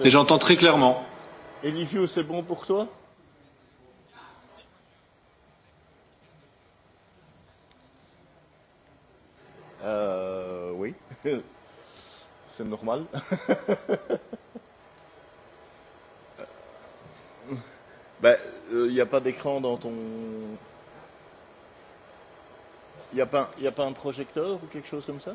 Et j'entends très clairement. Et Livio, c'est bon pour toi Euh, oui. c'est normal. Ben, il n'y a pas d'écran dans ton. Il n'y a, pas un projecteur ou quelque chose comme ça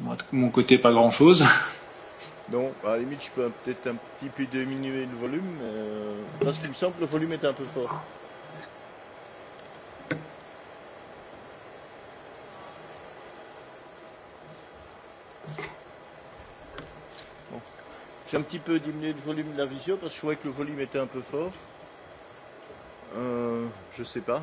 Moi, de mon côté, pas grand chose. Non, à la limite, je peux peut-être un petit peu diminuer le volume, mais parce qu'il me semble que le volume est un peu fort. Bon. J'ai un petit peu diminué le volume de la visio parce que je trouvais que le volume était un peu fort. Euh, je sais pas.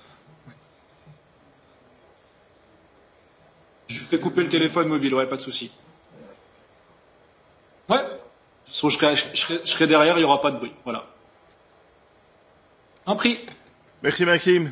Je fais couper le téléphone mobile, ouais, pas de souci. Ouais. je serai, je, serai, je serai derrière, il n'y aura pas de bruit. Voilà. Un prix. Merci Maxime.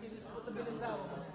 Винаги не са стабилизаваме.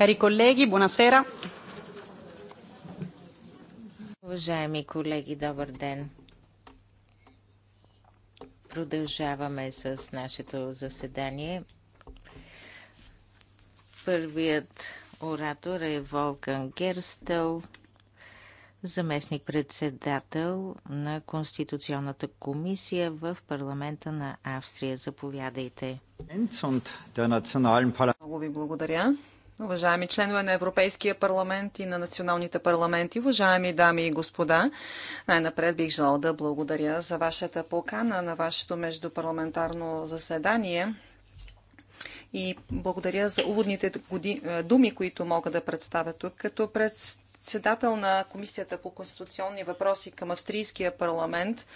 Cari buonasera. Уважаеми колеги, добър ден. Продължаваме с нашето заседание. Първият оратор е Волкан Герстъл, заместник-председател на Конституционната комисия в парламента на Австрия. Заповядайте. Много ви благодаря уважаеми членове на Европейския парламент и на националните парламенти, уважаеми дами и господа, най-напред бих желал да благодаря за вашата покана на вашето междупарламентарно заседание и благодаря за уводните е, думи, които мога да представя тук. Като председател на Комисията по конституционни въпроси към Австрийския парламент,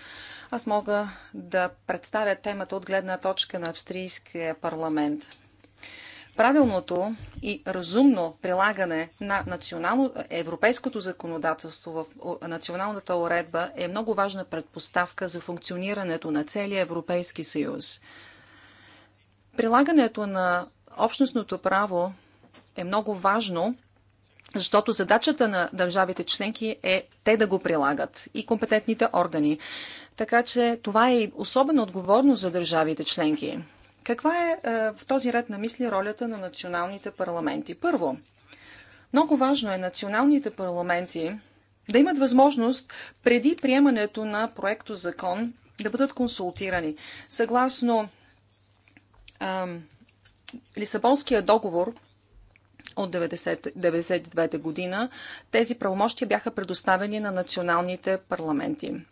аз мога да представя темата от гледна точка на Австрийския парламент – правилното и разумно прилагане на национално, европейското законодателство в националната уредба е много важна предпоставка за функционирането на целия Европейски съюз. Прилагането на общностното право е много важно, защото задачата на държавите членки е те да го прилагат и компетентните органи. Така че това е особена отговорност за държавите членки каква е, е в този ред на мисли ролята на националните парламенти? Първо, много важно е националните парламенти да имат възможност преди приемането на проекто закон да бъдат консултирани. Съгласно Лисабонския договор от 1992 година, тези правомощия бяха предоставени на националните парламенти.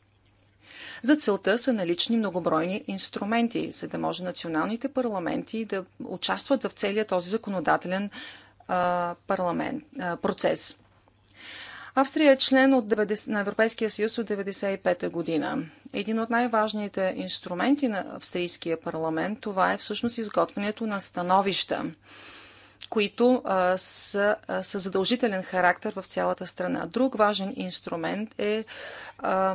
За целта са налични многобройни инструменти, за да може националните парламенти да участват в целия този законодателен а, парламент, а, процес. Австрия е член от 90, на Европейския съюз от 1995 година. Един от най-важните инструменти на австрийския парламент това е всъщност изготвянето на становища, които а, са, а, са задължителен характер в цялата страна. Друг важен инструмент е. А,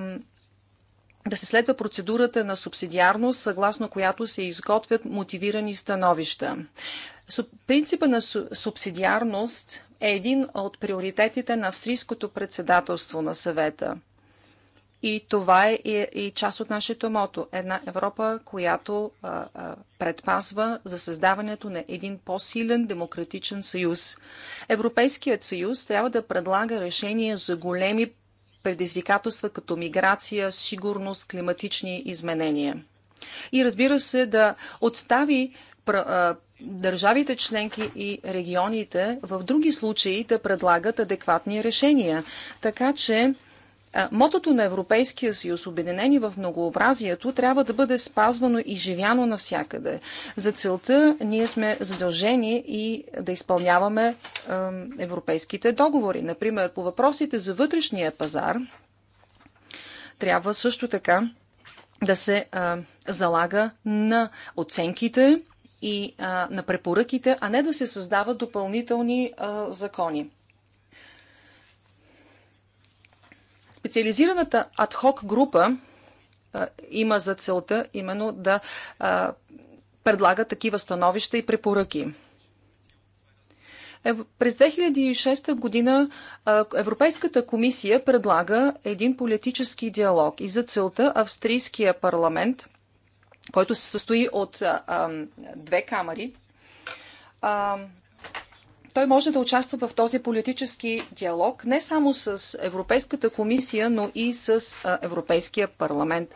да се следва процедурата на субсидиарност, съгласно която се изготвят мотивирани становища. Принципа на субсидиарност е един от приоритетите на австрийското председателство на съвета. И това е и част от нашето мото. Една Европа, която предпазва за създаването на един по-силен демократичен съюз. Европейският съюз трябва да предлага решения за големи предизвикателства като миграция, сигурност, климатични изменения. И разбира се, да отстави държавите членки и регионите в други случаи да предлагат адекватни решения. Така че е, мотото на Европейския съюз, обединени в многообразието, трябва да бъде спазвано и живяно навсякъде. За целта ние сме задължени и да изпълняваме европейските договори. Например, по въпросите за вътрешния пазар, трябва също така да се а, е, залага на оценките и а, е, на препоръките, а не да се създават допълнителни а, закони. Специализираната адхок група а, има за целта именно да а, предлага такива становища и препоръки. през 2006 година а, Европейската комисия предлага един политически диалог и за целта австрийския парламент, който се състои от а, а, две камери, а, той може да участва в този политически диалог не само с Европейската комисия, но и с Европейския парламент,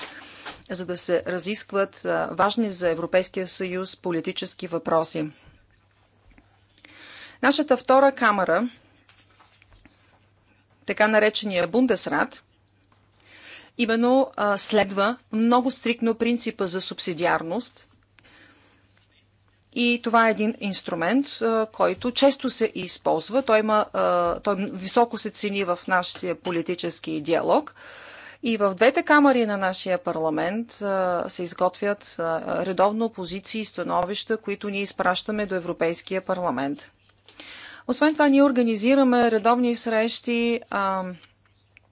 за да се разискват важни за Европейския съюз политически въпроси. Нашата втора камера, така наречения Бундесрат, именно следва много стрикно принципа за субсидиарност – и това е един инструмент, който често се използва. Той, има, той високо се цени в нашия политически диалог. И в двете камери на нашия парламент се изготвят редовно позиции и становища, които ние изпращаме до Европейския парламент. Освен това, ние организираме редовни срещи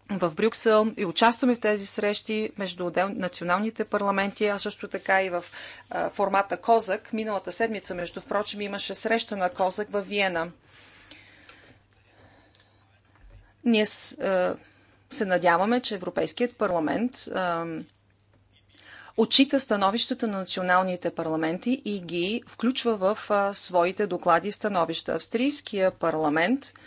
в Брюксел и участваме в тези срещи между националните парламенти, а също така и в формата Козак. Миналата седмица, между впрочем, имаше среща на Козак в Виена. Ние се надяваме, че Европейският парламент отчита становищата на националните парламенти и ги включва в своите доклади и становища. Австрийския парламент –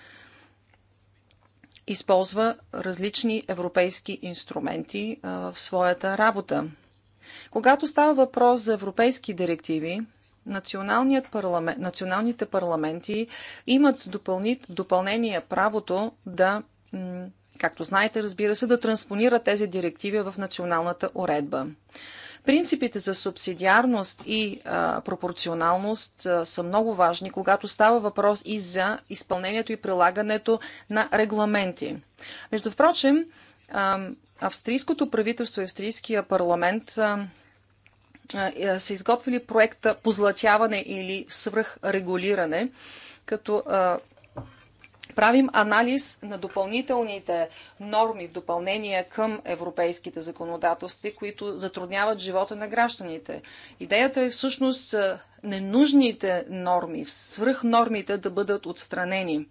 използва различни европейски инструменти в своята работа. Когато става въпрос за европейски директиви, парламент, националните парламенти имат допълни, допълнение правото да, както знаете, разбира се, да транспонират тези директиви в националната уредба. Принципите за субсидиарност и а, пропорционалност а, са много важни, когато става въпрос и за изпълнението и прилагането на регламенти. Между впрочем, а, австрийското правителство и австрийския парламент са изготвили проекта Позлатяване или свръхрегулиране, като правим анализ на допълнителните норми в допълнение към европейските законодателства, които затрудняват живота на гражданите. Идеята е всъщност е, ненужните норми, свръхнормите да бъдат отстранени.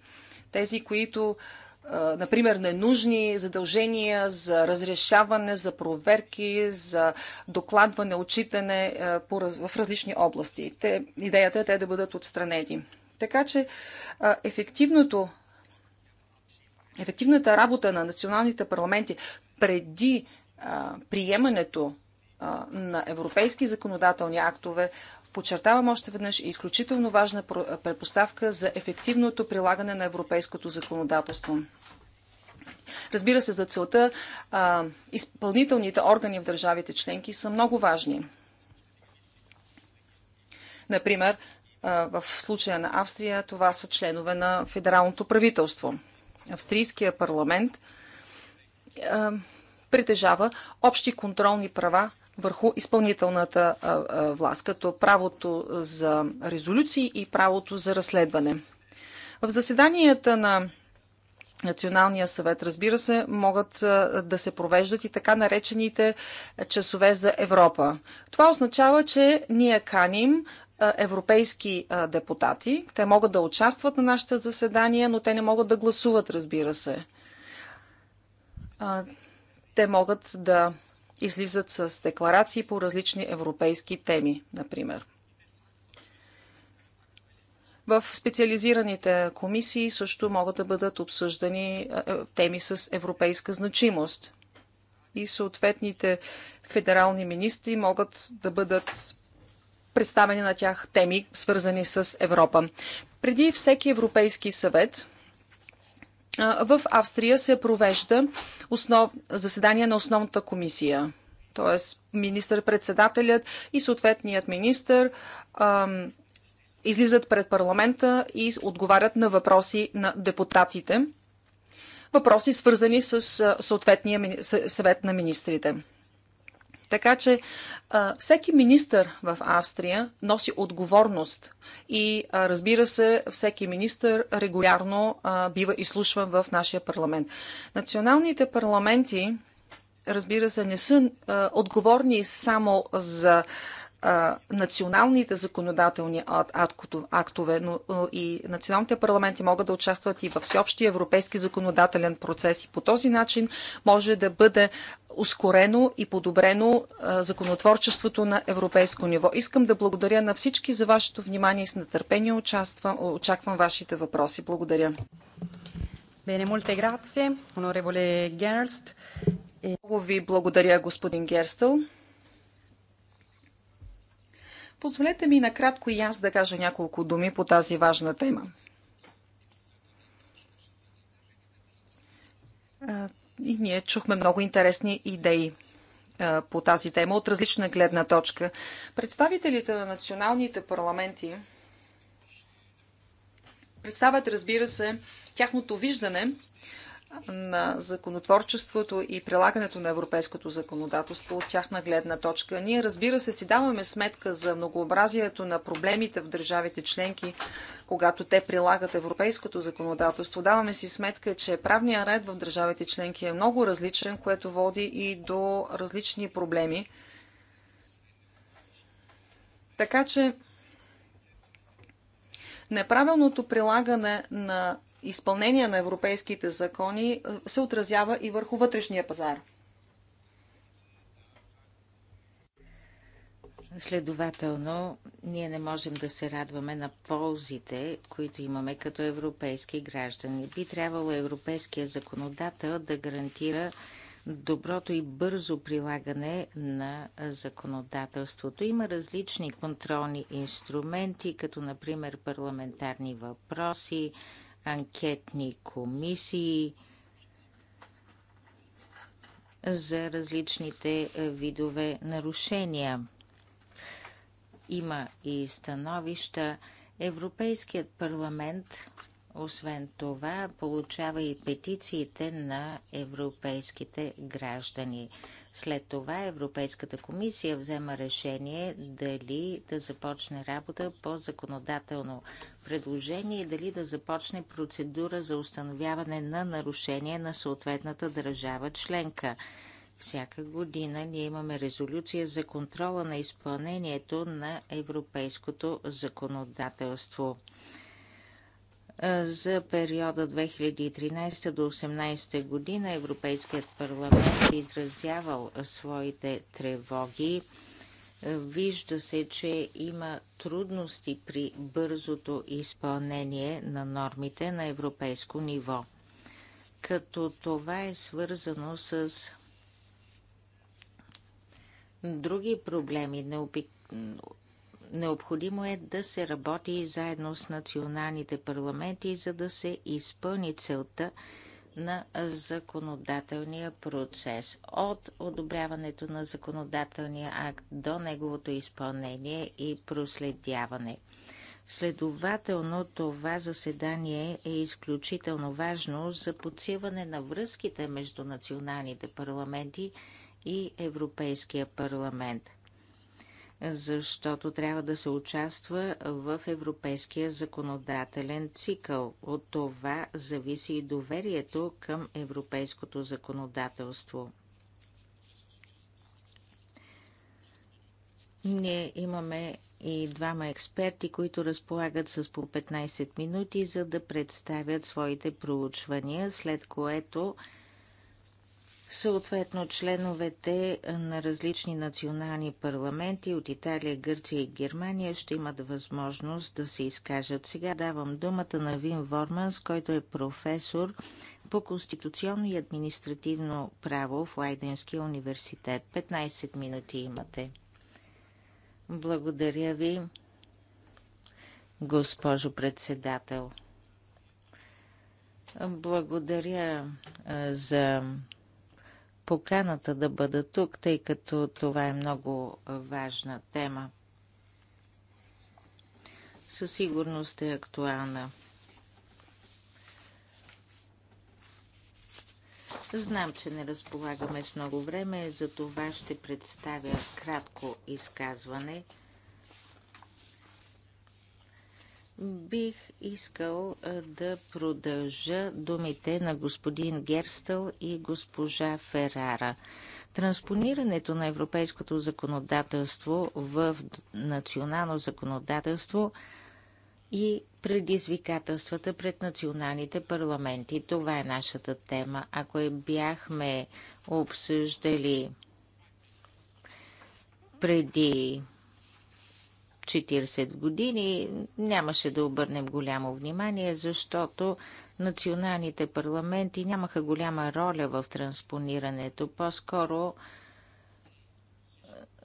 Тези, които е, например, ненужни задължения за разрешаване, за проверки, за докладване, отчитане е, в различни области. Те, идеята е те да бъдат отстранени. Така че ефективното ефективната работа на националните парламенти преди а, приемането а, на европейски законодателни актове, подчертавам още веднъж, е изключително важна предпоставка за ефективното прилагане на европейското законодателство. Разбира се, за целта а, изпълнителните органи в държавите членки са много важни. Например, а, в случая на Австрия това са членове на федералното правителство – австрийския парламент притежава общи контролни права върху изпълнителната власт, като правото за резолюции и правото за разследване. В заседанията на Националния съвет, разбира се, могат да се провеждат и така наречените часове за Европа. Това означава, че ние каним европейски депутати. Те могат да участват на нашите заседания, но те не могат да гласуват, разбира се. Те могат да излизат с декларации по различни европейски теми, например. В специализираните комисии също могат да бъдат обсъждани е, теми с европейска значимост. И съответните федерални министри могат да бъдат представени на тях теми, свързани с Европа. Преди всеки Европейски съвет в Австрия се провежда основ... заседание на основната комисия. Тоест, министър-председателят и съответният министър ам, излизат пред парламента и отговарят на въпроси на депутатите. Въпроси свързани с съответния съвет на министрите. Така че а, всеки министър в Австрия носи отговорност и а, разбира се, всеки министър регулярно а, бива изслушван в нашия парламент. Националните парламенти, разбира се, не са а, отговорни само за националните законодателни актове, но и националните парламенти могат да участват и във всеобщия европейски законодателен процес и по този начин може да бъде ускорено и подобрено законотворчеството на европейско ниво. Искам да благодаря на всички за вашето внимание и с нетърпение участвам, очаквам вашите въпроси. Благодаря. Bene, molte grazie, onorevole Gerst. E- Много ви благодаря, господин Герстъл. Позволете ми накратко и аз да кажа няколко думи по тази важна тема. И ние чухме много интересни идеи по тази тема от различна гледна точка. Представителите на националните парламенти представят, разбира се, тяхното виждане на законотворчеството и прилагането на европейското законодателство от тяхна гледна точка. Ние, разбира се, си даваме сметка за многообразието на проблемите в държавите членки, когато те прилагат европейското законодателство. Даваме си сметка, че правният ред в държавите членки е много различен, което води и до различни проблеми. Така че неправилното прилагане на изпълнение на европейските закони е, се отразява и върху вътрешния пазар. Следователно, ние не можем да се радваме на ползите, които имаме като европейски граждани. Би трябвало европейския законодател да гарантира доброто и бързо прилагане на законодателството. Има различни контролни инструменти, като например парламентарни въпроси, анкетни комисии за различните е, видове нарушения. Има и становища. Европейският парламент освен това, получава и петициите на европейските граждани. След това Европейската комисия взема решение дали да започне работа по законодателно предложение и дали да започне процедура за установяване на нарушение на съответната държава членка. Всяка година ние имаме резолюция за контрола на изпълнението на европейското законодателство. Е, за периода 2013 до 2018 година Европейският парламент е изразявал своите тревоги. Е, вижда се, че има трудности при бързото изпълнение на нормите на европейско ниво. Като това е свързано с други проблеми, необикновени Необходимо е да се работи заедно с националните парламенти, за да се изпълни целта на законодателния процес. От одобряването на законодателния акт до неговото изпълнение и проследяване. Следователно, това заседание е изключително важно за подсилване на връзките между националните парламенти и Европейския парламент – защото трябва да се участва в европейския законодателен цикъл. От това зависи и доверието към европейското законодателство. Ние имаме и двама експерти, които разполагат с по 15 минути, за да представят своите проучвания, след което Съответно, членовете на различни национални парламенти от Италия, Гърция и Германия ще имат възможност да се изкажат. Сега давам думата на Вин Ворманс, който е професор по конституционно и административно право в Лайденския университет. 15 минути имате. Благодаря ви, госпожо председател. Благодаря за поканата да бъда тук, тъй като това е много важна тема. Със сигурност е актуална. Знам, че не разполагаме с много време, за това ще представя кратко изказване – Бих искал да продължа думите на господин Герстъл и госпожа Ферара. Транспонирането на европейското законодателство в национално законодателство и предизвикателствата пред националните парламенти. Това е нашата тема. Ако е бяхме обсъждали преди 40 години нямаше да обърнем голямо внимание, защото националните парламенти нямаха голяма роля в транспонирането. По-скоро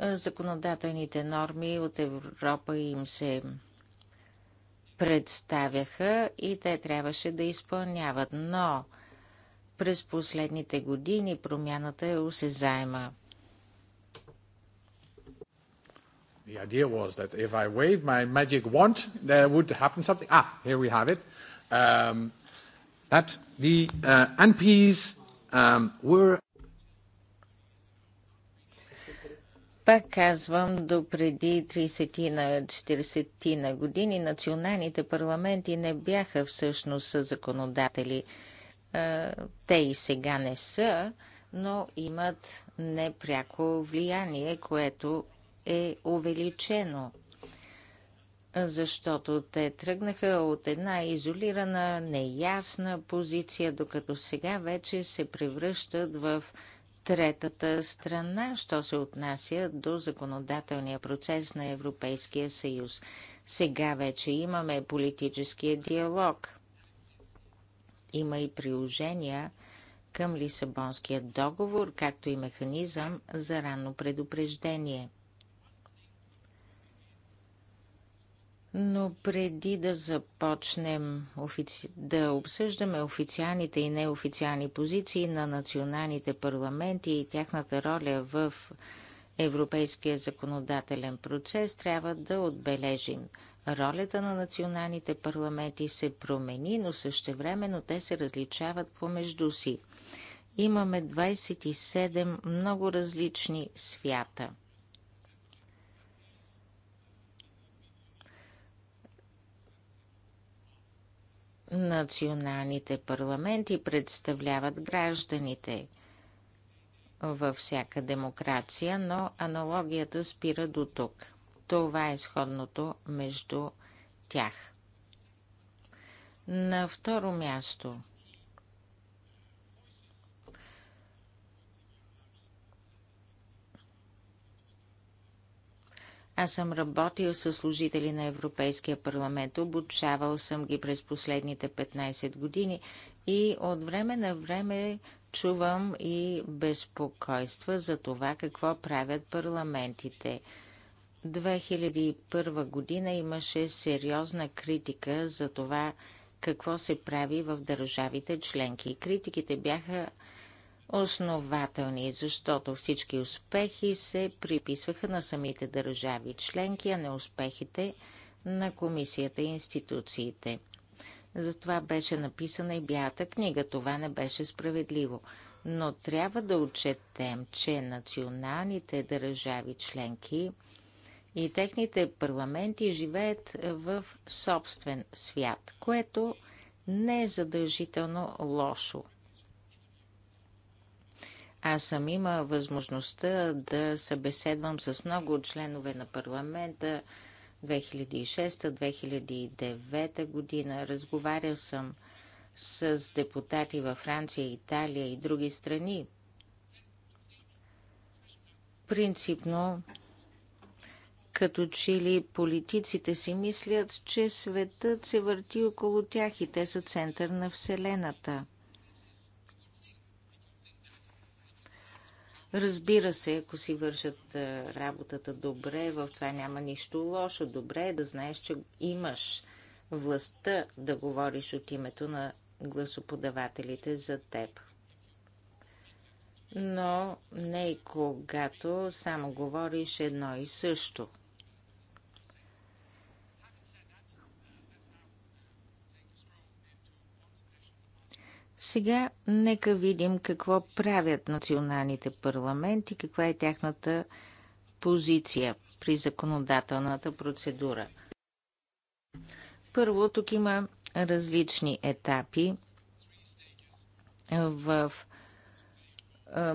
законодателните норми от Европа им се представяха и те трябваше да изпълняват. Но през последните години промяната е осезаема. the idea was that if I wave my magic wand, there would happen something. Ah, here we have it. Um, that the uh, NPs um, were. Пак казвам, до преди 30 40 на години националните парламенти не бяха всъщност законодатели. Те и сега не са, но имат непряко влияние, което е увеличено, защото те тръгнаха от една изолирана, неясна позиция, докато сега вече се превръщат в третата страна, що се отнася до законодателния процес на Европейския съюз. Сега вече имаме политическия диалог. Има и приложения към Лисабонския договор, както и механизъм за ранно предупреждение. Но преди да започнем офици... да обсъждаме официалните и неофициални позиции на националните парламенти и тяхната роля в европейския законодателен процес, трябва да отбележим. Ролята на националните парламенти се промени, но същевременно те се различават помежду си. Имаме 27 много различни свята – Националните парламенти представляват гражданите във всяка демокрация, но аналогията спира до тук. Това е сходното между тях. На второ място – Аз съм работил с служители на Европейския парламент, обучавал съм ги през последните 15 години и от време на време чувам и безпокойства за това какво правят парламентите. 2001 година имаше сериозна критика за това какво се прави в държавите членки. Критиките бяха основателни, защото всички успехи се приписваха на самите държави членки, а не успехите на комисията и институциите. Затова беше написана и бята книга. Това не беше справедливо. Но трябва да отчетем, че националните държави членки и техните парламенти живеят в собствен свят, което не е задължително лошо – аз съм има възможността да събеседвам с много членове на парламента 2006-2009 година. Разговарял съм с депутати във Франция, Италия и други страни. Принципно, като че ли политиците си мислят, че светът се върти около тях и те са център на Вселената – Разбира се, ако си вършат работата добре, в това няма нищо лошо. Добре е да знаеш, че имаш властта да говориш от името на гласоподавателите за теб. Но не и когато само говориш едно и също – Сега нека видим какво правят националните парламенти, каква е тяхната позиция при законодателната процедура. Първо, тук има различни етапи. В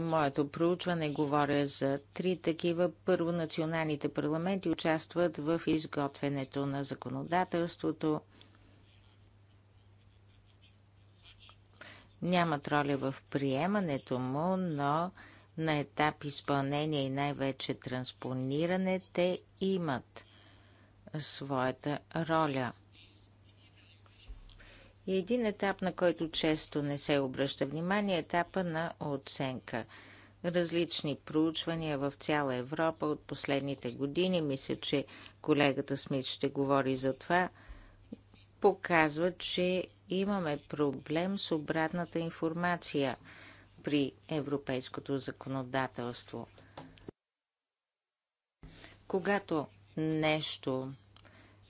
моето проучване говоря за три такива. Първо, националните парламенти участват в изготвянето на законодателството – нямат роля в приемането му, но на етап изпълнение и най-вече транспониране те имат своята роля. И един етап, на който често не се обръща внимание, е етапа на оценка. Различни проучвания в цяла Европа от последните години, мисля, че колегата Смит ще говори за това, показват, че имаме проблем с обратната информация при европейското законодателство. Когато нещо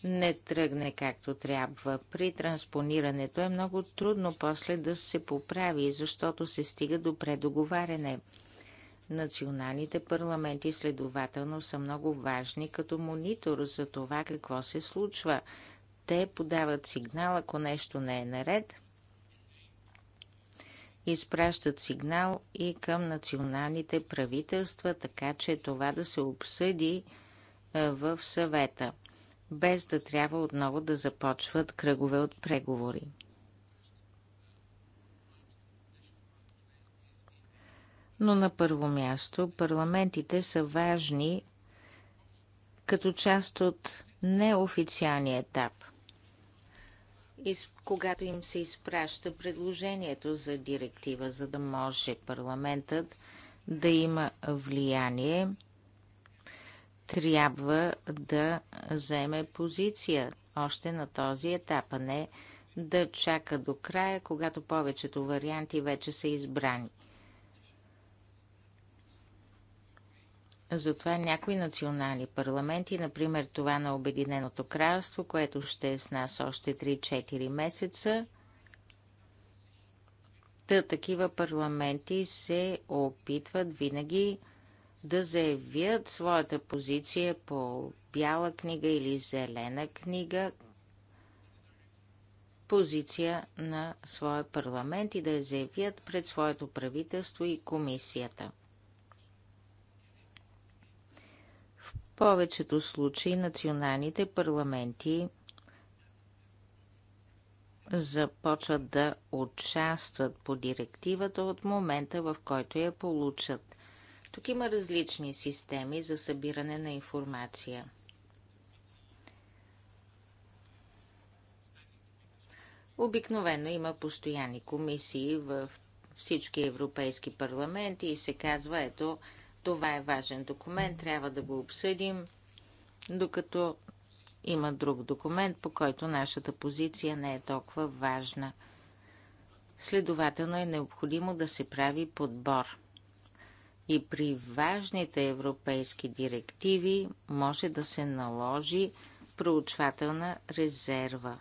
не тръгне както трябва. При транспонирането е много трудно после да се поправи, защото се стига до предоговаряне. Националните парламенти следователно са много важни като монитор за това какво се случва те подават сигнал, ако нещо не е наред. Изпращат сигнал и към националните правителства, така че това да се обсъди в съвета, без да трябва отново да започват кръгове от преговори. Но на първо място парламентите са важни като част от неофициалния етап когато им се изпраща предложението за директива, за да може парламентът да има влияние, трябва да заеме позиция още на този етап, а не да чака до края, когато повечето варианти вече са избрани. Затова някои национални парламенти, например това на Обединеното кралство, което ще е с нас още 3-4 месеца, та такива парламенти се опитват винаги да заявят своята позиция по бяла книга или зелена книга, позиция на своя парламент и да я заявят пред своето правителство и комисията. повечето случаи националните парламенти започват да участват по директивата от момента, в който я получат. Тук има различни системи за събиране на информация. Обикновено има постоянни комисии в всички европейски парламенти и се казва, ето, това е важен документ, трябва да го обсъдим, докато има друг документ, по който нашата позиция не е толкова важна. Следователно е необходимо да се прави подбор. И при важните европейски директиви може да се наложи проучвателна резерва.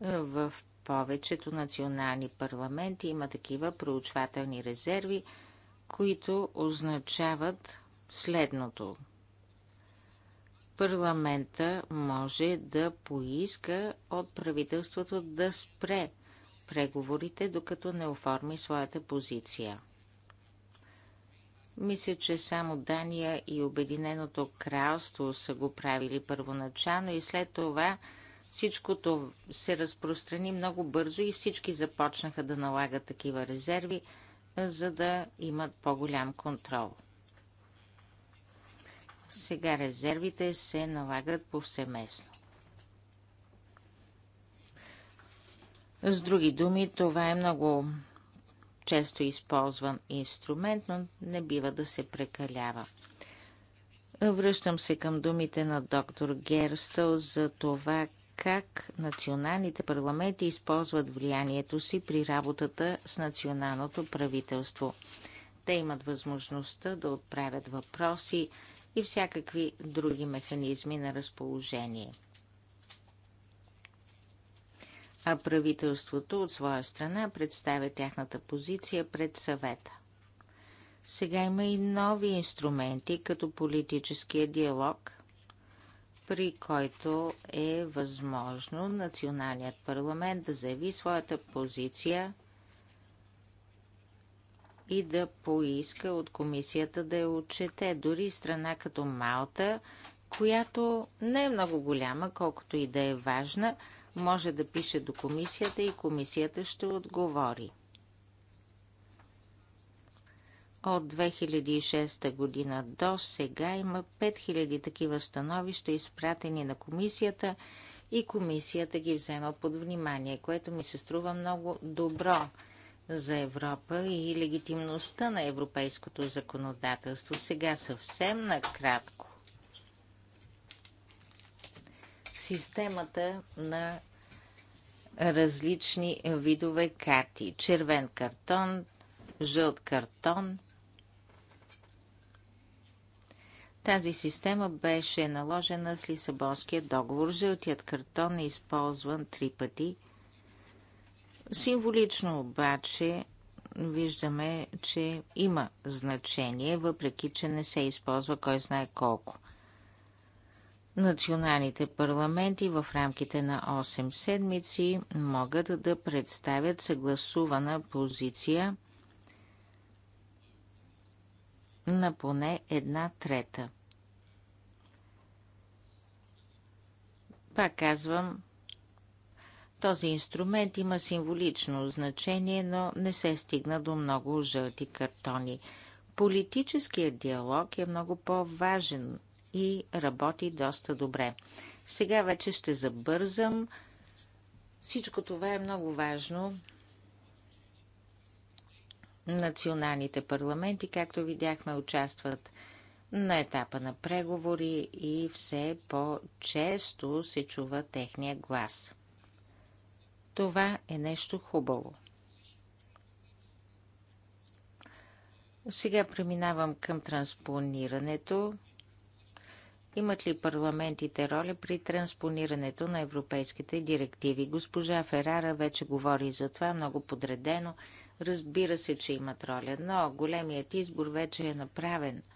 В повечето национални парламенти има такива проучвателни резерви, които означават следното. Парламента може да поиска от правителството да спре преговорите, докато не оформи своята позиция. Мисля, че само Дания и Обединеното кралство са го правили първоначално и след това Всичкото се разпространи много бързо и всички започнаха да налагат такива резерви, за да имат по-голям контрол. Сега резервите се налагат повсеместно. С други думи, това е много често използван инструмент, но не бива да се прекалява. Връщам се към думите на доктор Герстъл за това как националните парламенти използват влиянието си при работата с националното правителство. Те имат възможността да отправят въпроси и всякакви други механизми на разположение. А правителството от своя страна представя тяхната позиция пред съвета. Сега има и нови инструменти, като политическия диалог – при който е възможно националният парламент да заяви своята позиция и да поиска от комисията да я отчете. Дори страна като Малта, която не е много голяма, колкото и да е важна, може да пише до комисията и комисията ще отговори. От 2006 година до сега има 5000 такива становища, изпратени на комисията и комисията ги взема под внимание, което ми се струва много добро за Европа и легитимността на европейското законодателство. Сега съвсем накратко. Системата на различни видове карти. Червен картон, жълт картон, Тази система беше наложена с Лисабонския договор. Жълтият картон е използван три пъти. Символично обаче виждаме, че има значение, въпреки че не се използва кой знае колко. Националните парламенти в рамките на 8 седмици могат да представят съгласувана позиция на поне една трета. Пак казвам, този инструмент има символично значение, но не се стигна до много жълти картони. Политическият диалог е много по-важен и работи доста добре. Сега вече ще забързам. Всичко това е много важно. Националните парламенти, както видяхме, участват на етапа на преговори и все по-често се чува техния глас. Това е нещо хубаво. Сега преминавам към транспонирането. Имат ли парламентите роля при транспонирането на европейските директиви? Госпожа Ферара вече говори за това много подредено. Разбира се, че имат роля, но големият избор вече е направен –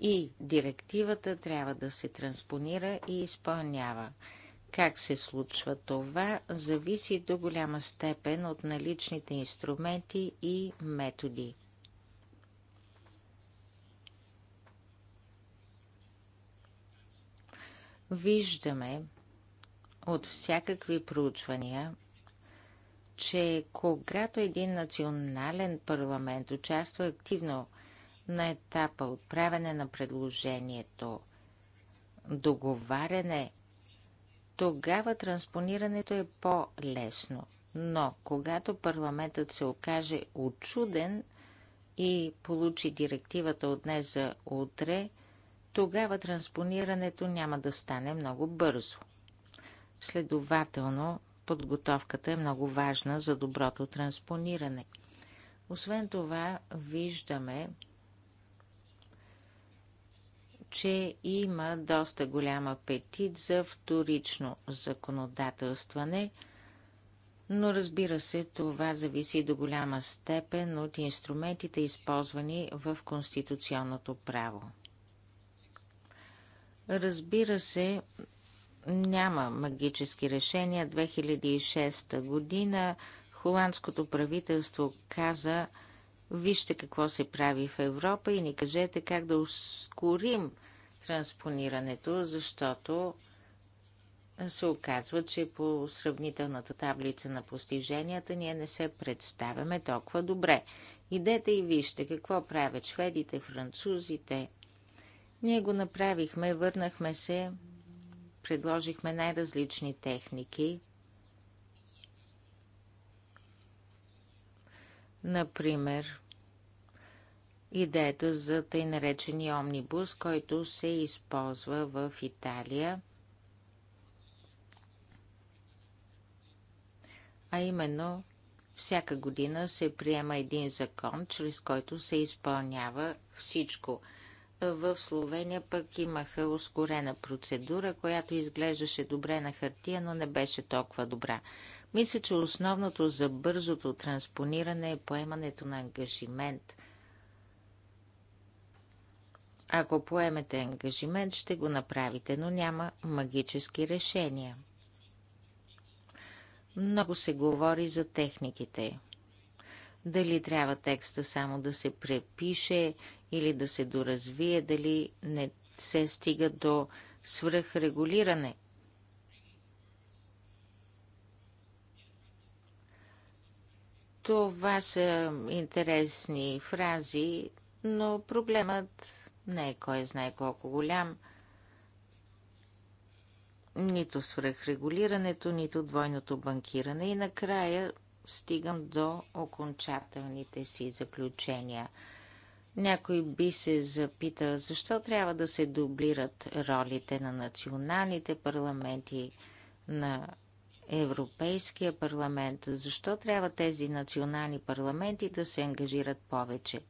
и директивата трябва да се транспонира и изпълнява. Как се случва това, зависи до голяма степен от наличните инструменти и методи. Виждаме от всякакви проучвания, че когато един национален парламент участва активно на етапа отправяне на предложението, договаряне, тогава транспонирането е по-лесно. Но когато парламентът се окаже очуден и получи директивата от днес за утре, тогава транспонирането няма да стане много бързо. Следователно, подготовката е много важна за доброто транспониране. Освен това, виждаме, че има доста голям апетит за вторично законодателстване, но разбира се, това зависи до голяма степен от инструментите, използвани в конституционното право. Разбира се, няма магически решения. 2006 година холандското правителство каза, Вижте какво се прави в Европа и ни кажете как да ускорим транспонирането, защото се оказва, че по сравнителната таблица на постиженията ние не се представяме толкова добре. Идете и вижте какво правят шведите, французите. Ние го направихме, върнахме се, предложихме най-различни техники. Например, идеята за тъй наречения омнибус, който се използва в Италия, а именно всяка година се приема един закон, чрез който се изпълнява всичко. В Словения пък имаха ускорена процедура, която изглеждаше добре на хартия, но не беше толкова добра. Мисля, че основното за бързото транспониране е поемането на ангажимент. Ако поемете ангажимент, ще го направите, но няма магически решения. Много се говори за техниките. Дали трябва текста само да се препише или да се доразвие, дали не се стига до свръхрегулиране – Това са интересни фрази, но проблемът не е кой знае колко голям. Нито свръхрегулирането, нито двойното банкиране. И накрая стигам до окончателните си заключения. Някой би се запитал, защо трябва да се дублират ролите на националните парламенти, на Европейския парламент. Защо трябва тези национални парламенти да се ангажират повече?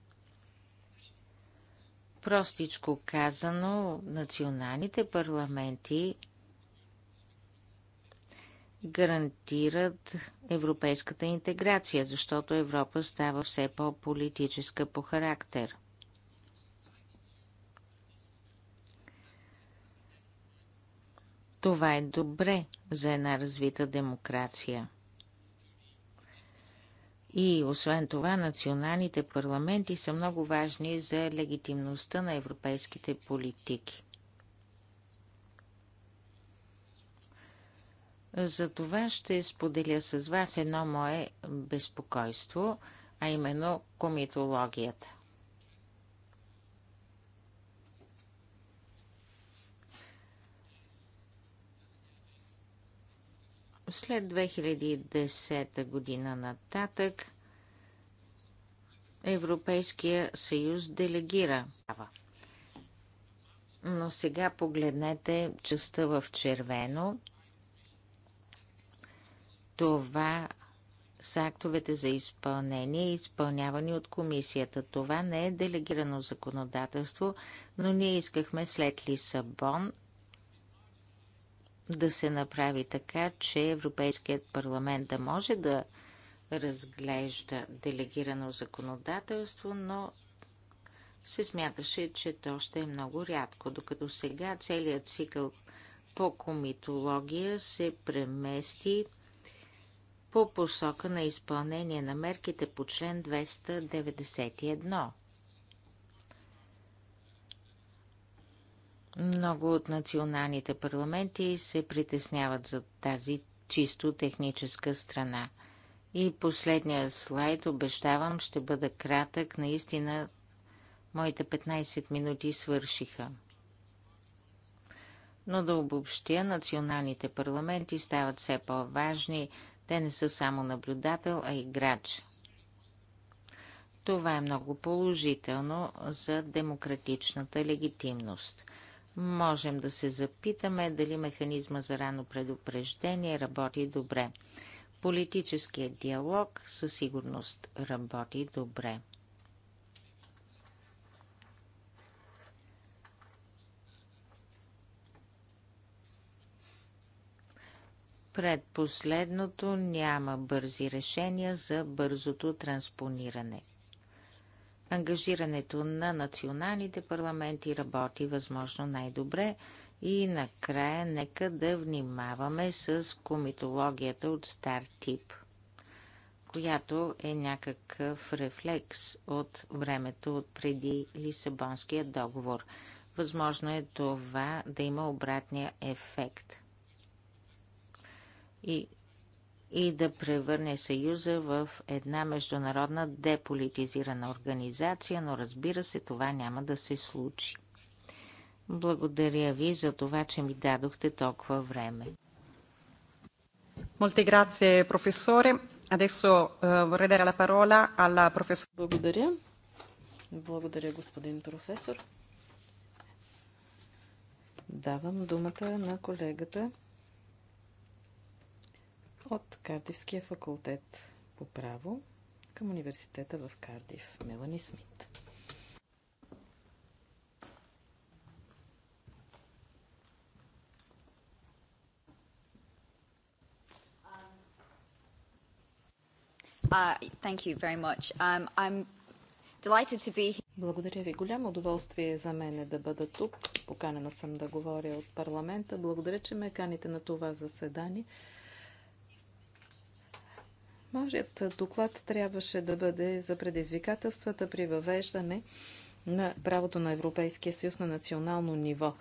Простичко казано, националните парламенти гарантират европейската интеграция, защото Европа става все по-политическа по характер – Това е добре за една развита демокрация. И освен това, националните парламенти са много важни за легитимността на европейските политики. За това ще споделя с вас едно мое безпокойство, а именно комитологията. След 2010 година нататък Европейския съюз делегира. Но сега погледнете частта в червено. Това са актовете за изпълнение, изпълнявани от комисията. Това не е делегирано законодателство, но ние искахме след Лисабон да се направи така, че Европейският парламент да може да разглежда делегирано законодателство, но се смяташе, че то ще е много рядко, докато сега целият цикъл по комитология се премести по посока на изпълнение на мерките по член 291. Много от националните парламенти се притесняват за тази чисто техническа страна. И последния слайд, обещавам, ще бъда кратък. Наистина, моите 15 минути свършиха. Но да обобщя, националните парламенти стават все по-важни. Те не са само наблюдател, а играч. Това е много положително за демократичната легитимност – можем да се запитаме дали механизма за рано предупреждение работи добре. Политическият диалог със сигурност работи добре. Предпоследното няма бързи решения за бързото транспониране. Ангажирането на националните парламенти работи възможно най-добре и накрая нека да внимаваме с комитологията от стар тип, която е някакъв рефлекс от времето от преди Лисабонския договор. Възможно е това да има обратния ефект. И и да превърне Съюза в една международна деполитизирана организация, но разбира се, това няма да се случи. Благодаря ви за това, че ми дадохте толкова време. Molte grazie, professore. Adesso uh, vorrei dare la parola alla Благодаря. Благодаря, господин професор. Давам думата на колегата от Кардивския факултет по право към университета в Кардив. Мелани Смит. Uh, um, Благодаря ви. Голямо удоволствие за мен е да бъда тук. Поканена съм да говоря от парламента. Благодаря, че ме каните на това заседание. Моят доклад трябваше да бъде за предизвикателствата при въвеждане на правото на Европейския съюз на национално ниво.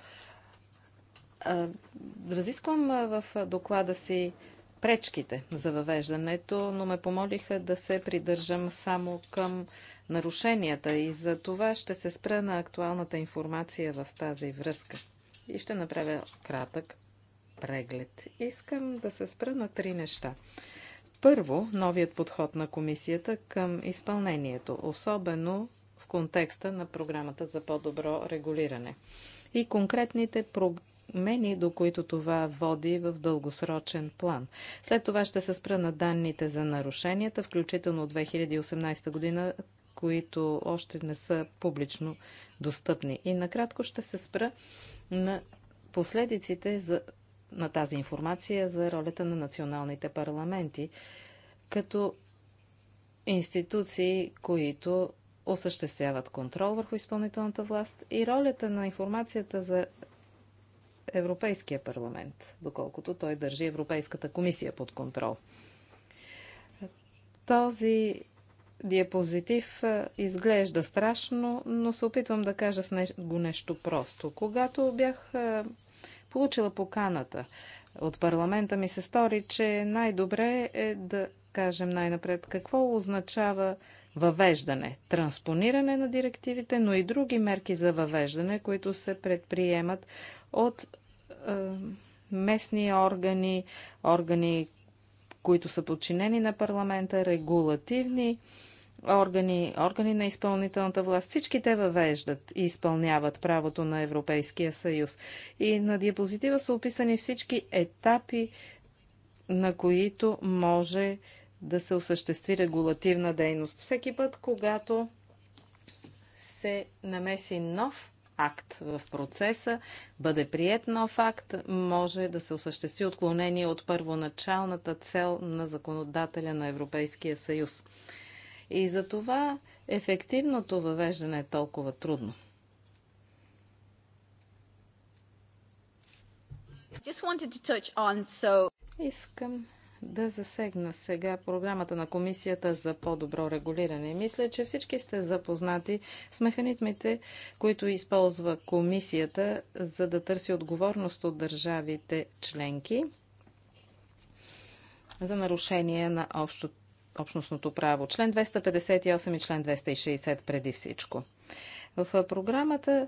Разисквам в доклада си пречките за въвеждането, но ме помолиха да се придържам само към нарушенията и за това ще се спра на актуалната информация в тази връзка и ще направя кратък преглед. Искам да се спра на три неща. Първо, новият подход на комисията към изпълнението, особено в контекста на програмата за по-добро регулиране и конкретните промени, до които това води в дългосрочен план. След това ще се спра на данните за нарушенията, включително от 2018 година, които още не са публично достъпни. И накратко ще се спра на последиците за на тази информация за ролята на националните парламенти като институции, които осъществяват контрол върху изпълнителната власт и ролята на информацията за Европейския парламент, доколкото той държи Европейската комисия под контрол. Този диапозитив изглежда страшно, но се опитвам да кажа с него нещо просто. Когато бях получила поканата от парламента, ми се стори, че най-добре е да кажем най-напред какво означава въвеждане, транспониране на директивите, но и други мерки за въвеждане, които се предприемат от е, местни органи, органи, които са подчинени на парламента, регулативни органи, органи на изпълнителната власт, всички те въвеждат и изпълняват правото на Европейския съюз. И на диапозитива са описани всички етапи, на които може да се осъществи регулативна дейност. Всеки път, когато се намеси нов акт в процеса, бъде прият нов акт, може да се осъществи отклонение от първоначалната цел на законодателя на Европейския съюз. И за това ефективното въвеждане е толкова трудно. On, so... Искам да засегна сега програмата на Комисията за по-добро регулиране. Мисля, че всички сте запознати с механизмите, които използва Комисията, за да търси отговорност от държавите членки за нарушение на общото общностното право. Член 258 и член 260 преди всичко. В програмата е,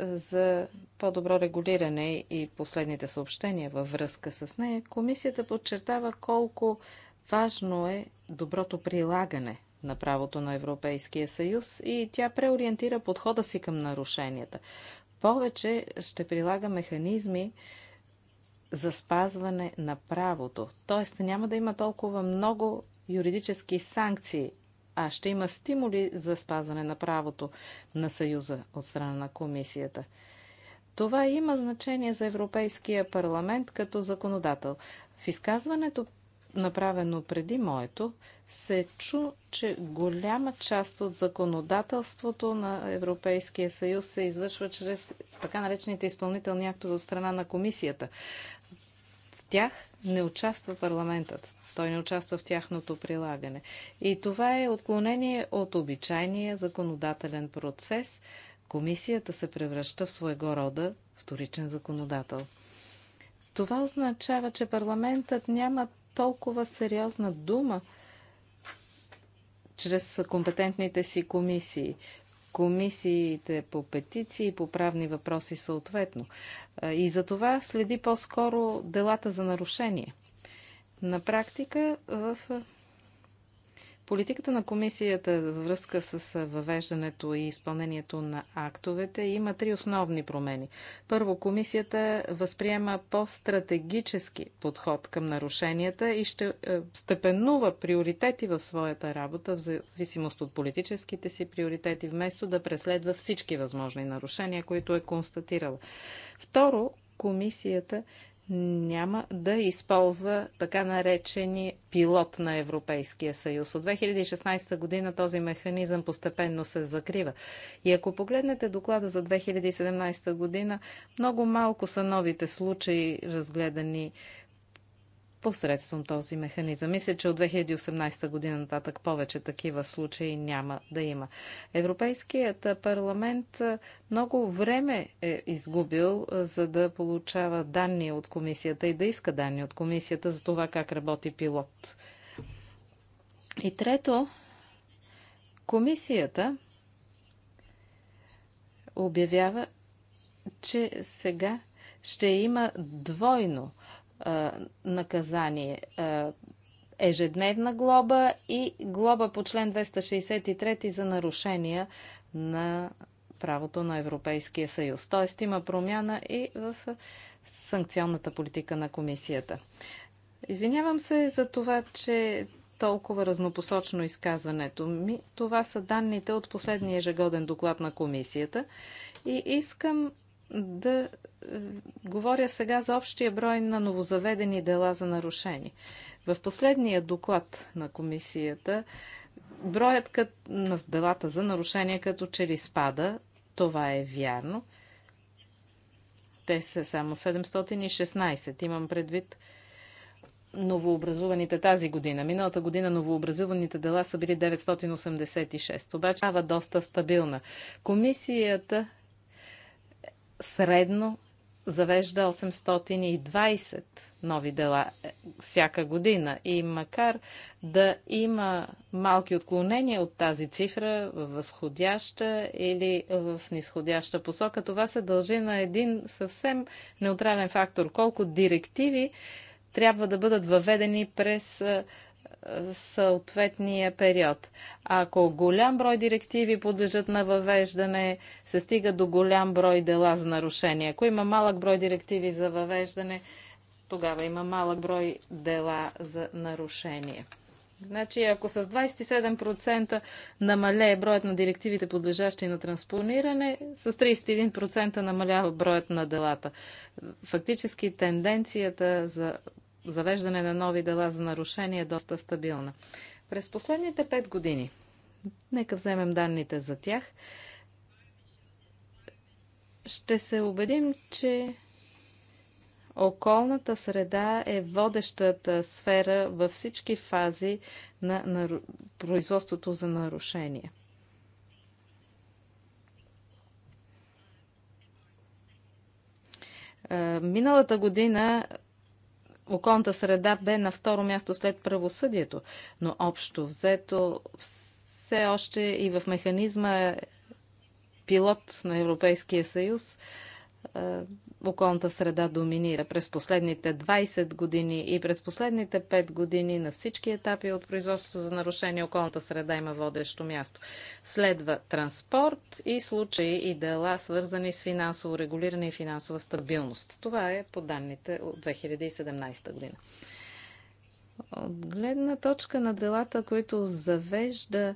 за по-добро регулиране и последните съобщения във връзка с нея, комисията подчертава колко важно е доброто прилагане на правото на Европейския съюз и тя преориентира подхода си към нарушенията. Повече ще прилага механизми за спазване на правото. Тоест няма да има толкова много юридически санкции, а ще има стимули за спазване на правото на Съюза от страна на комисията. Това има значение за Европейския парламент като законодател. В изказването, направено преди моето, се чу, че голяма част от законодателството на Европейския съюз се извършва чрез така наречените изпълнителни актове от страна на комисията. В тях не участва парламентът. Той не участва в тяхното прилагане. И това е отклонение от обичайния законодателен процес. Комисията се превръща в своего рода вторичен законодател. Това означава, че парламентът няма толкова сериозна дума чрез компетентните си комисии комисиите по петиции и по правни въпроси съответно. И за това следи по-скоро делата за нарушение. На практика в е, Политиката на комисията във връзка с е, въвеждането и изпълнението на актовете има три основни промени. Първо, комисията възприема по-стратегически подход към нарушенията и ще е, степенува приоритети в своята работа в зависимост от политическите си приоритети, вместо да преследва всички възможни нарушения, които е констатирала. Второ, комисията няма да използва така наречени пилот на Европейския съюз. От 2016 година този механизъм постепенно се закрива. И ако погледнете доклада за 2017 година, много малко са новите случаи разгледани посредством този механизъм. Мисля, че от 2018 година нататък повече такива случаи няма да има. Европейският парламент много време е изгубил, за да получава данни от комисията и да иска данни от комисията за това как работи пилот. И трето, комисията обявява, че сега ще има двойно наказание ежедневна глоба и глоба по член 263 за нарушения на правото на Европейския съюз. Тоест има промяна и в санкционната политика на комисията. Извинявам се за това, че толкова разнопосочно изказването ми. Това са данните от последния ежегоден доклад на комисията и искам да е, говоря сега за общия брой на новозаведени дела за нарушение. В последния доклад на комисията броят кът, на делата за нарушение като че ли спада. Това е вярно. Те са само 716. Имам предвид новообразуваните тази година. Миналата година новообразуваните дела са били 986. Обаче става доста стабилна. Комисията средно завежда 820 нови дела е, всяка година. И макар да има малки отклонения от тази цифра в възходяща или в нисходяща посока, това се дължи на един съвсем неутрален фактор. Колко директиви трябва да бъдат въведени през е, съответния период. Ако голям брой директиви подлежат на въвеждане, се стига до голям брой дела за нарушение. Ако има малък брой директиви за въвеждане, тогава има малък брой дела за нарушение. Значи, ако с 27% намалее броят на директивите, подлежащи на транспониране, с 31% намалява броят на делата. Фактически тенденцията за завеждане на нови дела за нарушение е доста стабилна. През последните 5 години, нека вземем данните за тях, ще се убедим, че околната среда е водещата сфера във всички фази на производството за нарушение. Е, миналата година околната среда бе на второ място след правосъдието, но общо взето все още и в механизма е пилот на Европейския съюз околната среда доминира през последните 20 години и през последните 5 години на всички етапи от производството за нарушение околната среда има водещо място. Следва транспорт и случаи и дела, свързани с финансово регулиране и финансова стабилност. Това е по данните от 2017 година. От гледна точка на делата, които завежда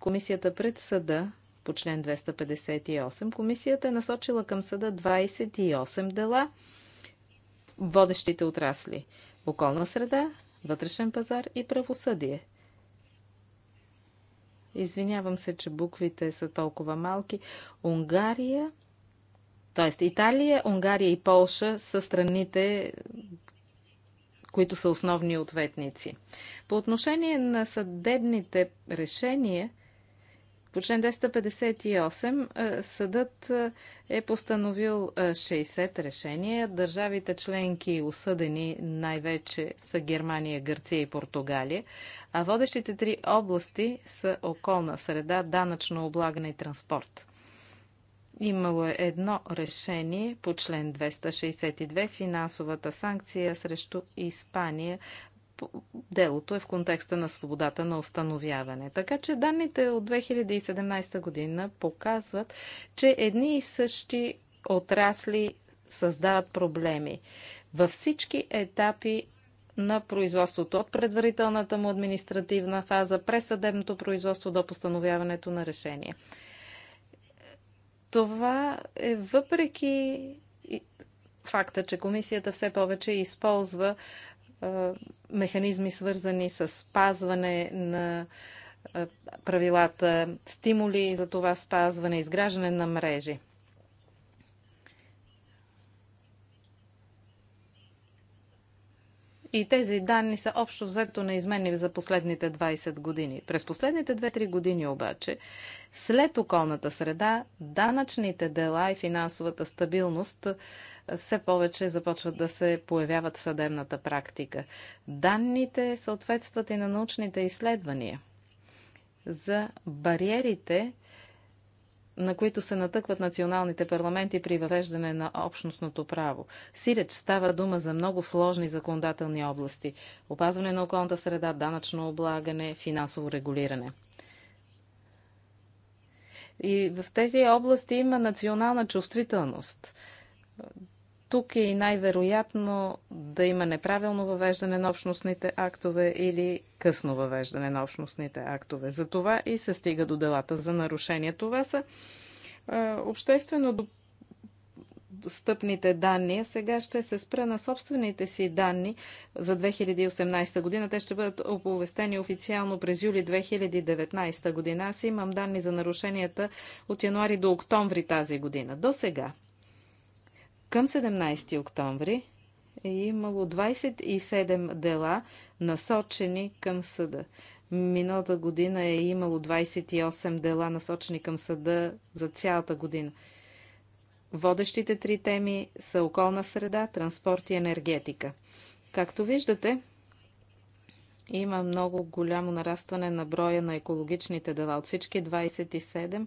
Комисията пред съда, по член 258. Комисията е насочила към съда 28 дела, водещите отрасли – околна среда, вътрешен пазар и правосъдие. Извинявам се, че буквите са толкова малки. Унгария, т.е. Италия, Унгария и Полша са страните, които са основни ответници. По отношение на съдебните решения, по член 258 е, съдът е, е постановил 60 е, решения. Държавите членки осъдени най-вече са Германия, Гърция и Португалия, а водещите три области са околна среда, данъчно облагане и транспорт. Имало е едно решение по член 262 финансовата санкция срещу Испания делото е в контекста на свободата на установяване. Така че данните от 2017 година показват, че едни и същи отрасли създават проблеми. Във всички етапи на производството от предварителната му административна фаза през съдебното производство до постановяването на решение. Това е въпреки факта, че комисията все повече използва механизми, свързани с спазване на правилата, стимули за това спазване, изграждане на мрежи. И тези данни са общо взето неизменни за последните 20 години. През последните 2-3 години обаче, след околната среда, данъчните дела и финансовата стабилност все повече започват да се появяват в съдебната практика. Данните съответстват и на научните изследвания за бариерите, на които се натъкват националните парламенти при въвеждане на общностното право. Сиреч става дума за много сложни законодателни области – опазване на околната среда, данъчно облагане, финансово регулиране. И в тези области има национална чувствителност – тук е и най-вероятно да има неправилно въвеждане на общностните актове или късно въвеждане на общностните актове. За това и се стига до делата за нарушение. Това са е, обществено достъпните данни. Сега ще се спра на собствените си данни за 2018 година. Те ще бъдат оповестени официално през юли 2019 година. Аз имам данни за нарушенията от януари до октомври тази година. До сега към 17 октомври е имало 27 дела, насочени към съда. Миналата година е имало 28 дела, насочени към съда за цялата година. Водещите три теми са околна среда, транспорт и енергетика. Както виждате, има много голямо нарастване на броя на екологичните дела. От всички 27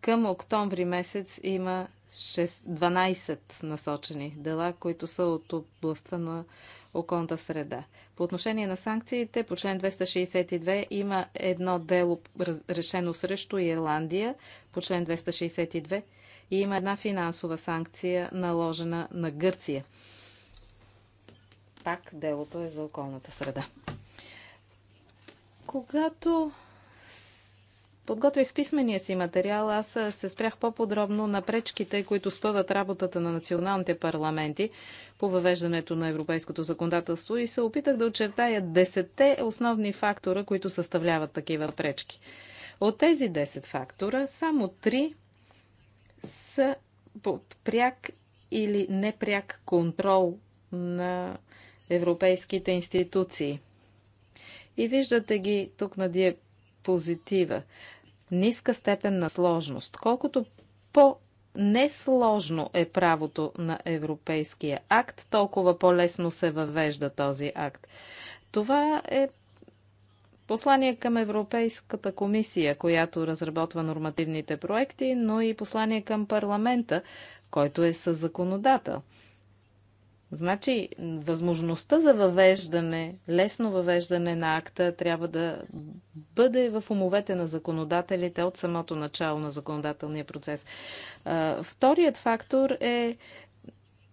Към октомври месец има 6, 12 насочени дела, които са от областта на околната среда. По отношение на санкциите, по член 262 има едно дело решено срещу Ирландия, по член 262, и има една финансова санкция наложена на Гърция. Пак делото е за околната среда. Когато Подготвих писмения си материал. Аз се спрях по-подробно на пречките, които спъват работата на националните парламенти по въвеждането на европейското законодателство и се опитах да очертая десетте основни фактора, които съставляват такива пречки. От тези 10 фактора, само 3 са под пряк или непряк контрол на европейските институции. И виждате ги тук на диапозитива ниска степен на сложност. Колкото по несложно е правото на европейския акт, толкова по-лесно се въвежда този акт. Това е Послание към Европейската комисия, която разработва нормативните проекти, но и послание към парламента, който е със законодател. Значи, възможността за въвеждане, лесно въвеждане на акта трябва да бъде в умовете на законодателите от самото начало на законодателния процес. Вторият фактор е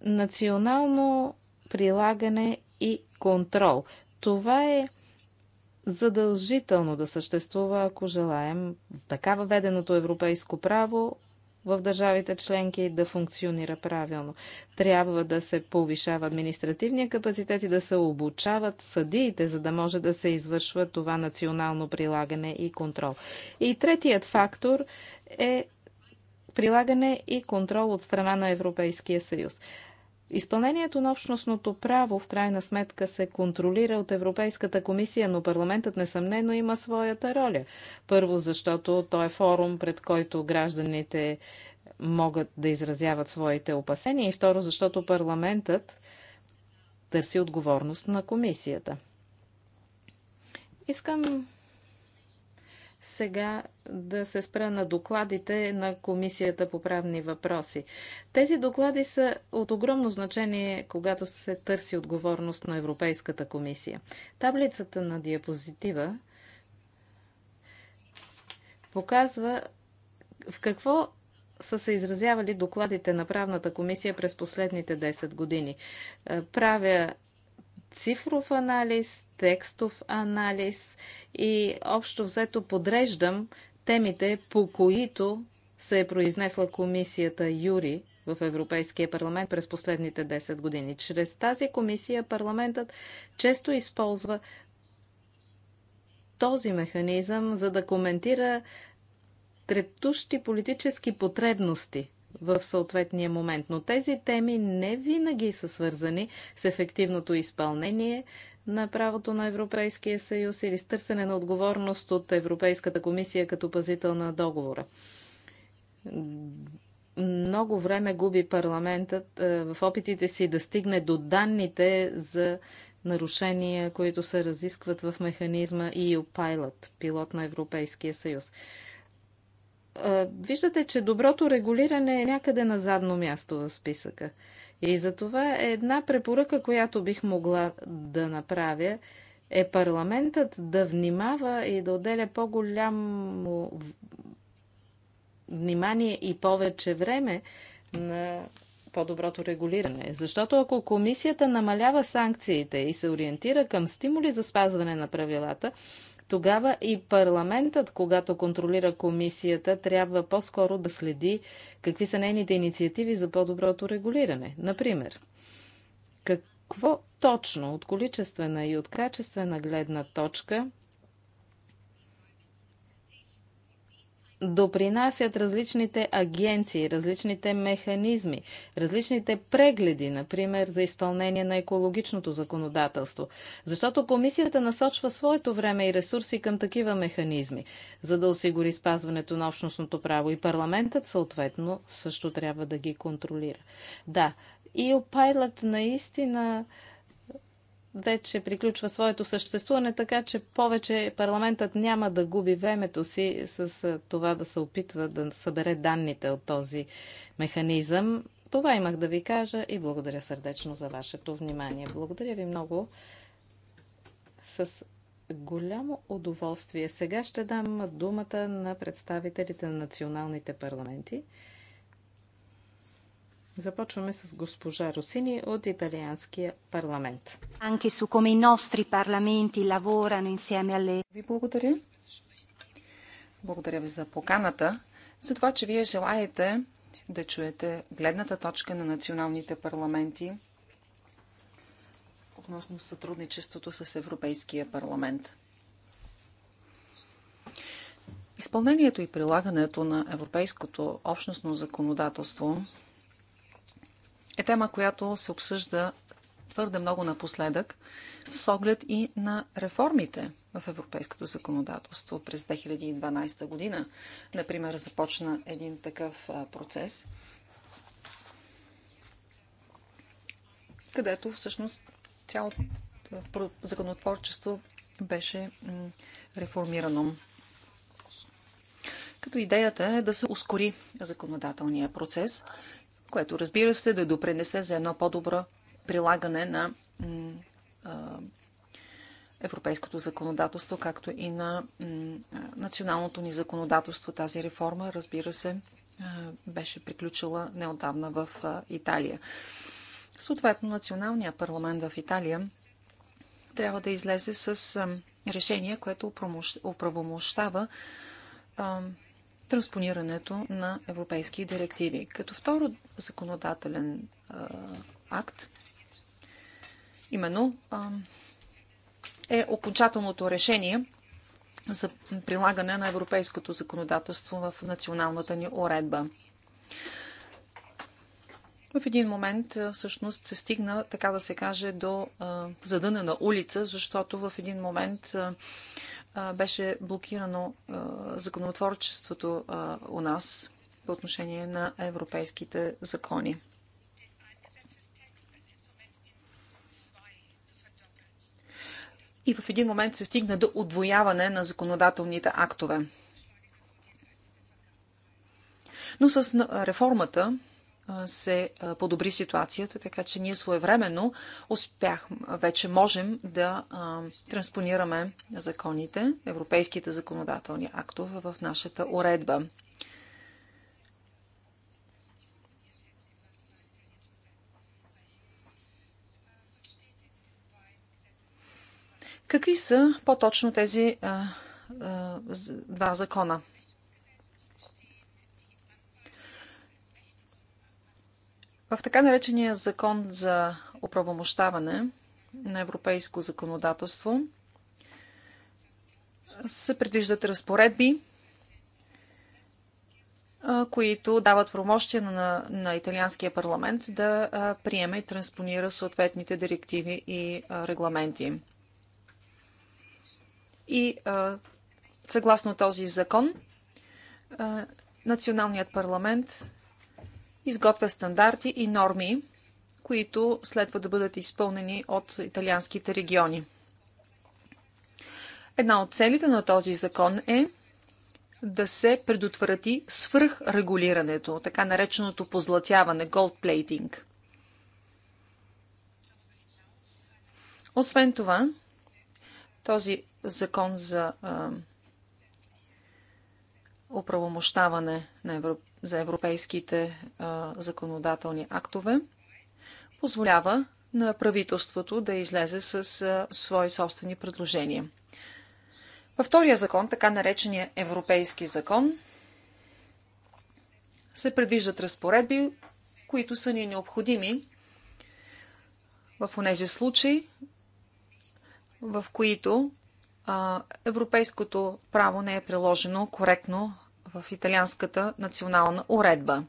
национално прилагане и контрол. Това е задължително да съществува, ако желаем така въведеното европейско право в държавите членки да функционира правилно. Трябва да се повишава административния капацитет и да се обучават съдиите, за да може да се извършва това национално прилагане и контрол. И третият фактор е прилагане и контрол от страна на Европейския съюз. Изпълнението на общностното право в крайна сметка се контролира от Европейската комисия, но парламентът несъмнено има своята роля. Първо, защото той е форум, пред който гражданите могат да изразяват своите опасения и второ, защото парламентът търси отговорност на комисията. Искам сега да се спра на докладите на Комисията по правни въпроси. Тези доклади са от огромно значение, когато се търси отговорност на Европейската комисия. Таблицата на диапозитива показва в какво са се изразявали докладите на правната комисия през последните 10 години. Е, правя цифров анализ, текстов анализ и общо взето подреждам темите, по които се е произнесла комисията Юри в Европейския парламент през последните 10 години. Чрез тази комисия парламентът често използва този механизъм, за да коментира трептущи политически потребности в съответния момент. Но тези теми не винаги са свързани с ефективното изпълнение на правото на Европейския съюз или с търсене на отговорност от Европейската комисия като пазител на договора. Много време губи парламентът е, в опитите си да стигне до данните за нарушения, които се разискват в механизма EU Pilot, пилот на Европейския съюз виждате, че доброто регулиране е някъде на задно място в списъка. И затова е една препоръка, която бих могла да направя, е парламентът да внимава и да отделя по-голямо внимание и повече време на по-доброто регулиране. Защото ако комисията намалява санкциите и се ориентира към стимули за спазване на правилата, тогава и парламентът, когато контролира комисията, трябва по-скоро да следи какви са нейните инициативи за по-доброто регулиране. Например, какво точно от количествена и от качествена гледна точка допринасят различните агенции, различните механизми, различните прегледи, например, за изпълнение на екологичното законодателство. Защото комисията насочва своето време и ресурси към такива механизми, за да осигури спазването на общностното право и парламентът съответно също трябва да ги контролира. Да, и Pilot наистина вече приключва своето съществуване, така че повече парламентът няма да губи времето си с това да се опитва да събере данните от този механизъм. Това имах да ви кажа и благодаря сърдечно за вашето внимание. Благодаря ви много. С голямо удоволствие сега ще дам думата на представителите на националните парламенти. Започваме с госпожа Росини от Италианския парламент. Anche su come i nostri parlamenti lavorano insieme alle... Ви благодаря. Благодаря ви за поканата, за това, че вие желаете да чуете гледната точка на националните парламенти относно сътрудничеството с Европейския парламент. Изпълнението и прилагането на европейското общностно законодателство – е тема, която се обсъжда твърде много напоследък, с оглед и на реформите в европейското законодателство. През 2012 година, например, започна един такъв процес, където всъщност цялото законотворчество беше реформирано. Като идеята е да се ускори законодателния процес което разбира се да допренесе за едно по-добро прилагане на европейското законодателство, както и на националното ни законодателство. Тази реформа, разбира се, беше приключила неотдавна в Италия. Съответно, националния парламент в Италия трябва да излезе с решение, което оправомощава транспонирането на европейски директиви. Като второ законодателен а, акт, именно а, е окончателното решение за прилагане на европейското законодателство в националната ни уредба. В един момент всъщност се стигна, така да се каже, до задънена улица, защото в един момент беше блокирано законотворчеството у нас по отношение на европейските закони. И в един момент се стигна до отвояване на законодателните актове. Но с реформата се подобри ситуацията, така че ние своевременно успях, вече можем да транспонираме законите, европейските законодателни актове в нашата уредба. Какви са по-точно тези а, а, два закона? В така наречения закон за оправомощаване на европейско законодателство се предвиждат разпоредби, които дават промощия на, на италианския парламент да приеме и транспонира съответните директиви и регламенти. И съгласно този закон, националният парламент изготвя стандарти и норми, които следва да бъдат изпълнени от италианските региони. Една от целите на този закон е да се предотврати свръхрегулирането, така нареченото позлатяване, gold plating. Освен това, този закон за оправомощаване Евро... за европейските а, законодателни актове позволява на правителството да излезе с а, свои собствени предложения. Във втория закон, така наречения Европейски закон, се предвиждат разпоредби, които са ни необходими в тези случаи, в които а, европейското право не е приложено коректно в италианската национална уредба.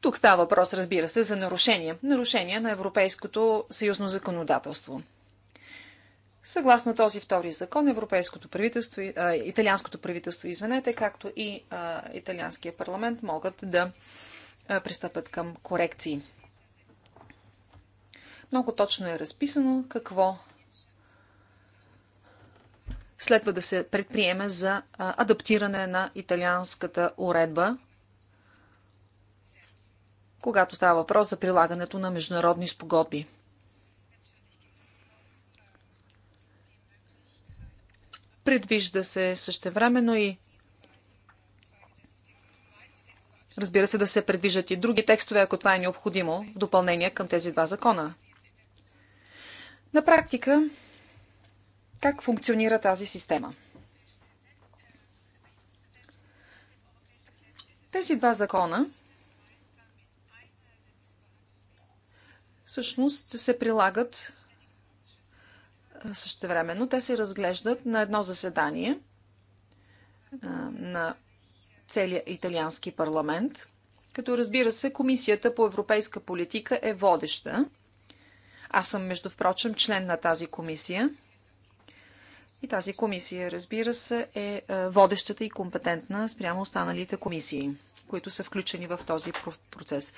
Тук става въпрос, разбира се, за нарушение. Нарушение на европейското съюзно законодателство. Съгласно този втори закон, европейското правителство, а, италианското правителство, извинете, както и а, италианския парламент могат да а, пристъпят към корекции. Много точно е разписано какво следва да се предприеме за адаптиране на италианската уредба, когато става въпрос за прилагането на международни спогодби. Предвижда се същевременно и Разбира се, да се предвижат и други текстове, ако това е необходимо, в допълнение към тези два закона. На практика, как функционира тази система. Тези два закона всъщност се прилагат същевременно. Те се разглеждат на едно заседание на целия италиански парламент, като разбира се, Комисията по европейска политика е водеща. Аз съм, между впрочем, член на тази комисия – и тази комисия, разбира се, е, е водещата и компетентна спрямо останалите комисии, които са включени в този процес.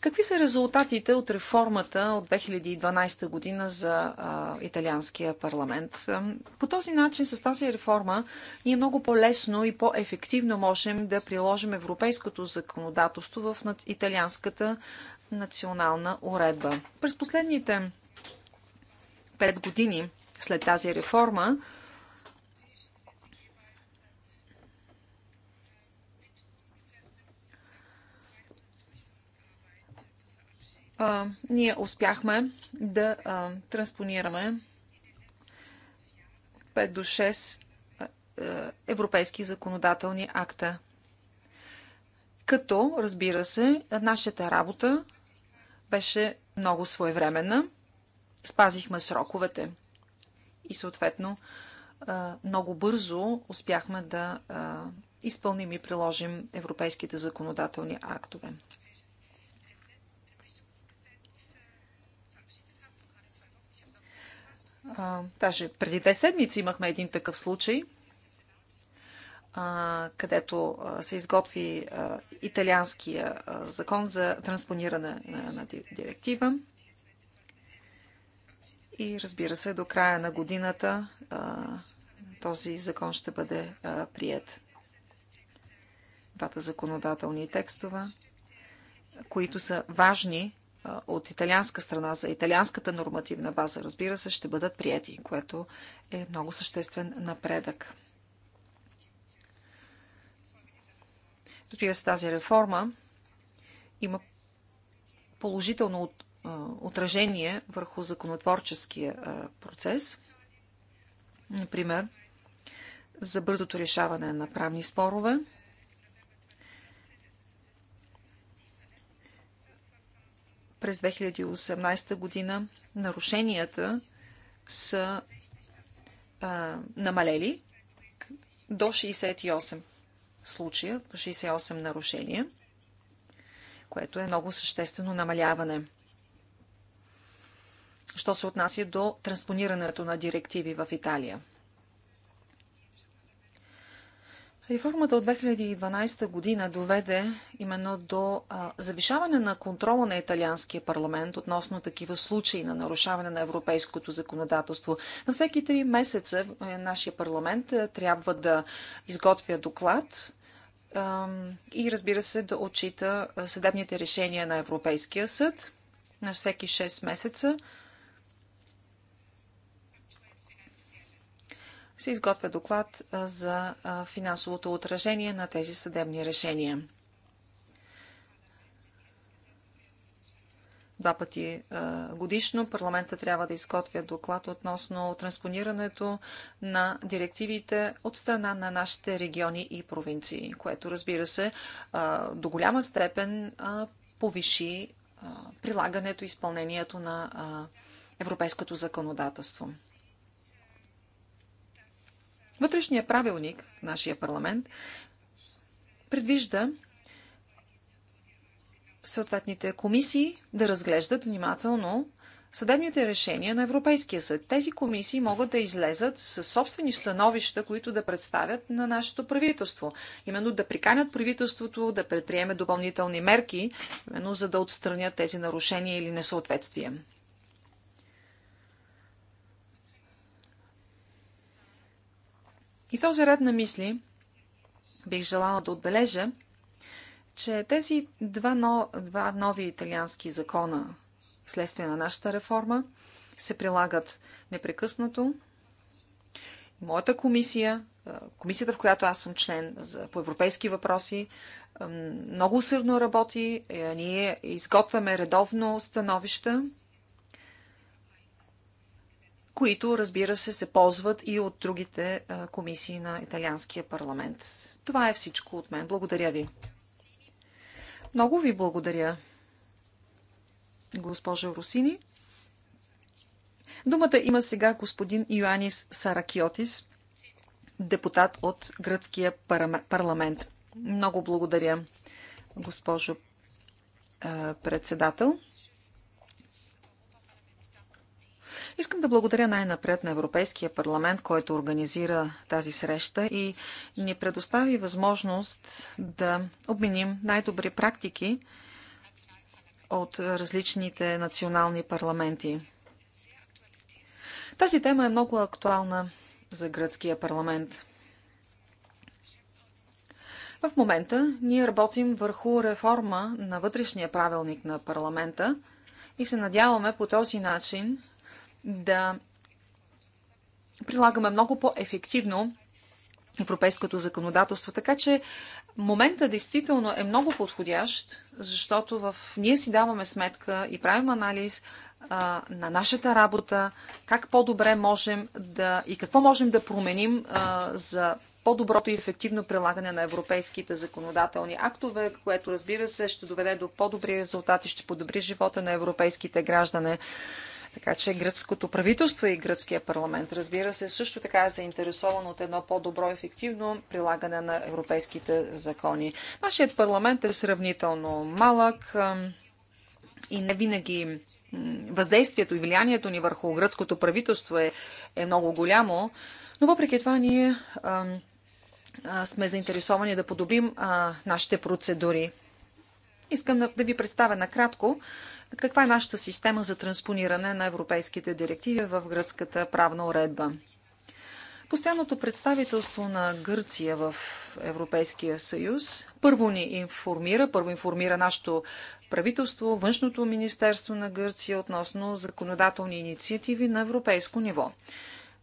Какви са резултатите от реформата от 2012 година за а, италианския парламент? По този начин, с тази реформа, ние много по-лесно и по-ефективно можем да приложим европейското законодателство в италианската национална уредба. През последните пет години след тази реформа. ние успяхме да транспонираме 5 до 6 европейски законодателни акта. Като, разбира се, нашата работа беше много своевременна. Спазихме сроковете и съответно много бързо успяхме да изпълним и приложим европейските законодателни актове. Даже преди две седмици имахме един такъв случай, където се изготви италианския закон за транспониране на директива. И разбира се, до края на годината този закон ще бъде прият. Двата законодателни текстове, които са важни от италианска страна за италианската нормативна база, разбира се, ще бъдат прияти, което е много съществен напредък. Разбира се, тази реформа има положително отражение върху законотворческия процес. Например, за бързото решаване на правни спорове. През 2018 година нарушенията са а, намалели до 68 случая, 68 нарушения, което е много съществено намаляване що се отнася до транспонирането на директиви в Италия. Реформата от 2012 година доведе именно до а, завишаване на контрола на италианския парламент относно такива случаи на нарушаване на европейското законодателство. На всеки три месеца е, нашия парламент е, трябва да изготвя доклад и разбира се да отчита съдебните решения на Европейския съд на всеки 6 месеца се изготвя доклад за финансовото отражение на тези съдебни решения. Два пъти годишно парламента трябва да изготвя доклад относно транспонирането на директивите от страна на нашите региони и провинции, което разбира се до голяма степен повиши прилагането и изпълнението на европейското законодателство. Вътрешния правилник, нашия парламент, предвижда съответните комисии да разглеждат внимателно съдебните решения на Европейския съд. Тези комисии могат да излезат със собствени становища, които да представят на нашето правителство. Именно да приканят правителството да предприеме допълнителни мерки, именно за да отстранят тези нарушения или несъответствия. И в този ред на мисли бих желала да отбележа, че тези два, но, два нови италиански закона, следствие на нашата реформа, се прилагат непрекъснато. Моята комисия, комисията, в която аз съм член за по европейски въпроси, много усърдно работи. Е, ние изготвяме редовно становища които, разбира се, се ползват и от другите комисии на Италианския парламент. Това е всичко от мен. Благодаря ви. Много ви благодаря, госпожа Русини. Думата има сега господин Йоанис Саракиотис, депутат от гръцкия парламент. Много благодаря, госпожо председател. Искам да благодаря най-напред на Европейския парламент, който организира тази среща и ни предостави възможност да обменим най-добри практики от различните национални парламенти. Тази тема е много актуална за гръцкия парламент. В момента ние работим върху реформа на вътрешния правилник на парламента и се надяваме по този начин да прилагаме много по-ефективно европейското законодателство. Така че момента действително е много подходящ, защото в... ние си даваме сметка и правим анализ а, на нашата работа, как по-добре можем да и какво можем да променим а, за по-доброто и ефективно прилагане на европейските законодателни актове, което разбира се ще доведе до по-добри резултати, ще подобри живота на европейските граждане. Така че гръцкото правителство и гръцкия парламент, разбира се, също така е заинтересован от едно по-добро ефективно прилагане на европейските закони. Нашият парламент е сравнително малък и не винаги въздействието и влиянието ни върху гръцкото правителство е, е много голямо, но въпреки това ние а, а, сме заинтересовани да подобрим а, нашите процедури. Искам да, да ви представя накратко каква е нашата система за транспониране на европейските директиви в гръцката правна уредба. Постоянното представителство на Гърция в Европейския съюз първо ни информира, първо информира нашето правителство, Външното министерство на Гърция относно законодателни инициативи на европейско ниво.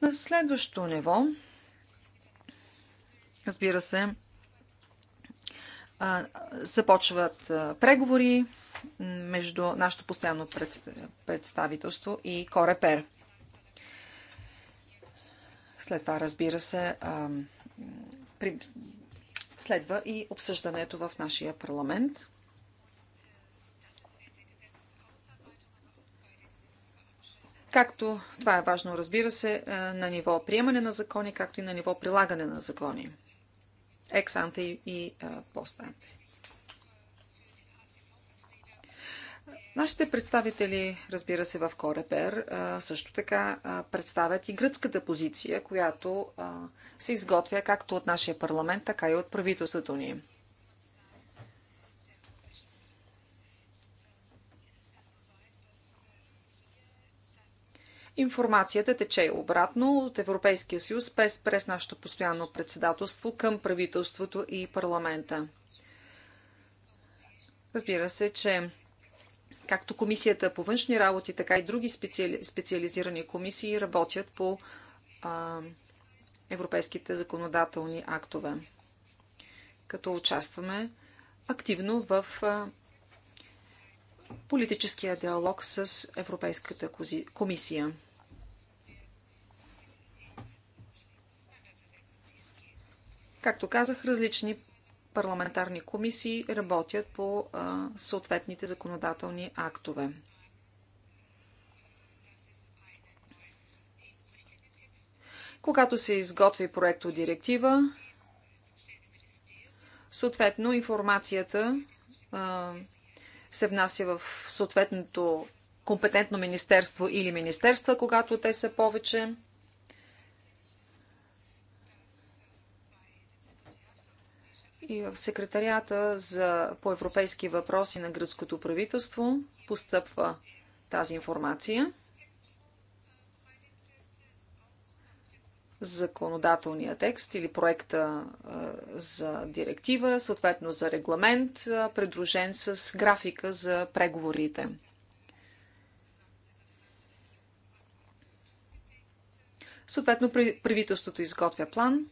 На следващото ниво, разбира се, започват преговори между нашето постоянно представителство и Корепер. След това, разбира се, следва и обсъждането в нашия парламент. Както това е важно, разбира се, е, на ниво приемане на закони, както и на ниво прилагане на закони. Ексанте и е, постанте. Нашите представители, разбира се, в Корепер също така представят и гръцката позиция, която се изготвя както от нашия парламент, така и от правителството ни. Информацията тече обратно от Европейския съюз през, през нашето постоянно председателство към правителството и парламента. Разбира се, че както комисията по външни работи, така и други специали, специализирани комисии работят по а, европейските законодателни актове, като участваме активно в а, политическия диалог с Европейската комисия. Както казах, различни парламентарни комисии работят по съответните законодателни актове. Когато се изготви проекто директива, съответно информацията се внася в съответното компетентно министерство или министерства, когато те са повече. и в секретарията за, по европейски въпроси на гръцкото правителство постъпва тази информация. законодателния текст или проекта за директива, съответно за регламент, придружен с графика за преговорите. Съответно, правителството изготвя план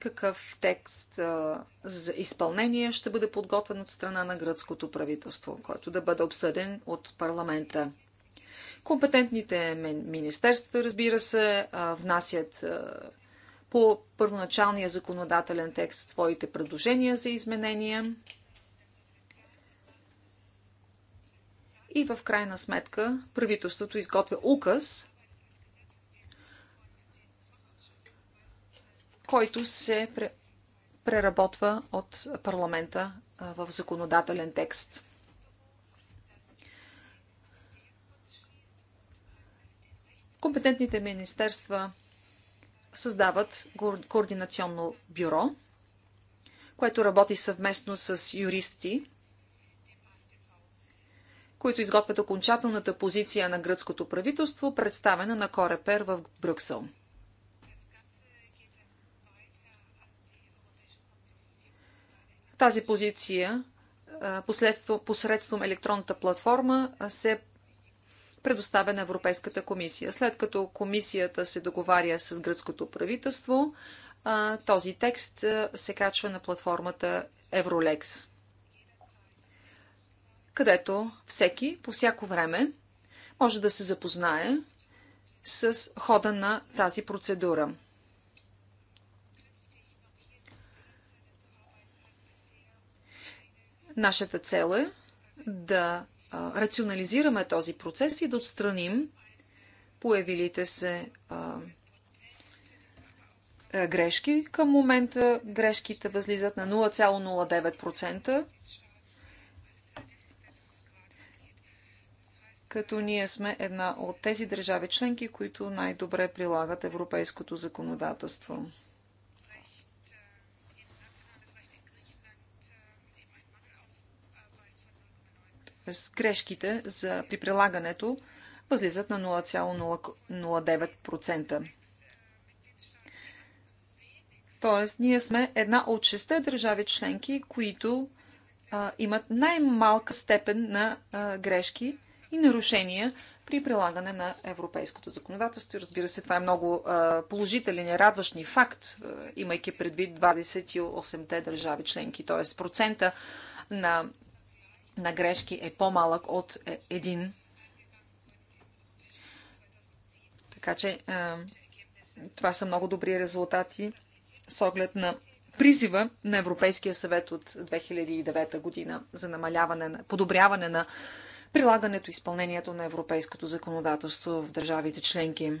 какъв текст а, за изпълнение ще бъде подготвен от страна на гръцкото правителство, който да бъде обсъден от парламента. Компетентните министерства, разбира се, а, внасят а, по първоначалния законодателен текст своите предложения за изменения. И в крайна сметка правителството изготвя указ, който се преработва от парламента в законодателен текст. Компетентните министерства създават координационно бюро, което работи съвместно с юристи, които изготвят окончателната позиция на гръцкото правителство, представена на Корепер в Брюксел. тази позиция посредством електронната платформа се предоставя на Европейската комисия. След като комисията се договаря с гръцкото правителство, този текст се качва на платформата Евролекс, където всеки по всяко време може да се запознае с хода на тази процедура. Нашата цел е да рационализираме този процес и да отстраним появилите се грешки. Към момента грешките възлизат на 0,09%, като ние сме една от тези държави членки, които най-добре прилагат европейското законодателство. грешките за, при прилагането възлизат на 0,09%. Тоест, ние сме една от шесте държави членки, които а, имат най-малка степен на а, грешки и нарушения при прилагане на европейското законодателство. Разбира се, това е много а, положителен и радващ ни факт, а, имайки предвид 28-те държави членки, т.е. процента на на грешки е по-малък от е, един. Така че е, това са много добри резултати с оглед на призива на Европейския съвет от 2009 година за намаляване на, подобряване на прилагането и изпълнението на европейското законодателство в държавите членки.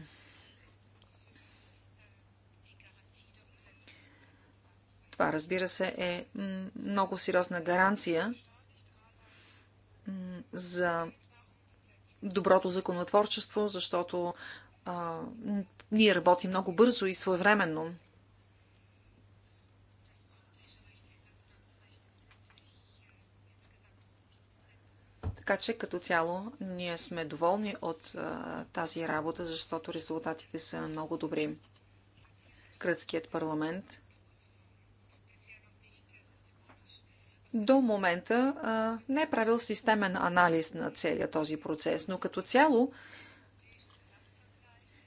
Това, разбира се, е много сериозна гаранция за доброто законотворчество, защото а, ние работим много бързо и своевременно. Така че като цяло ние сме доволни от а, тази работа, защото резултатите са много добри. Кръцкият парламент до момента а, не е правил системен анализ на целият този процес, но като цяло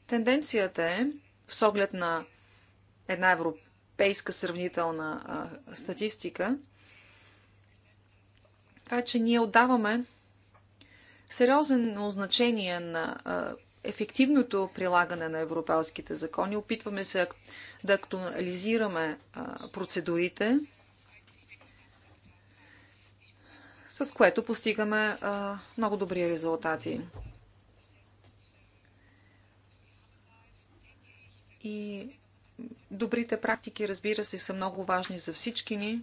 тенденцията е, с оглед на една европейска сравнителна а, статистика, е, че ние отдаваме сериозно значение на а, ефективното прилагане на европейските закони. Опитваме се да актуализираме а, процедурите, с което постигаме а, много добри резултати. И добрите практики, разбира се, са много важни за всички ни,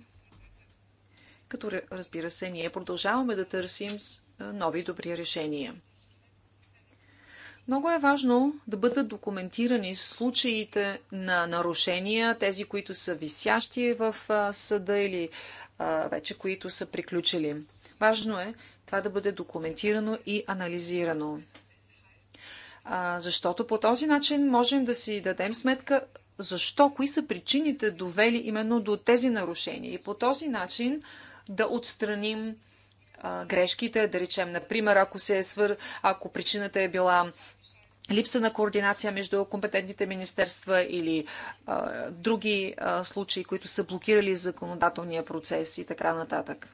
като разбира се, ние продължаваме да търсим нови добри решения. Много е важно да бъдат документирани случаите на нарушения, тези, които са висящи в съда или вече които са приключили. Важно е това да бъде документирано и анализирано. А, защото по този начин можем да си дадем сметка защо, кои са причините довели именно до тези нарушения. И по този начин да отстраним а, грешките, да речем, например, ако, се е свър... ако причината е била липса на координация между компетентните министерства или а, други а, случаи, които са блокирали законодателния процес и така нататък.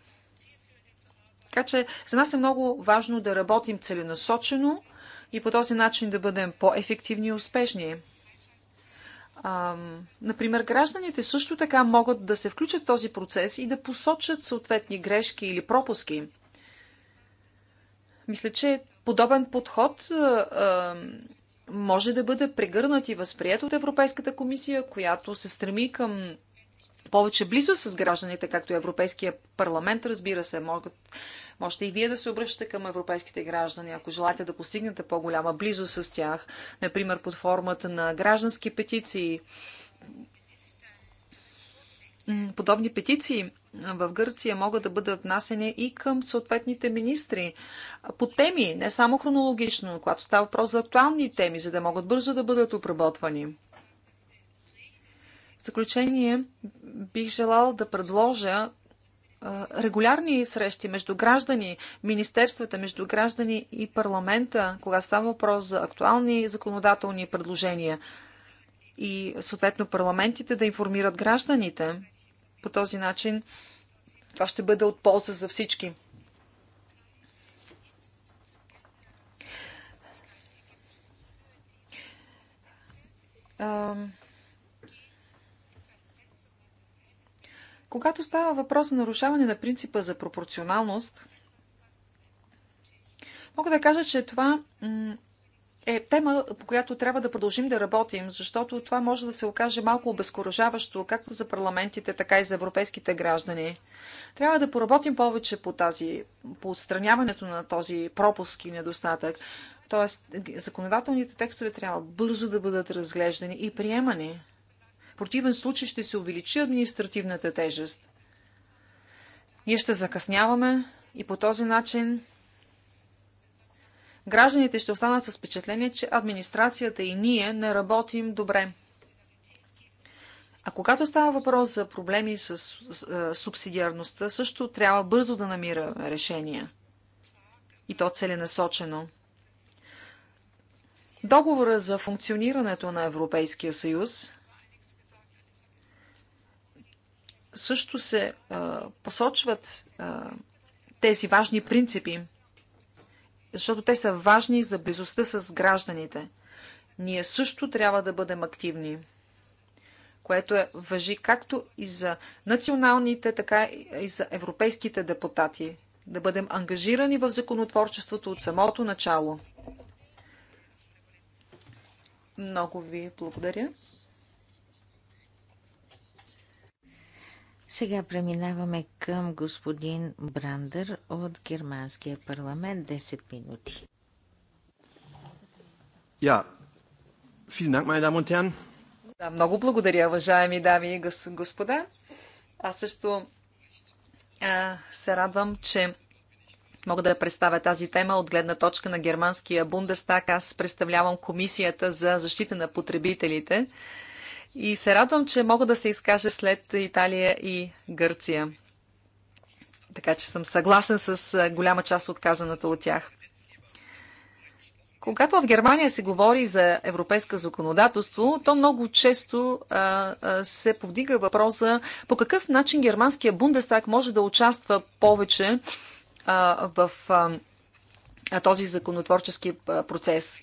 Така че за нас е много важно да работим целенасочено и по този начин да бъдем по-ефективни и успешни. например, гражданите също така могат да се включат в този процес и да посочат съответни грешки или пропуски. Мисля, че подобен подход може да бъде прегърнат и възприят от Европейската комисия, която се стреми към повече близо с гражданите, както и Европейския парламент, разбира се, могат Можете и вие да се обръщате към европейските граждани, ако желаете да постигнете по-голяма близост с тях, например под формата на граждански петиции. Подобни петиции в Гърция могат да бъдат внасени и към съответните министри по теми, не само хронологично, но когато става въпрос за актуални теми, за да могат бързо да бъдат обработвани. В заключение бих желала да предложа регулярни срещи между граждани, министерствата, между граждани и парламента, кога става въпрос за актуални законодателни предложения и съответно парламентите да информират гражданите. По този начин това ще бъде от полза за всички. Um... Когато става въпрос за нарушаване на принципа за пропорционалност, мога да кажа, че това е тема, по която трябва да продължим да работим, защото това може да се окаже малко обезкуражаващо, както за парламентите, така и за европейските граждани. Трябва да поработим повече по тази, по отстраняването на този пропуск и недостатък. Тоест, законодателните текстове трябва бързо да бъдат разглеждани и приемани. В противен случай ще се увеличи административната тежест. Ние ще закъсняваме и по този начин гражданите ще останат с впечатление, че администрацията и ние не работим добре. А когато става въпрос за проблеми с субсидиарността, също трябва бързо да намира решения. И то целенасочено. Договора за функционирането на Европейския съюз също се а, посочват а, тези важни принципи, защото те са важни за близостта с гражданите. Ние също трябва да бъдем активни, което е въжи както и за националните, така и за европейските депутати. Да бъдем ангажирани в законотворчеството от самото начало. Много ви благодаря. Сега преминаваме към господин Брандър от Германския парламент. 10 минути. Ja, vielen Dank, meine Damen und Herren. Да, много благодаря, уважаеми дами и господа. Аз също а, се радвам, че мога да представя тази тема от гледна точка на германския Бундестаг. Аз представлявам Комисията за защита на потребителите. И се радвам, че мога да се изкажа след Италия и Гърция. Така че съм съгласен с голяма част от казаното от тях. Когато в Германия се говори за европейско законодателство, то много често а, а, се повдига въпроса по какъв начин германския Бундестаг може да участва повече а, в а, този законотворчески процес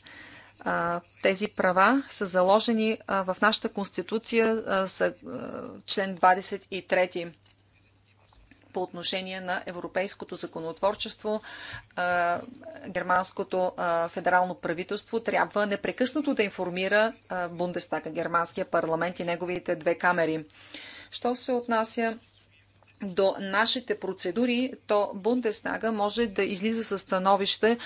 тези права са заложени в нашата конституция с член 23 по отношение на европейското законотворчество, германското федерално правителство трябва непрекъснато да информира Бундестага, германския парламент и неговите две камери. Що се отнася до нашите процедури, то Бундестага може да излиза със становище.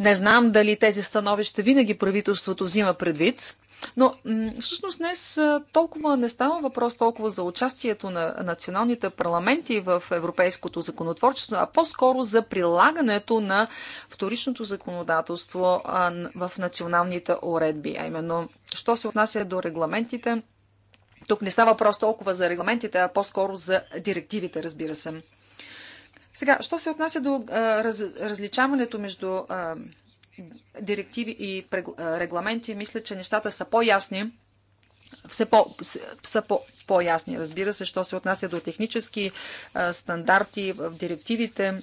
Не знам дали тези становища винаги правителството взима предвид, но всъщност днес толкова не става въпрос толкова за участието на националните парламенти в европейското законотворчество, а по-скоро за прилагането на вторичното законодателство в националните уредби, а именно, що се отнася до регламентите – тук не става въпрос толкова за регламентите, а по-скоро за директивите, разбира се. Сега, що се отнася до а, раз, различаването между а, директиви и прег, а, регламенти, мисля, че нещата са по-ясни. Все по, са по, по-ясни, разбира се, що се отнася до технически а, стандарти в директивите,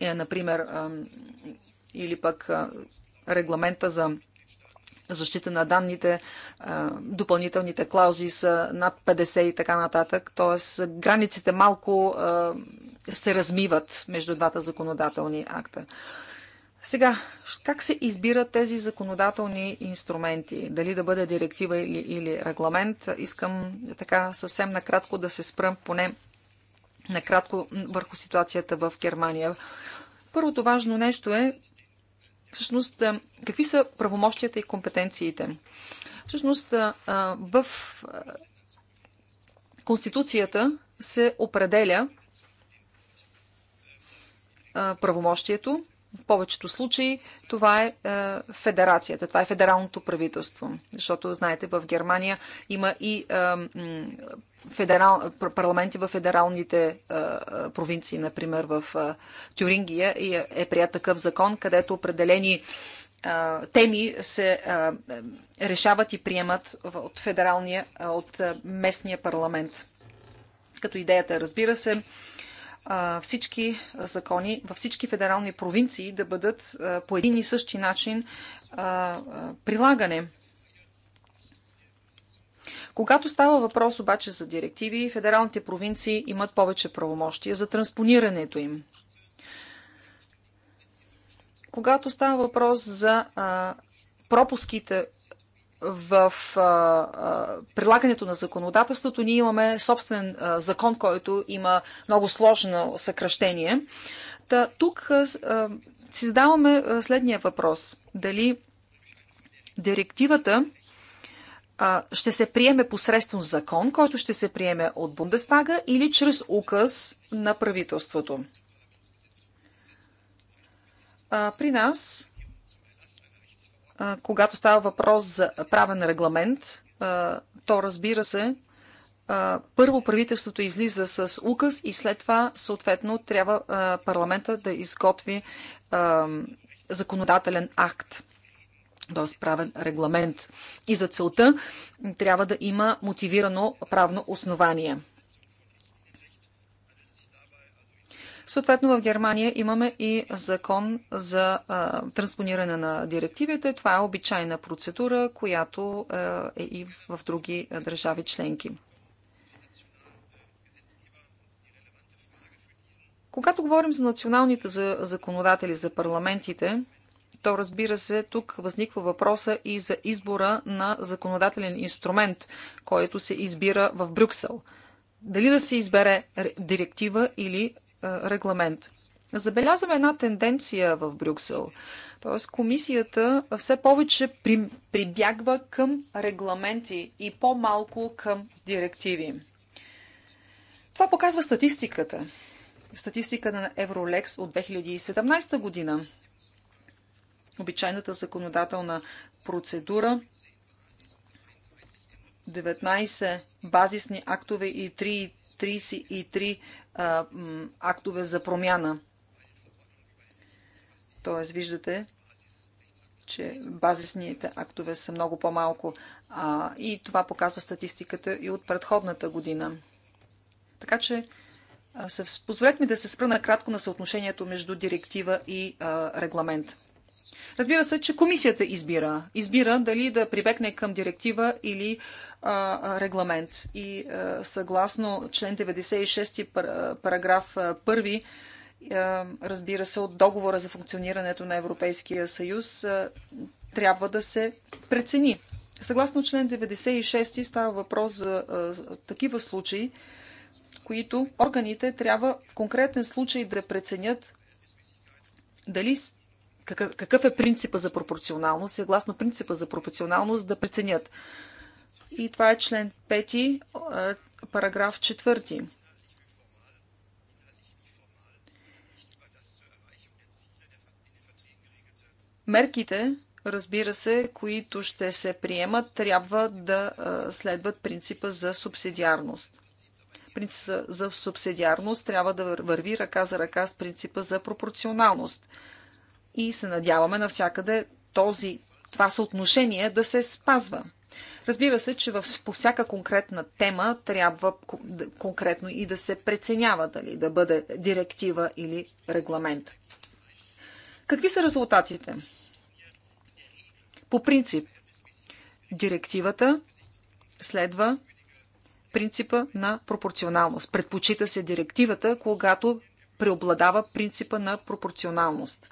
е, например, а, или пък а, регламента за защита на данните, допълнителните клаузи са над 50 и така нататък. Тоест, границите малко се размиват между двата законодателни акта. Сега, как се избират тези законодателни инструменти? Дали да бъде директива или, или регламент? Искам така съвсем накратко да се спрам поне накратко върху ситуацията в Германия. Първото важно нещо е, всъщност какви са правомощията и компетенциите. Всъщност в Конституцията се определя правомощието. В повечето случаи това е федерацията, това е федералното правителство. Защото, знаете, в Германия има и федерал, парламенти в федералните а, е, е, провинции, например в а, е, Тюрингия, и е, е прият такъв закон, където определени а, теми се а, решават и приемат от федералния, а, от местния парламент. Като идеята, разбира се, всички закони във всички федерални провинции да бъдат по един и същи начин прилагане когато става въпрос обаче за директиви, федералните провинции имат повече правомощия за транспонирането им. Когато става въпрос за а, пропуските в а, а, прилагането на законодателството, ние имаме собствен а, закон, който има много сложно съкръщение. Та, тук а, си задаваме следния въпрос. Дали директивата ще се приеме посредством закон, който ще се приеме от Бундестага или чрез указ на правителството. При нас, когато става въпрос за правен регламент, то разбира се, първо правителството излиза с указ и след това съответно трябва парламента да изготви законодателен акт т.е. правен регламент. И за целта трябва да има мотивирано правно основание. Съответно, в Германия имаме и закон за а, транспониране на директивите. Това е обичайна процедура, която а, е и в други а, държави членки. Когато говорим за националните за законодатели, за парламентите, то разбира се, тук възниква въпроса и за избора на законодателен инструмент, който се избира в Брюксел. Дали да се избере директива или е, регламент. Забелязваме една тенденция в Брюксел. Т.е. комисията все повече при, прибягва към регламенти и по-малко към директиви. Това показва статистиката. Статистика на Евролекс от 2017 година обичайната законодателна процедура. 19 базисни актове и 33 актове за промяна. Тоест, виждате, че базисните актове са много по-малко. и това показва статистиката и от предходната година. Така че, позволете ми да се спра на кратко на съотношението между директива и регламент. Разбира се, че комисията избира. Избира дали да прибегне към директива или а, регламент. И а, съгласно член 96 параграф 1 разбира се, от договора за функционирането на Европейския съюз трябва да се прецени. Съгласно член 96 става въпрос за такива случаи, които органите трябва в конкретен случай да преценят дали какъв, какъв е принципа за пропорционалност, съгласно принципа за пропорционалност да преценят. И това е член 5, параграф 4. Мерките, разбира се, които ще се приемат, трябва да следват принципа за субсидиарност. Принципа за субсидиарност трябва да върви ръка за ръка с принципа за пропорционалност – и се надяваме навсякъде този, това съотношение да се спазва. Разбира се, че в, по всяка конкретна тема трябва конкретно и да се преценява дали да бъде директива или регламент. Какви са резултатите? По принцип, директивата следва принципа на пропорционалност. Предпочита се директивата, когато преобладава принципа на пропорционалност.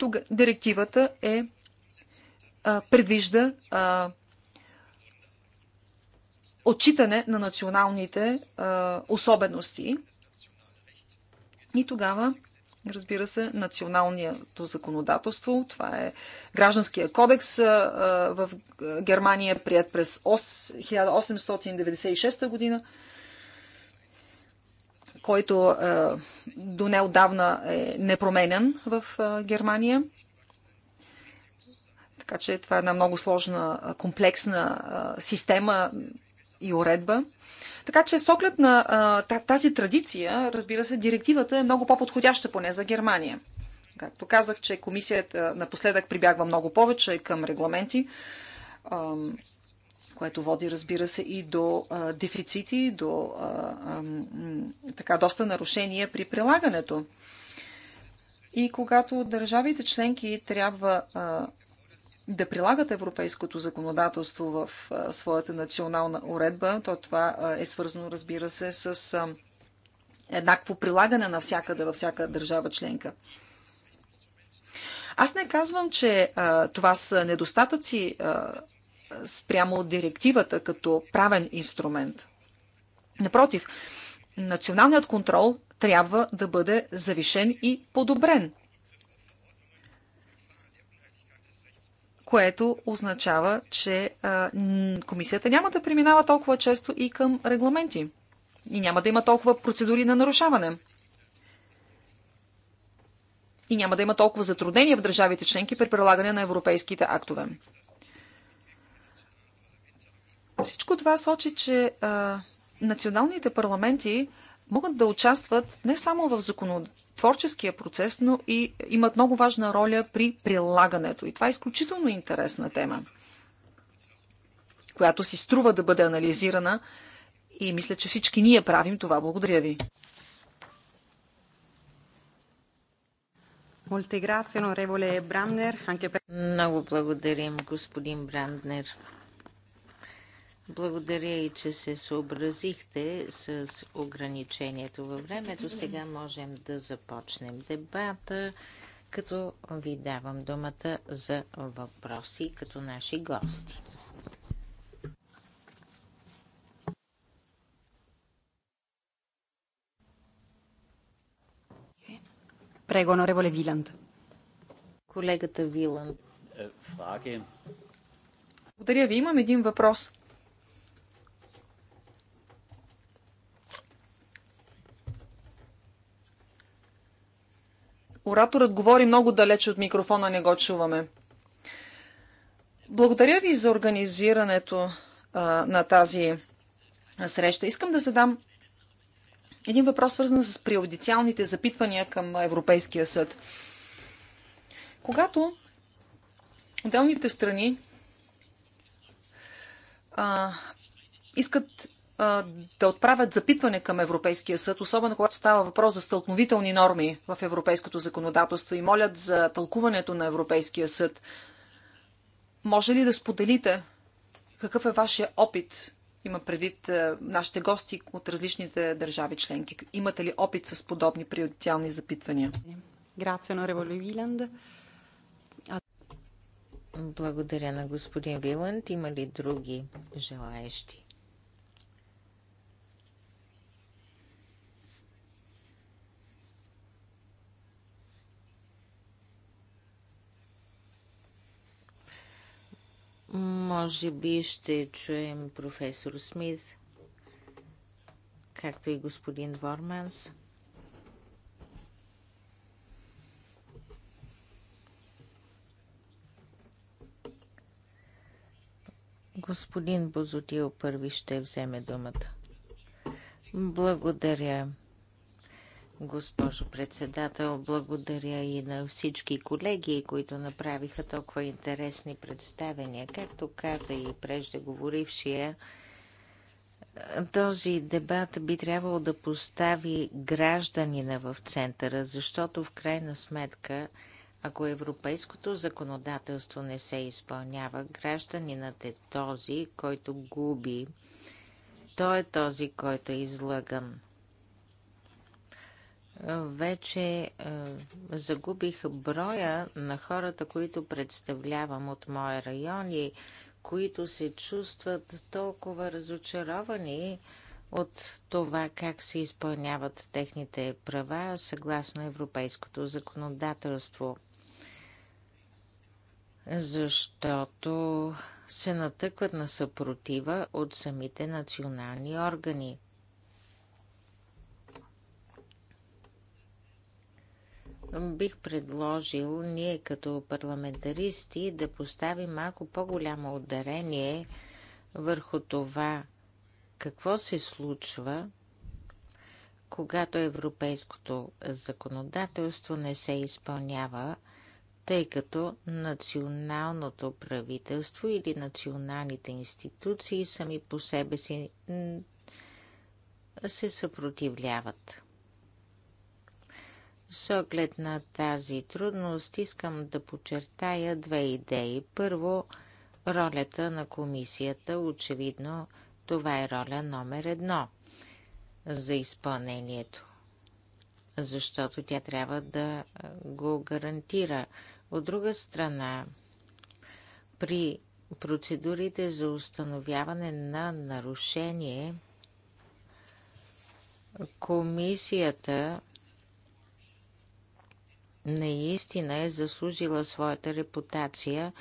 тога, директивата е а, предвижда а, отчитане на националните а, особености. И тогава, разбира се, националното законодателство, това е гражданския кодекс а, в Германия, е прият през 1896 година който е, до неодавна е непроменен в е, Германия. Така че това е една много сложна, е, комплексна система и уредба. Така че с оглед на тази традиция, разбира се, директивата е много по-подходяща поне за Германия. Както казах, че комисията напоследък прибягва много повече към регламенти което води, разбира се, и до а, дефицити, до а, а, така доста нарушения при прилагането. И когато държавите членки трябва а, да прилагат европейското законодателство в а, своята национална уредба, то това а, е свързано, разбира се, с а, еднакво прилагане навсякъде, във всяка държава членка. Аз не казвам, че а, това са недостатъци а, спрямо от директивата като правен инструмент. Напротив, националният контрол трябва да бъде завишен и подобрен, което означава, че комисията няма да преминава толкова често и към регламенти и няма да има толкова процедури на нарушаване. И няма да има толкова затруднения в държавите членки при прилагане на европейските актове. Всичко това сочи, че а, националните парламенти могат да участват не само в законотворческия процес, но и имат много важна роля при прилагането. И това е изключително интересна тема, която си струва да бъде анализирана и мисля, че всички ние правим това. Благодаря ви. Много благодарим, господин Бранднер. Благодаря и, че се съобразихте с ограничението във времето. Сега можем да започнем дебата, като ви давам думата за въпроси като наши гости. Прего, онореволе Виланд. Колегата Виланд. Е, Благодаря ви. Имам един въпрос. Ораторът говори много далеч от микрофона, не го чуваме. Благодаря ви за организирането а, на тази среща. Искам да задам един въпрос, свързан с приодициалните запитвания към Европейския съд. Когато отделните страни а, искат да отправят запитване към Европейския съд, особено когато става въпрос за стълкновителни норми в европейското законодателство и молят за тълкуването на Европейския съд. Може ли да споделите какъв е вашия опит? Има предвид нашите гости от различните държави членки. Имате ли опит с подобни приоритетни запитвания? Грация, Виланд. Благодаря на господин Виланд. Има ли други желаещи? Може би ще чуем професор Смит, както и господин Ворманс. Господин Бозотил първи ще вземе думата. Благодаря госпожо председател. Благодаря и на всички колеги, които направиха толкова интересни представения. Както каза и преждеговорившия, този дебат би трябвало да постави гражданина в центъра, защото в крайна сметка, ако европейското законодателство не се изпълнява, гражданинът е този, който губи. Той е този, който е излъган вече е, загубих броя на хората, които представлявам от моя район и които се чувстват толкова разочаровани от това как се изпълняват техните права съгласно европейското законодателство. Защото се натъкват на съпротива от самите национални органи. бих предложил ние като парламентаристи да поставим малко по-голямо ударение върху това какво се случва, когато европейското законодателство не се изпълнява, тъй като националното правителство или националните институции сами по себе си се съпротивляват. С оглед на тази трудност искам да подчертая две идеи. Първо, ролята на комисията. Очевидно, това е роля номер едно за изпълнението, защото тя трябва да го гарантира. От друга страна, при процедурите за установяване на нарушение, комисията наистина е заслужила своята репутация,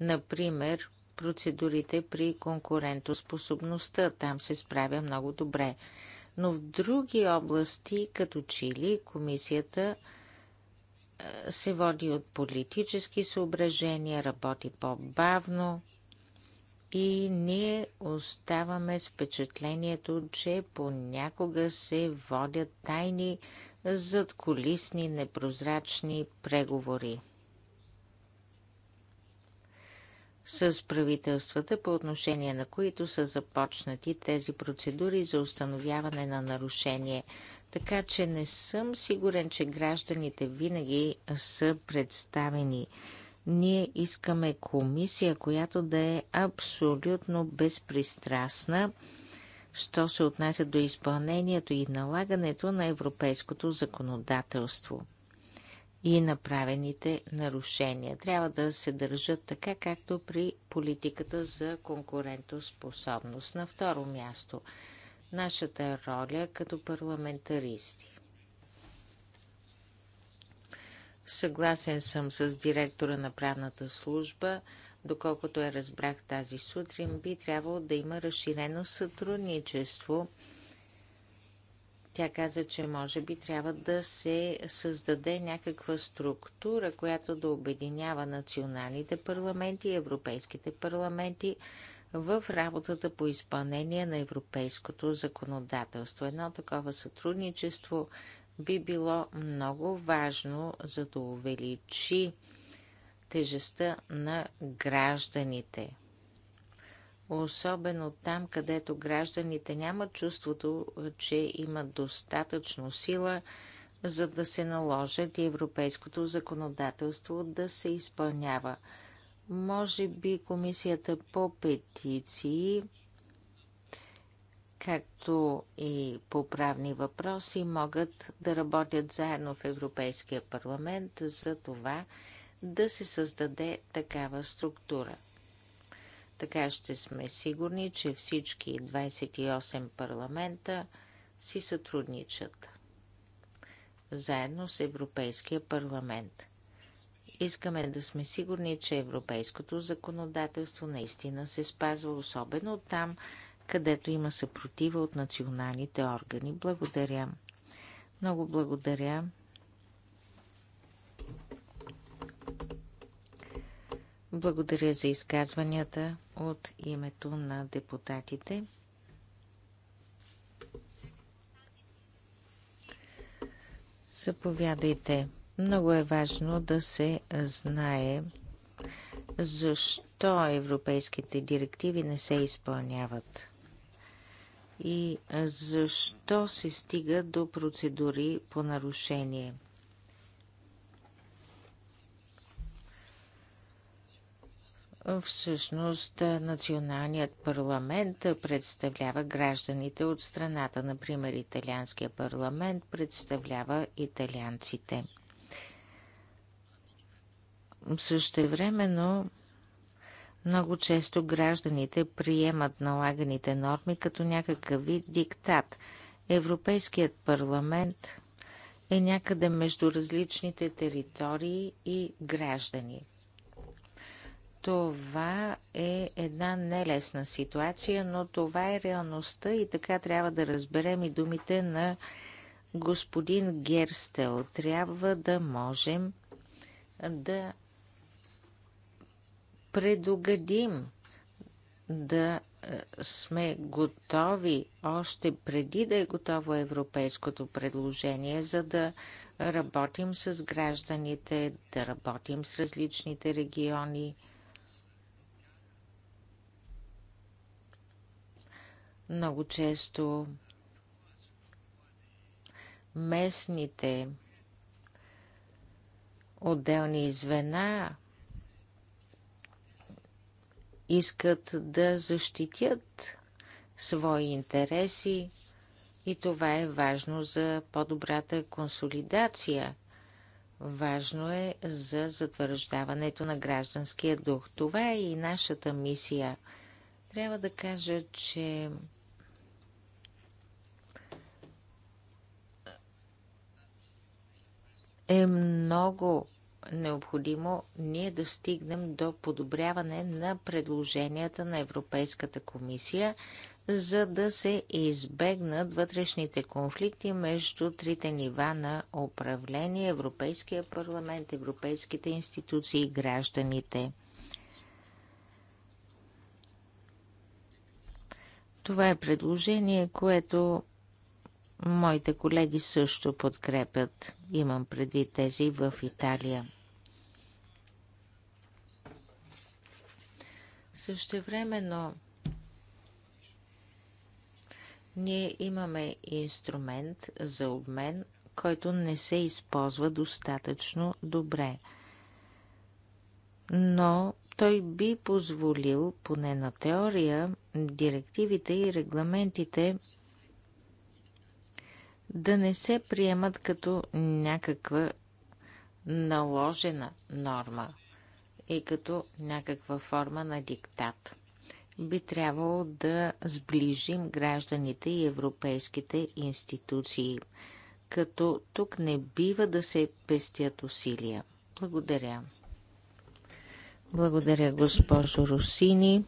например процедурите при конкурентоспособността. Там се справя много добре. Но в други области, като Чили, комисията се води от политически съображения, работи по-бавно и ние оставаме с впечатлението, че понякога се водят тайни зад колисни непрозрачни преговори с правителствата, по отношение на които са започнати тези процедури за установяване на нарушение. Така че не съм сигурен, че гражданите винаги са представени. Ние искаме комисия, която да е абсолютно безпристрастна що се отнася до изпълнението и налагането на европейското законодателство и направените нарушения. Трябва да се държат така, както при политиката за конкурентоспособност. На второ място, нашата роля като парламентаристи. Съгласен съм с директора на правната служба – Доколкото я разбрах тази сутрин, би трябвало да има разширено сътрудничество. Тя каза, че може би трябва да се създаде някаква структура, която да обединява националните парламенти и европейските парламенти в работата по изпълнение на европейското законодателство. Едно такова сътрудничество би било много важно, за да увеличи тежестта на гражданите. Особено там, където гражданите нямат чувството, че имат достатъчно сила, за да се наложат и европейското законодателство да се изпълнява. Може би комисията по петиции, както и по правни въпроси, могат да работят заедно в Европейския парламент за това, да се създаде такава структура. Така ще сме сигурни, че всички 28 парламента си сътрудничат. Заедно с Европейския парламент. Искаме да сме сигурни, че европейското законодателство наистина се спазва, особено там, където има съпротива от националните органи. Благодаря. Много благодаря. Благодаря за изказванията от името на депутатите. Заповядайте. Много е важно да се знае защо европейските директиви не се изпълняват и защо се стига до процедури по нарушение – Всъщност националният парламент представлява гражданите от страната. Например, италианският парламент представлява италианците. Същевременно много често гражданите приемат налаганите норми като някакъв вид диктат. Европейският парламент е някъде между различните територии и граждани. Това е една нелесна ситуация, но това е реалността и така трябва да разберем и думите на господин Герстел. Трябва да можем да предугадим, да е, сме готови още преди да е готово европейското предложение, за да работим с гражданите, да работим с различните региони. Много често местните отделни звена искат да защитят свои интереси и това е важно за по-добрата консолидация. Важно е за затвърждаването на гражданския дух. Това е и нашата мисия. Трябва да кажа, че е много необходимо ние да стигнем до подобряване на предложенията на Европейската комисия, за да се избегнат вътрешните конфликти между трите нива на управление Европейския парламент, европейските институции и гражданите. Това е предложение, което Моите колеги също подкрепят, имам предвид тези в Италия. Същевременно ние имаме инструмент за обмен, който не се използва достатъчно добре. Но той би позволил, поне на теория, директивите и регламентите да не се приемат като някаква наложена норма и като някаква форма на диктат. Би трябвало да сближим гражданите и европейските институции, като тук не бива да се пестят усилия. Благодаря. Благодаря, госпожо Русини.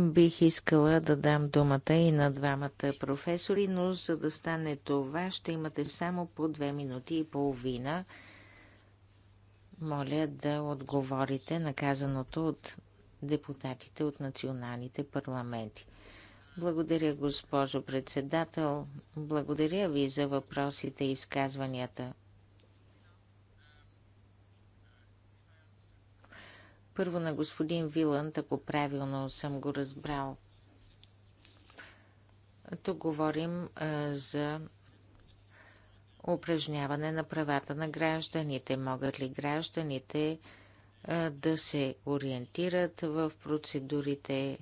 Бих искала да дам думата и на двамата професори, но за да стане това, ще имате само по две минути и половина. Моля да отговорите на казаното от депутатите от националните парламенти. Благодаря, госпожо председател. Благодаря ви за въпросите и изказванията. Първо на господин Виланд, ако правилно съм го разбрал. Тук говорим за упражняване на правата на гражданите. Могат ли гражданите да се ориентират в процедурите?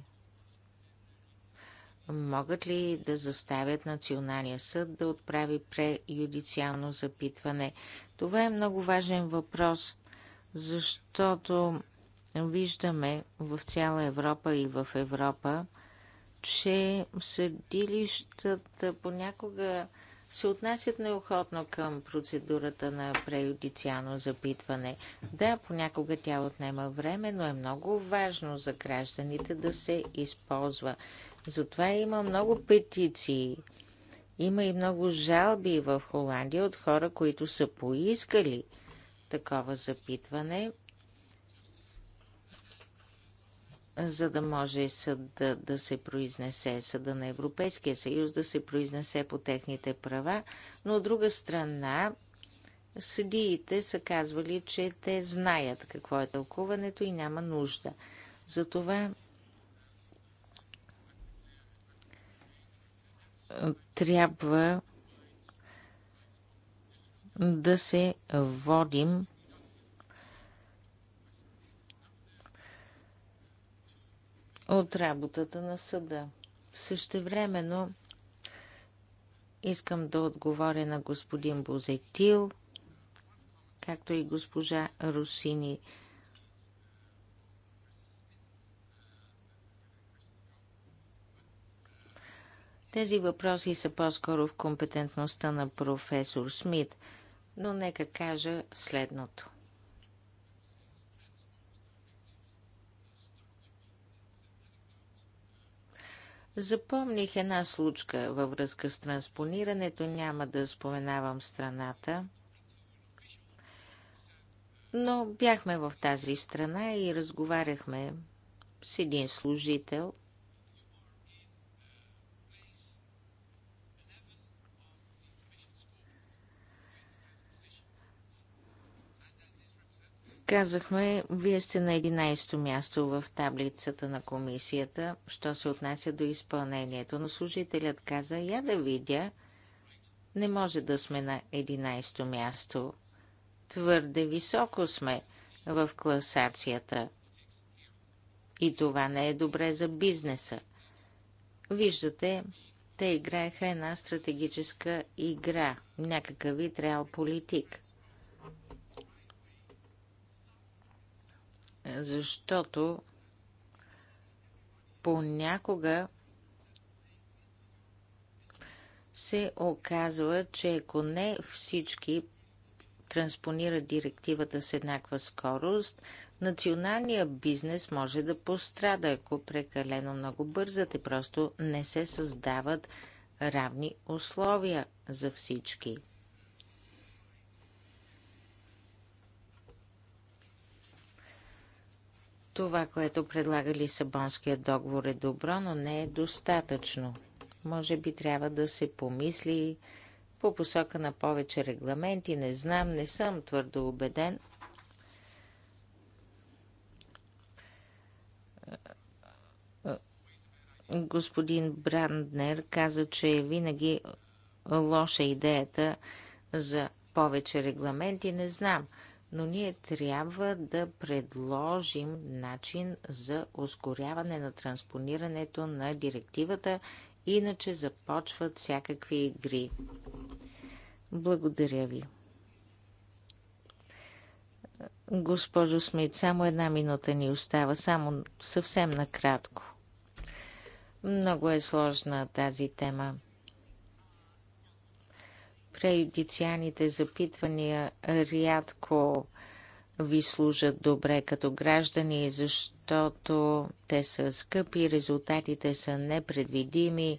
Могат ли да заставят Националния съд да отправи преюдициално запитване? Това е много важен въпрос, защото Виждаме в цяла Европа и в Европа, че съдилищата понякога се отнасят неохотно към процедурата на преюдициално запитване. Да, понякога тя отнема време, но е много важно за гражданите да се използва. Затова има много петиции. Има и много жалби в Холандия от хора, които са поискали такова запитване за да може съда да се произнесе, съда на Европейския съюз да се произнесе по техните права, но от друга страна съдиите са казвали, че те знаят какво е тълкуването и няма нужда. Затова трябва да се водим от работата на съда. Същевременно искам да отговоря на господин Бозетил, както и госпожа Русини. Тези въпроси са по-скоро в компетентността на професор Смит, но нека кажа следното. Запомних една случка във връзка с транспонирането, няма да споменавам страната, но бяхме в тази страна и разговаряхме с един служител – Казахме, вие сте на 11-то място в таблицата на комисията, що се отнася до изпълнението, но служителят каза, я да видя, не може да сме на 11-то място. Твърде високо сме в класацията. И това не е добре за бизнеса. Виждате, те играеха една стратегическа игра, някакъв вид реал политик – защото понякога се оказва, че ако не всички транспонират директивата с еднаква скорост, националният бизнес може да пострада, ако прекалено много бързат и Просто не се създават равни условия за всички. Това, което предлага Лисабонският договор е добро, но не е достатъчно. Може би трябва да се помисли по посока на повече регламенти. Не знам, не съм твърдо убеден. Господин Бранднер каза, че е винаги лоша идеята за повече регламенти. Не знам но ние трябва да предложим начин за ускоряване на транспонирането на директивата, иначе започват всякакви игри. Благодаря ви. Госпожо Смит, само една минута ни остава, само съвсем накратко. Много е сложна тази тема. Преюдициалните запитвания рядко ви служат добре като граждани, защото те са скъпи, резултатите са непредвидими,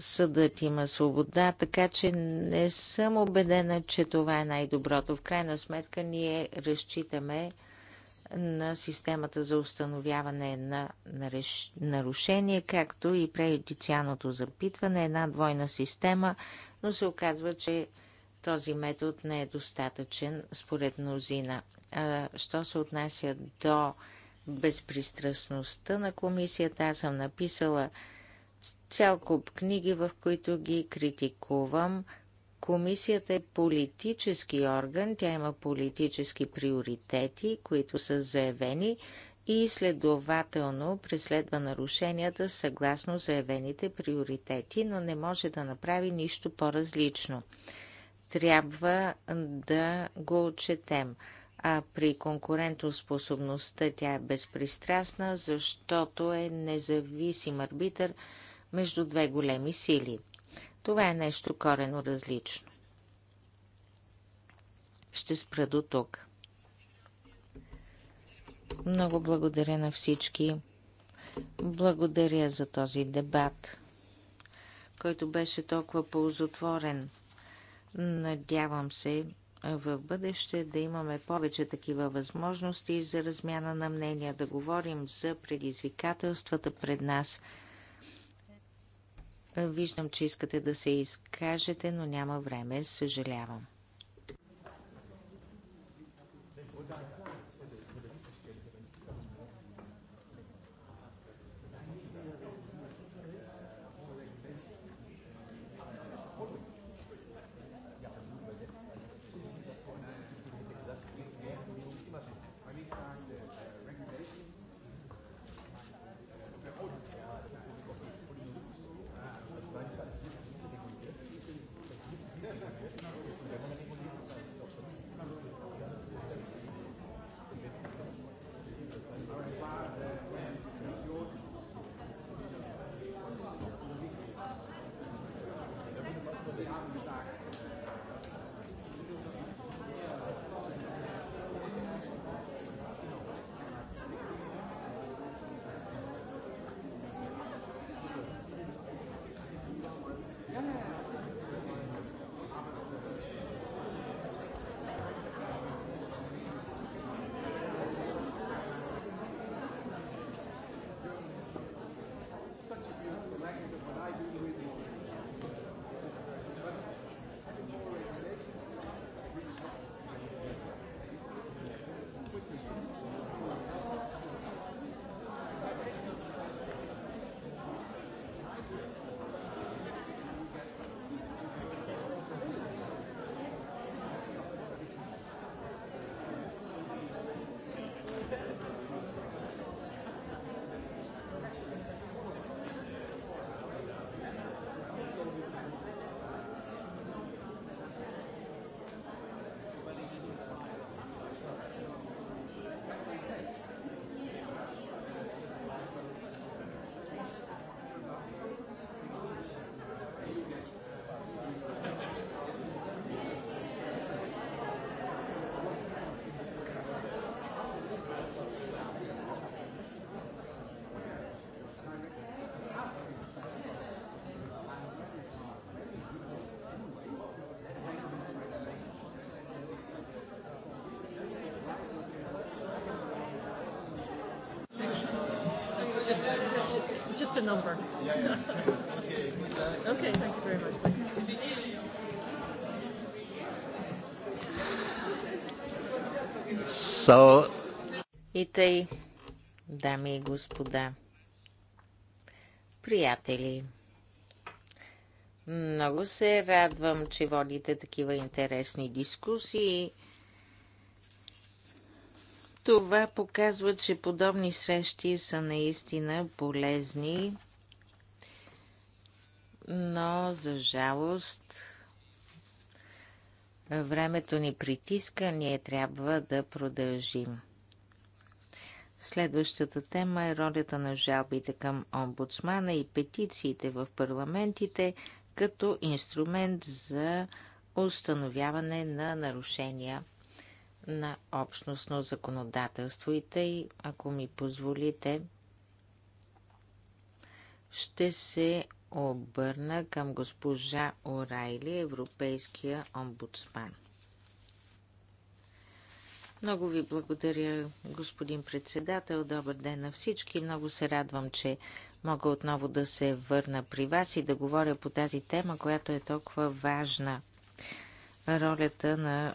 съдът има свобода, така че не съм убедена, че това е най-доброто. В крайна сметка ние разчитаме на системата за установяване на нарушение, както и преюдициалното запитване, една двойна система, но се оказва, че този метод не е достатъчен според мнозина. А, що се отнася до безпристрастността на комисията, аз съм написала цял куп книги, в които ги критикувам. Комисията е политически орган, тя има политически приоритети, които са заявени и следователно преследва нарушенията съгласно заявените приоритети, но не може да направи нищо по-различно. Трябва да го отчетем. А при конкурентоспособността тя е безпристрастна, защото е независим арбитър между две големи сили. Това е нещо корено различно. Ще спра до тук. Много благодаря на всички. Благодаря за този дебат, който беше толкова ползотворен. Надявам се в бъдеще да имаме повече такива възможности за размяна на мнения, да говорим за предизвикателствата пред нас. Виждам, че искате да се изкажете, но няма време. Съжалявам. just a number. Yeah, yeah. okay, thank you very much. Thanks. So... И тъй, дами и господа, приятели, много се радвам, че водите такива интересни дискусии това показва, че подобни срещи са наистина полезни, но за жалост времето ни притиска, ние трябва да продължим. Следващата тема е ролята на жалбите към омбудсмана и петициите в парламентите като инструмент за установяване на нарушения на общностно законодателство и тъй, ако ми позволите, ще се обърна към госпожа Орайли, Европейския омбудсман. Много ви благодаря, господин председател. Добър ден на всички. Много се радвам, че мога отново да се върна при вас и да говоря по тази тема, която е толкова важна ролята на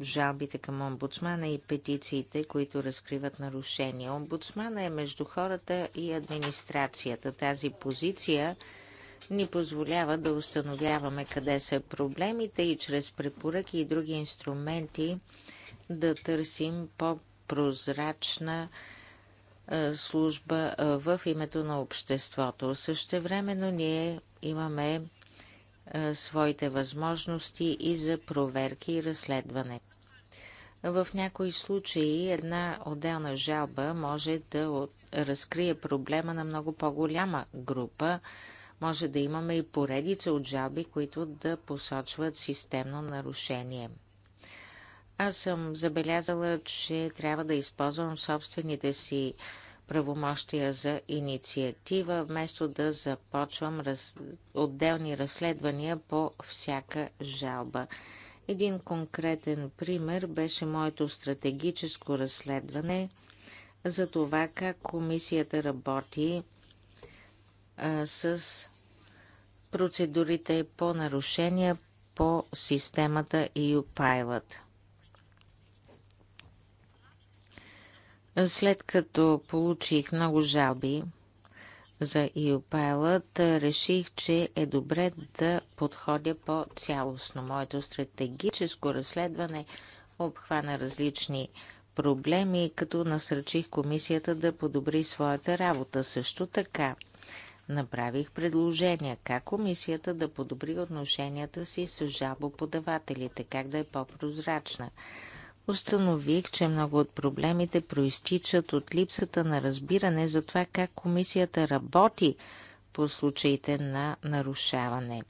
жалбите към омбудсмана и петициите, които разкриват нарушения. Омбудсмана е между хората и администрацията. Тази позиция ни позволява да установяваме къде са проблемите и чрез препоръки и други инструменти да търсим по-прозрачна служба в името на обществото. Същевременно ние имаме е, своите възможности и за проверки и разследване. В някои случаи една отделна жалба може да разкрие проблема на много по-голяма група. Може да имаме и поредица от жалби, които да посочват системно нарушение. Аз съм забелязала, че трябва да използвам собствените си правомощия за инициатива, вместо да започвам раз... отделни разследвания по всяка жалба. Един конкретен пример беше моето стратегическо разследване за това как комисията работи а, с процедурите по нарушения по системата EU Pilot – След като получих много жалби за Иопайлът, реших, че е добре да подходя по-цялостно. Моето стратегическо разследване обхвана различни проблеми, като насръчих комисията да подобри своята работа. Също така направих предложения как комисията да подобри отношенията си с жалбоподавателите, как да е по-прозрачна – установих, че много от проблемите проистичат от липсата на разбиране за това как комисията работи по случаите на нарушаване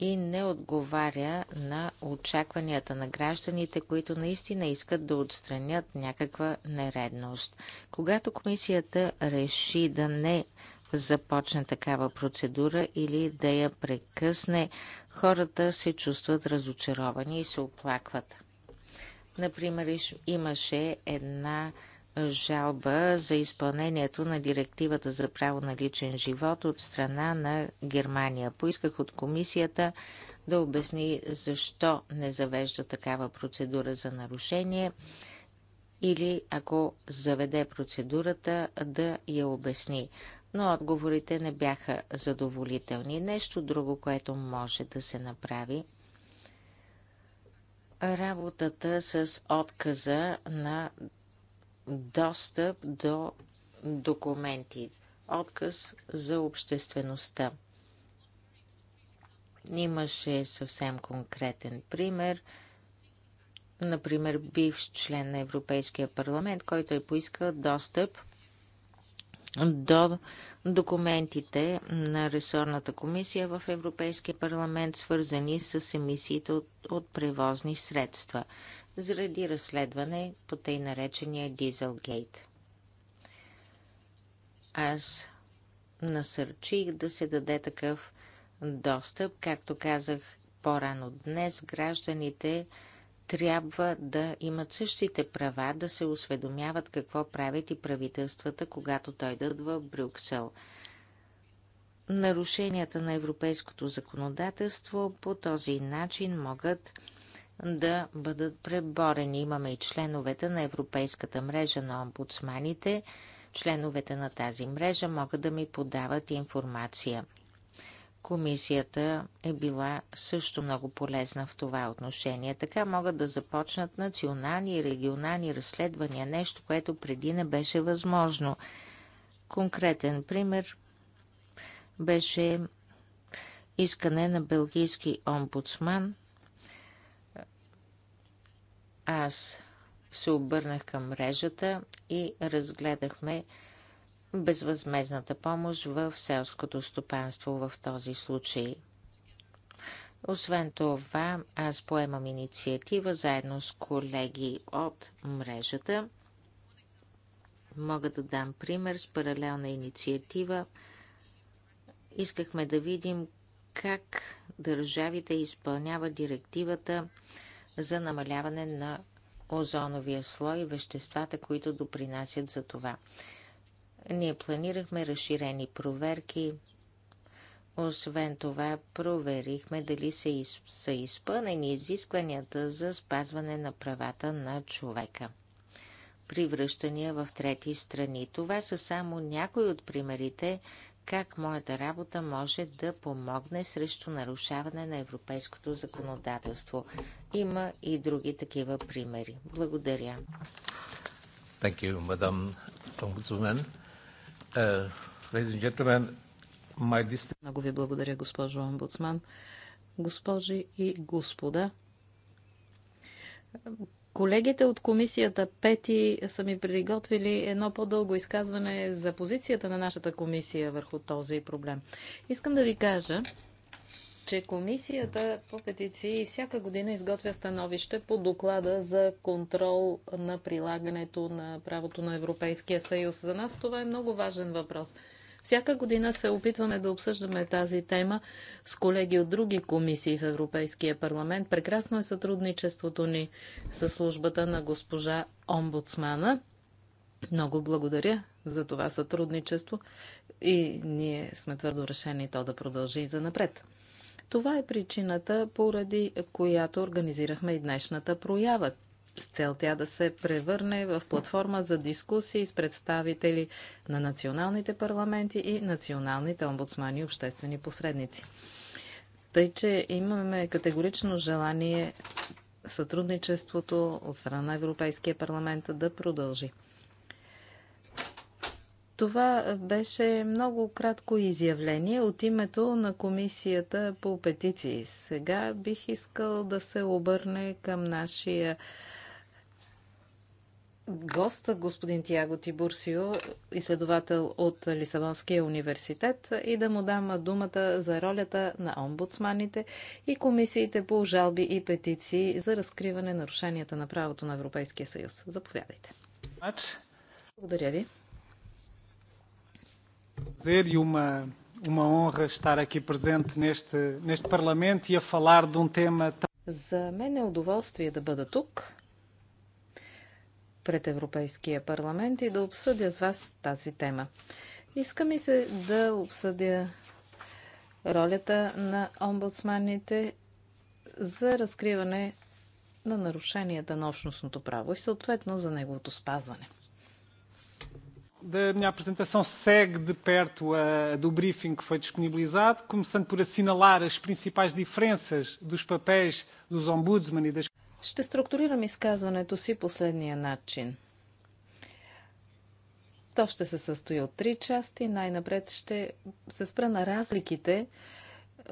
и не отговаря на очакванията на гражданите, които наистина искат да отстранят някаква нередност. Когато комисията реши да не започне такава процедура или да я прекъсне, хората се чувстват разочаровани и се оплакват. Например, имаше една жалба за изпълнението на директивата за право на личен живот от страна на Германия. Поисках от комисията да обясни защо не завежда такава процедура за нарушение или ако заведе процедурата да я обясни. Но отговорите не бяха задоволителни. Нещо друго, което може да се направи – работата с отказа на достъп до документи, отказ за обществеността. Имаше съвсем конкретен пример. Например, бивш член на Европейския парламент, който е поискал достъп до документите на ресорната комисия в Европейския парламент, свързани с емисиите от, от превозни средства, заради разследване по тъй наречения Дизелгейт. Аз насърчих да се даде такъв достъп, както казах по-рано днес, гражданите трябва да имат същите права да се осведомяват какво правят и правителствата, когато дойдат в Брюксел. Нарушенията на европейското законодателство по този начин могат да бъдат преборени. Имаме и членовете на Европейската мрежа на омбудсманите. Членовете на тази мрежа могат да ми подават информация. Комисията е била също много полезна в това отношение. Така могат да започнат национални и регионални разследвания, нещо, което преди не беше възможно. Конкретен пример беше искане на белгийски омбудсман. Аз се обърнах към мрежата и разгледахме безвъзмезната помощ в селското стопанство в този случай. Освен това, аз поемам инициатива заедно с колеги от мрежата. Мога да дам пример с паралелна инициатива. Искахме да видим как държавите изпълняват директивата за намаляване на озоновия слой и веществата, които допринасят за това. Ние планирахме разширени проверки. Освен това, проверихме дали са, из... са изпълнени изискванията за спазване на правата на човека. Привръщания в трети страни. Това са само някои от примерите, как моята работа може да помогне срещу нарушаване на европейското законодателство. Има и други такива примери. Благодаря. Thank you, мадам омбудсмен. Е, Много ви благодаря, госпожо омбудсман. Госпожи и господа, Колегите от комисията Пети са ми приготвили едно по-дълго изказване за позицията на нашата комисия върху този проблем. Искам да ви кажа, че Комисията по петиции всяка година изготвя становище по доклада за контрол на прилагането на правото на Европейския съюз. За нас това е много важен въпрос. Всяка година се опитваме да обсъждаме тази тема с колеги от други комисии в Европейския парламент. Прекрасно е сътрудничеството ни с службата на госпожа омбудсмана. Много благодаря за това сътрудничество и ние сме твърдо решени то да продължи и за напред. Това е причината, поради която организирахме и днешната проява с цел тя да се превърне в платформа за дискусии с представители на националните парламенти и националните омбудсмани и обществени посредници. Тъй, че имаме категорично желание сътрудничеството от страна на Европейския парламент да продължи. Това беше много кратко изявление от името на Комисията по петиции. Сега бих искал да се обърне към нашия гост, господин Тиаго Тибурсио, изследовател от Лисабонския университет, и да му дам думата за ролята на омбудсманите и комисиите по жалби и петиции за разкриване нарушенията на правото на Европейския съюз. Заповядайте. Благодаря ви dizer e uma, uma honra estar aqui presente neste, neste Parlamento e a falar de um tema. За мен е удоволствие да бъда тук пред Европейския парламент и да обсъдя с вас тази тема. Иска ми се да обсъдя ролята на омбудсманите за разкриване на нарушенията на общностното право и съответно за неговото спазване da minha apresentação segue de perto a, do briefing que foi disponibilizado, começando por assinalar as principais diferenças dos papéis dos ombudsman e das. Ще структурирам изказването си последния начин. То ще се състои от три части. Най-напред ще се спра на разликите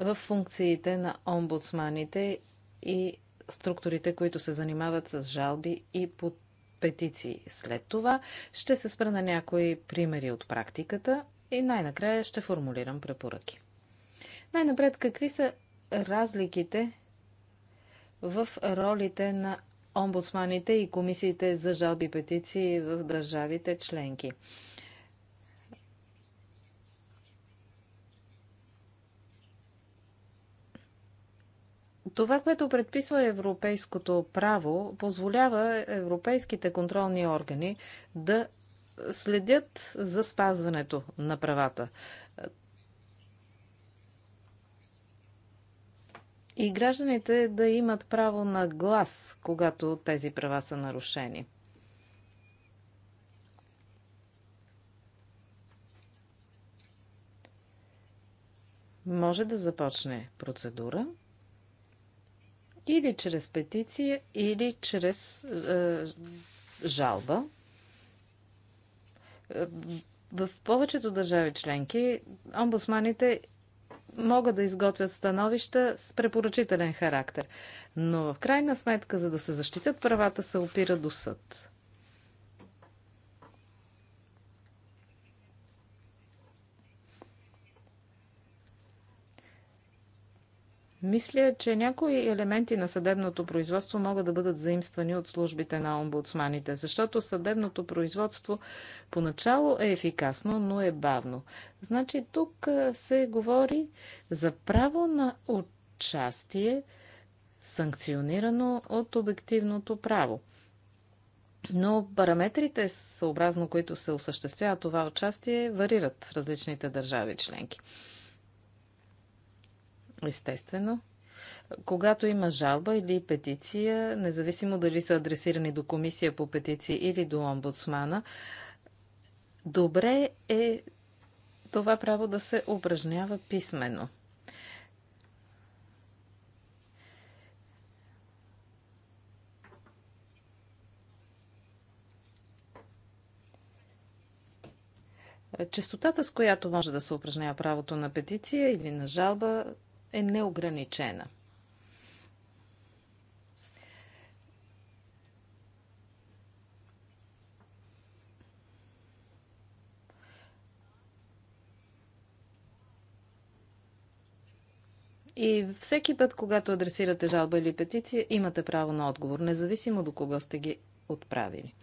в функциите на омбудсманите и структурите, които се занимават с жалби и подписания петиции. След това ще се спра на някои примери от практиката и най-накрая ще формулирам препоръки. Най-напред, какви са разликите в ролите на омбудсманите и комисиите за жалби петиции в държавите членки? Това, което предписва европейското право, позволява европейските контролни органи да следят за спазването на правата. И гражданите да имат право на глас, когато тези права са нарушени. Може да започне процедура или чрез петиция, или чрез е, жалба. Е, в повечето държави членки омбудсманите могат да изготвят становища с препоръчителен характер, но в крайна сметка, за да се защитят правата, се опира до съд. Мисля, че някои елементи на съдебното производство могат да бъдат заимствани от службите на омбудсманите, защото съдебното производство поначало е ефикасно, но е бавно. Значи тук се говори за право на участие, санкционирано от обективното право. Но параметрите, съобразно които се осъществява това участие, варират в различните държави членки. Естествено, когато има жалба или петиция, независимо дали са адресирани до комисия по петиции или до омбудсмана, добре е това право да се упражнява писменно. Честотата, с която може да се упражнява правото на петиция или на жалба, е неограничена. И всеки път, когато адресирате жалба или петиция, имате право на отговор, независимо до кого сте ги отправили.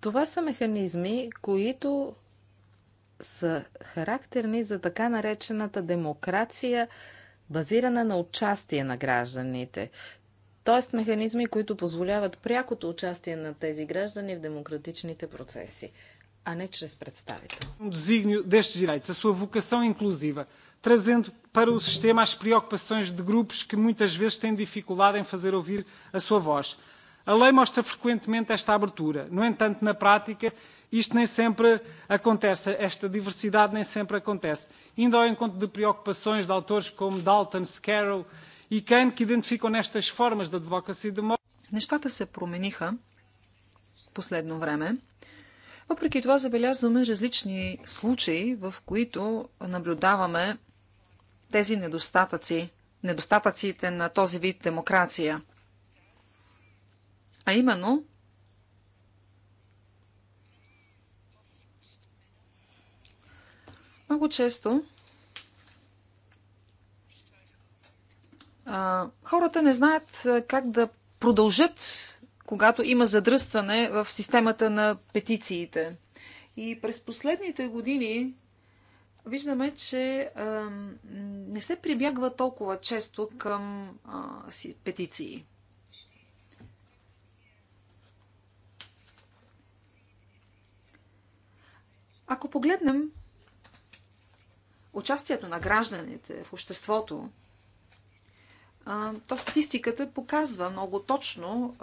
Това са механизми, които са характерни за така наречената демокрация, базирана на участие на гражданите. Тоест механизми, които позволяват прякото участие на тези граждани в демократичните процеси, а не чрез представител. Designo destes direitos, a sua vocação inclusiva, trazendo para o sistema as preocupações de grupos que muitas vezes têm dificuldade em fazer ouvir a sua voz. A lei mostra frequentemente esta abertura. No entanto, na prática, isto nem sempre acontece. Esta diversidade nem sempre acontece. Indo ao encontro de preocupações de autores como Dalton, Scarrow e Kane, que identificam nestas formas de advocacy de morte. Нещата се промениха последно време. Въпреки това забелязваме различни случаи, в които наблюдаваме тези недостатъци, недостатъците на този вид демокрация – а именно, много често а, хората не знаят как да продължат, когато има задръстване в системата на петициите. И през последните години виждаме, че а, не се прибягва толкова често към а, си, петиции. Ако погледнем участието на гражданите в обществото, то статистиката показва много точно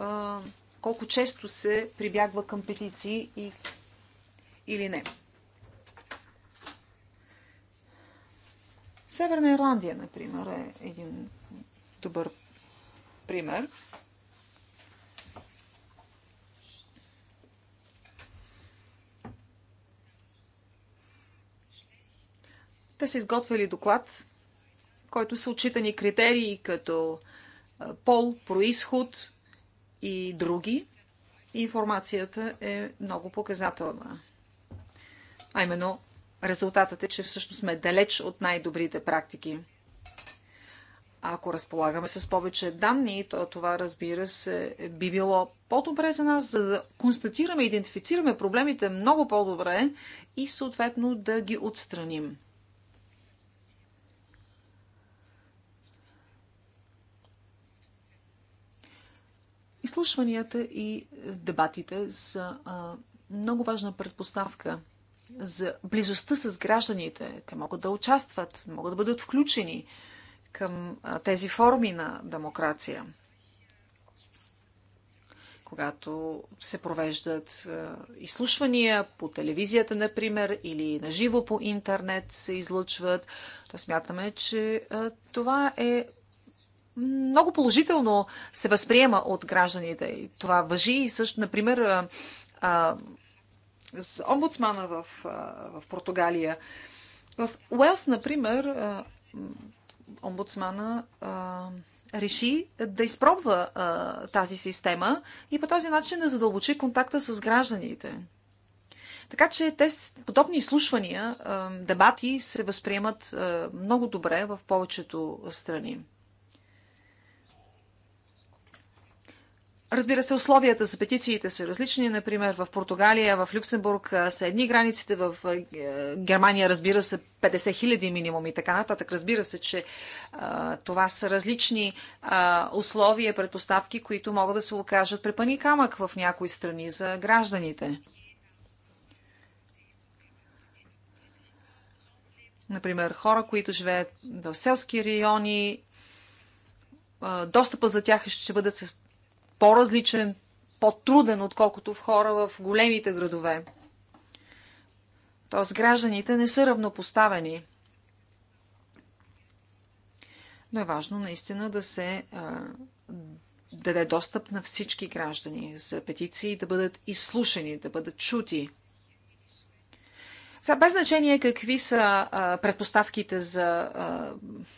колко често се прибягва към петиции и, или не. Северна Ирландия, например, е един добър пример. Те са изготвили доклад, който са отчитани критерии като пол, происход и други. Информацията е много показателна. А именно, резултатът е, че всъщност сме далеч от най-добрите практики. А ако разполагаме с повече данни, то това, разбира се, би било по-добре за нас, за да констатираме, идентифицираме проблемите много по-добре и съответно да ги отстраним. Изслушванията и дебатите са много важна предпоставка за близостта с гражданите. Те могат да участват, могат да бъдат включени към тези форми на демокрация. Когато се провеждат изслушвания по телевизията, например, или наживо по интернет се излъчват, то смятаме, че това е много положително се възприема от гражданите. И това въжи и също, например, а, а, с омбудсмана в, а, в Португалия. В Уелс, например, а, омбудсмана а, реши да изпробва а, тази система и по този начин да задълбочи контакта с гражданите. Така че те, подобни изслушвания, дебати се възприемат много добре в повечето страни. Разбира се, условията за петициите са различни. Например, в Португалия, в Люксембург са едни границите, в Германия, разбира се, 50 хиляди минимум и така нататък. Разбира се, че а, това са различни а, условия, предпоставки, които могат да се окажат препани камък в някои страни за гражданите. Например, хора, които живеят в селски райони, достъпа за тях ще бъдат по-различен, по-труден, отколкото в хора в големите градове. Тоест гражданите не са равнопоставени. Но е важно наистина да се а, даде достъп на всички граждани за петиции, да бъдат изслушани, да бъдат чути. Сега, без значение какви са а, предпоставките за, а,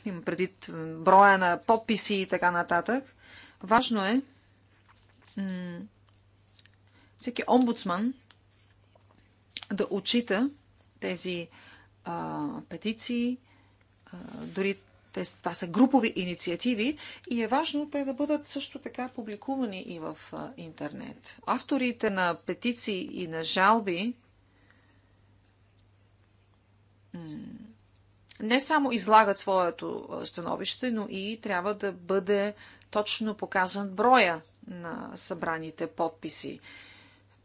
имам предвид, броя на подписи и така нататък, важно е всеки омбудсман да отчита тези а, петиции, а, дори това са групови инициативи и е важно те да бъдат също така публикувани и в а, интернет. Авторите на петиции и на жалби не само излагат своето становище, но и трябва да бъде точно показан броя на събраните подписи.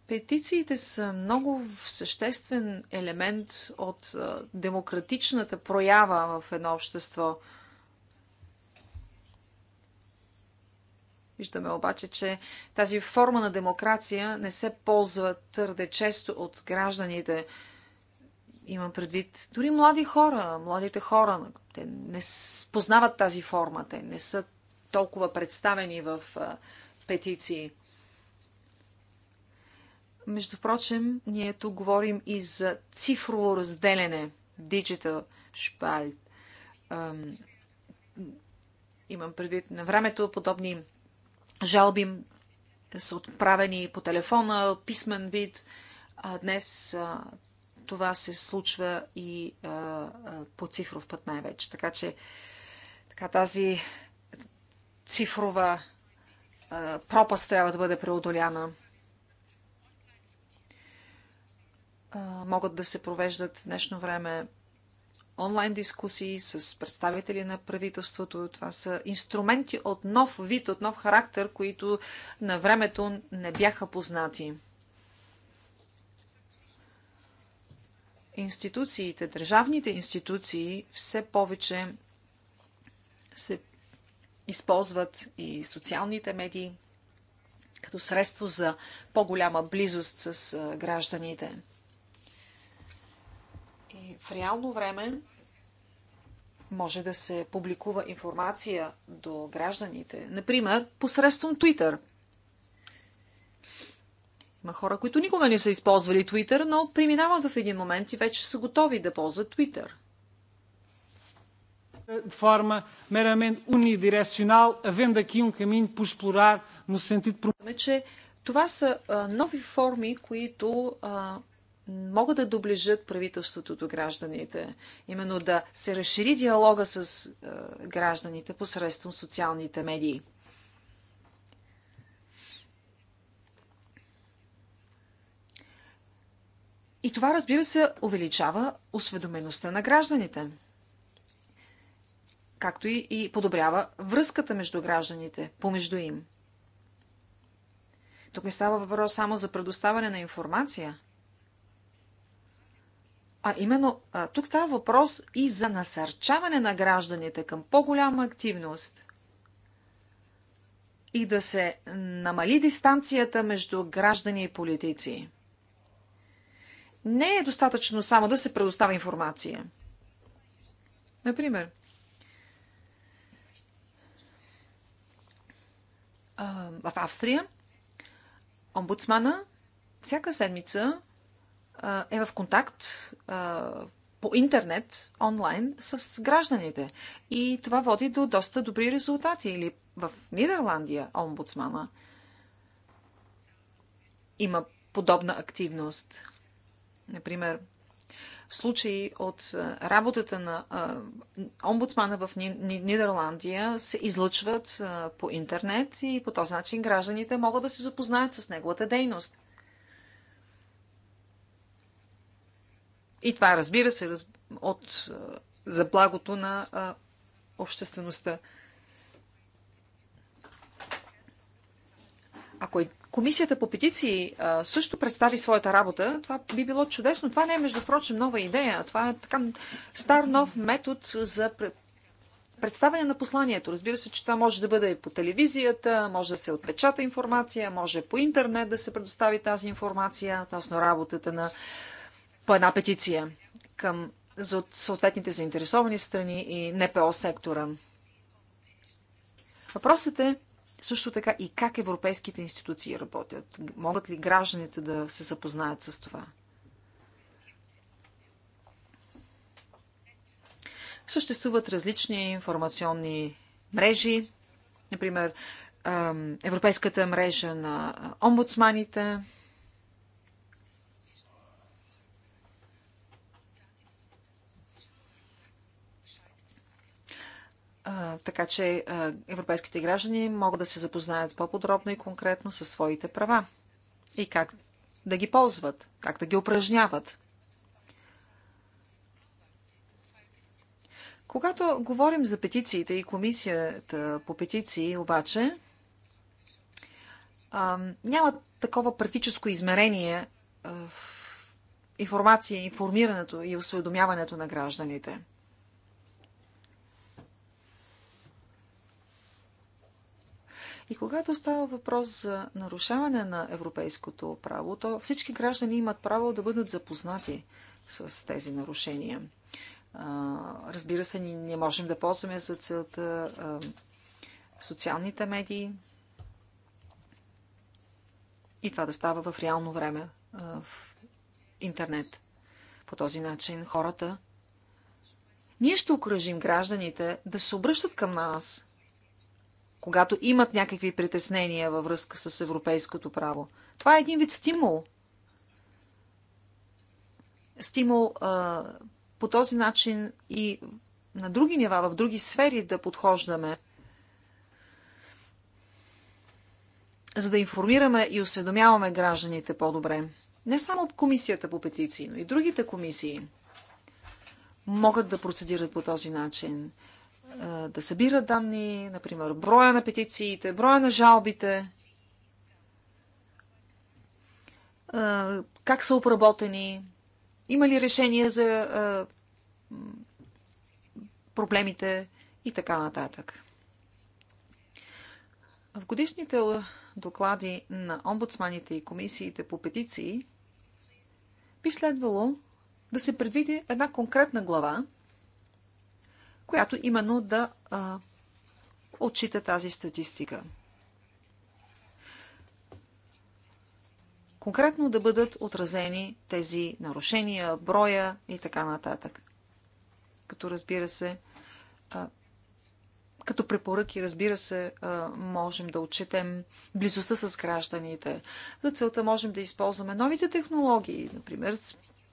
Петициите са много съществен елемент от демократичната проява в едно общество. Виждаме обаче, че тази форма на демокрация не се ползва твърде често от гражданите. Имам предвид дори млади хора. Младите хора, те не познават тази форма, те не са толкова представени в петиции. Между прочим, ние тук говорим и за цифрово разделяне, digital spalt. Имам предвид на времето подобни жалби са отправени по телефона, писмен вид. А днес а, това се случва и а, а, по цифров път най-вече. Така че така, тази цифрова пропаст трябва да бъде преодоляна. Могат да се провеждат в днешно време онлайн дискусии с представители на правителството. Това са инструменти от нов вид, от нов характер, които на времето не бяха познати. Институциите, държавните институции все повече се използват и социалните медии като средство за по-голяма близост с гражданите. И в реално време може да се публикува информация до гражданите, например, посредством Twitter. Има хора, които никога не са използвали Twitter, но преминават в един момент и вече са готови да ползват Twitter. Eh, de forma meramente unidirecional, havendo aqui um caminho por explorar no sentido... Че това са а, нови форми, които а, могат да доближат правителството до гражданите. Именно да се разшири диалога с а, гражданите посредством социалните медии. И това, разбира се, увеличава осведомеността на гражданите както и, и подобрява връзката между гражданите, помежду им. Тук не става въпрос само за предоставяне на информация, а именно тук става въпрос и за насърчаване на гражданите към по-голяма активност и да се намали дистанцията между граждани и политици. Не е достатъчно само да се предоставя информация. Например, в Австрия омбудсмана всяка седмица е в контакт по интернет, онлайн, с гражданите. И това води до доста добри резултати. Или в Нидерландия омбудсмана има подобна активност. Например, случаи от работата на омбудсмана в Нидерландия се излъчват по интернет и по този начин гражданите могат да се запознаят с неговата дейност. И това, разбира се, от, за благото на обществеността. Ако Комисията по петиции а, също представи своята работа. Това би било чудесно. Това не е, между прочим, нова идея. Това е така стар нов метод за представяне на посланието. Разбира се, че това може да бъде по телевизията, може да се отпечата информация, може по интернет да се предостави тази информация относно работата на по една петиция към за съответните заинтересовани страни и НПО сектора. Въпросът е също така и как европейските институции работят. Могат ли гражданите да се запознаят с това? Съществуват различни информационни мрежи, например Европейската мрежа на омбудсманите – така че европейските граждани могат да се запознаят по-подробно и конкретно със своите права и как да ги ползват, как да ги упражняват. Когато говорим за петициите и комисията по петиции, обаче, няма такова практическо измерение в информация, информирането и осведомяването на гражданите – И когато става въпрос за нарушаване на европейското право, то всички граждани имат право да бъдат запознати с тези нарушения. Разбира се, ние не можем да ползваме за целта социалните медии и това да става в реално време в интернет. По този начин хората. Ние ще окръжим гражданите да се обръщат към нас когато имат някакви притеснения във връзка с европейското право. Това е един вид стимул. Стимул а, по този начин и на други нива, в други сфери да подхождаме, за да информираме и осведомяваме гражданите по-добре. Не само комисията по петиции, но и другите комисии могат да процедират по този начин да събира данни, например, броя на петициите, броя на жалбите, как са обработени, има ли решение за проблемите и така нататък. В годишните доклади на омбудсманите и комисиите по петиции би следвало да се предвиди една конкретна глава, която именно да а, отчита тази статистика. Конкретно да бъдат отразени тези нарушения, броя и така нататък. Като разбира се, а, като препоръки, разбира се, можем да отчетем близостта с гражданите. За целта можем да използваме новите технологии, например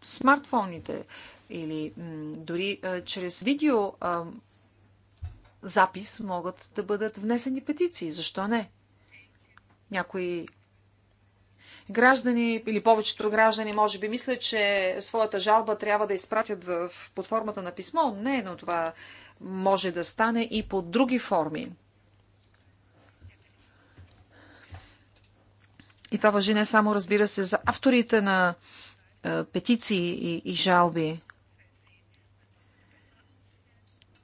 смартфоните или дори чрез видео запис могат да бъдат внесени петиции. Защо не? Някои граждани или повечето граждани, може би, мислят, че своята жалба трябва да изпратят в, под формата на писмо. Не, но това може да стане и под други форми. И това въжи не само, разбира се, за авторите на е, петиции и, и жалби.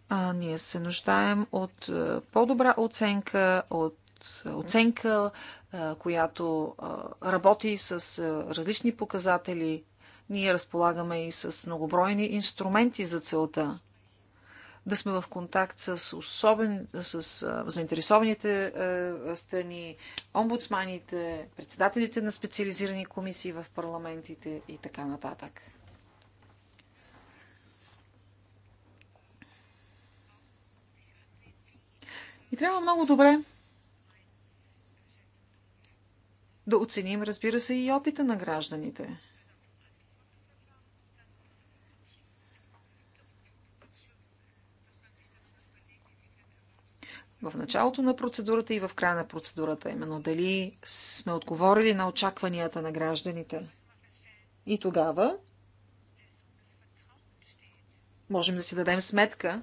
А, ние се нуждаем от е, по-добра оценка, от е, оценка, която работи с различни показатели. Ние разполагаме и с многобройни инструменти за целта да сме в контакт с, особен, с заинтересованите страни, омбудсманите, председателите на специализирани комисии в парламентите и така нататък. И трябва много добре да оценим, разбира се, и опита на гражданите – в началото на процедурата и в края на процедурата. Именно дали сме отговорили на очакванията на гражданите. И тогава можем да си дадем сметка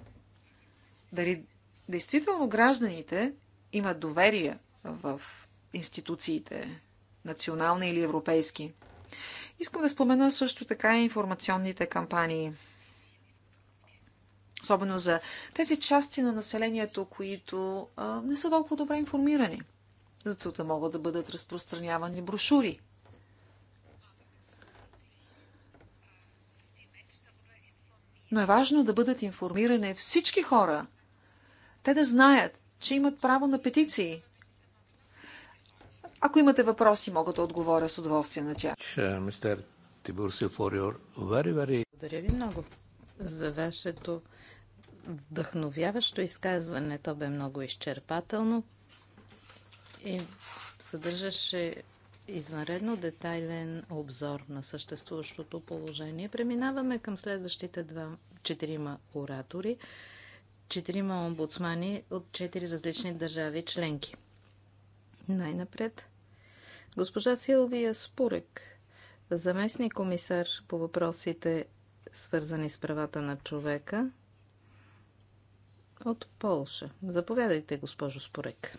дали действително гражданите имат доверие в институциите, национални или европейски. Искам да спомена също така информационните кампании – Особено за тези части на населението, които а, не са толкова добре информирани. За целта могат да бъдат разпространявани брошури. Но е важно да бъдат информирани всички хора. Те да знаят, че имат право на петиции. Ако имате въпроси, мога да отговоря с удоволствие на тях. Благодаря ви много за вашето вдъхновяващо изказване. То бе много изчерпателно и съдържаше извънредно детайлен обзор на съществуващото положение. Преминаваме към следващите два, четирима оратори, четирима омбудсмани от четири различни държави членки. Най-напред госпожа Силвия Спурек, заместник комисар по въпросите свързани с правата на човека от Полша. Заповядайте, госпожо Спорек.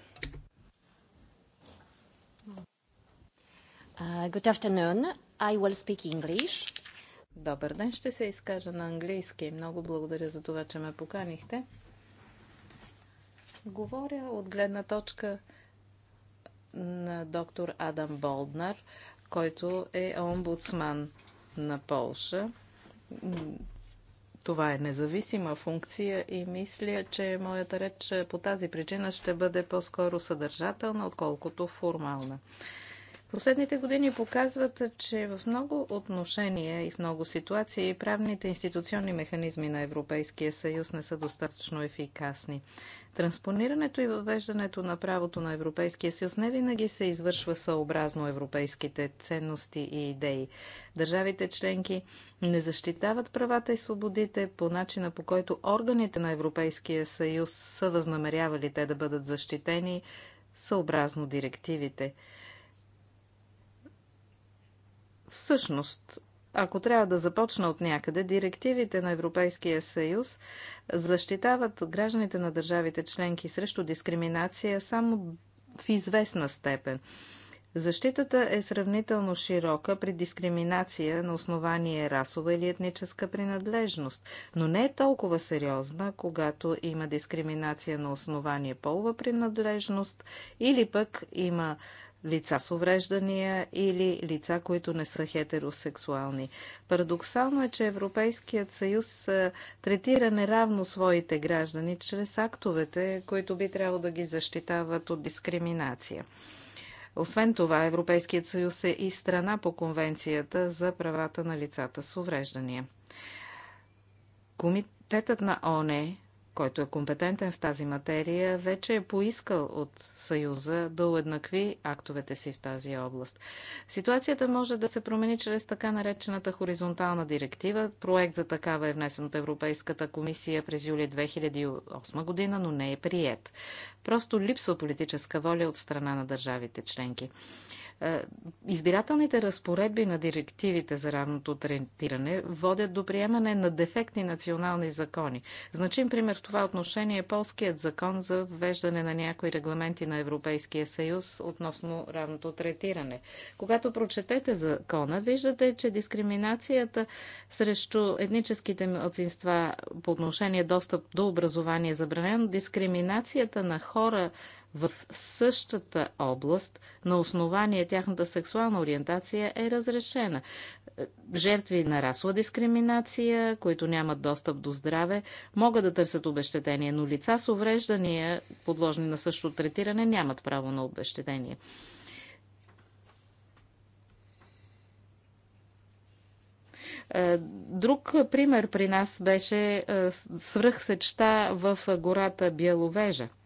good afternoon. I will speak English. Добър ден, ще се изкажа на английски. Много благодаря за това, че ме поканихте. Говоря от гледна точка на доктор Адам Болднар, който е омбудсман на Полша това е независима функция и мисля, че моята реч по тази причина ще бъде по-скоро съдържателна, отколкото формална. Последните години показват, че в много отношения и в много ситуации правните институционни механизми на Европейския съюз не са достатъчно ефикасни. Транспонирането и въвеждането на правото на Европейския съюз не винаги се извършва съобразно европейските ценности и идеи. Държавите членки не защитават правата и свободите по начина по който органите на Европейския съюз са възнамерявали те да бъдат защитени съобразно директивите. Всъщност, ако трябва да започна от някъде, директивите на Европейския съюз защитават гражданите на държавите членки срещу дискриминация само в известна степен. Защитата е сравнително широка при дискриминация на основание расова или етническа принадлежност, но не е толкова сериозна, когато има дискриминация на основание полова принадлежност или пък има лица с увреждания или лица, които не са хетеросексуални. Парадоксално е, че Европейският съюз третира неравно своите граждани чрез актовете, които би трябвало да ги защитават от дискриминация. Освен това, Европейският съюз е и страна по Конвенцията за правата на лицата с увреждания. Комитетът на ОНЕ който е компетентен в тази материя, вече е поискал от Съюза да уеднакви актовете си в тази област. Ситуацията може да се промени чрез така наречената хоризонтална директива. Проект за такава е внесен от Европейската комисия през юли 2008 година, но не е прият. Просто липсва политическа воля от страна на държавите членки. Е, избирателните разпоредби на директивите за равното ориентиране водят до приемане на дефектни национални закони. Значим пример в това отношение е полският закон за ввеждане на някои регламенти на Европейския съюз относно равното третиране. Когато прочетете закона, виждате, че дискриминацията срещу етническите младсинства по отношение достъп до образование е забранено, дискриминацията на хора в същата област на основание тяхната сексуална ориентация е разрешена. Жертви на расова дискриминация, които нямат достъп до здраве, могат да търсят обещетение, но лица с увреждания, подложни на същото третиране, нямат право на обещетение. Е, друг пример при нас беше е, свръхсечта в гората Бяловежа –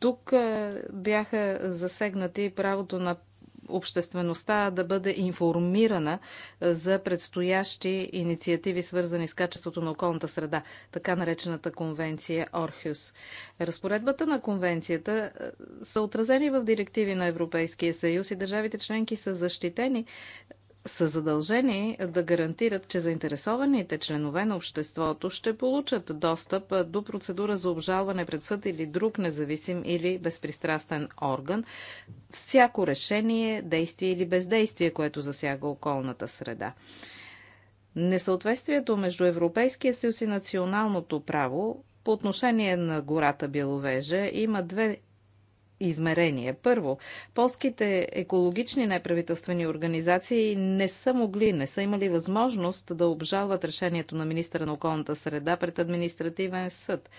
тук е, бяха засегнати правото на обществеността да бъде информирана е, за предстоящи инициативи, свързани с качеството на околната среда, така наречената конвенция Орхюс. Разпоредбата на конвенцията е, са отразени в директиви на Европейския съюз и държавите членки са защитени са задължени да гарантират, че заинтересованите членове на обществото ще получат достъп до процедура за обжалване пред съд или друг независим или безпристрастен орган, всяко решение, действие или бездействие, което засяга околната среда. Несъответствието между Европейския съюз и националното право по отношение на гората Беловежа има две измерение. Първо, полските екологични неправителствени организации не са могли, не са имали възможност да обжалват решението на министра на околната среда пред административен съд.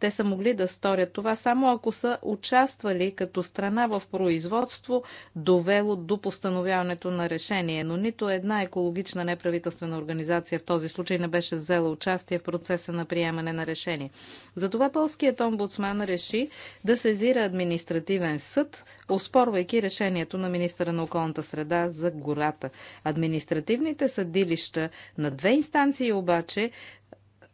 Те са могли да сторят това само ако са участвали като страна в производство, довело до постановяването на решение. Но нито една екологична неправителствена организация в този случай не беше взела участие в процеса на приемане на решение. Затова полският омбудсман реши да сезира административен административен съд, оспорвайки решението на министра на околната среда за гората. Административните съдилища на две инстанции обаче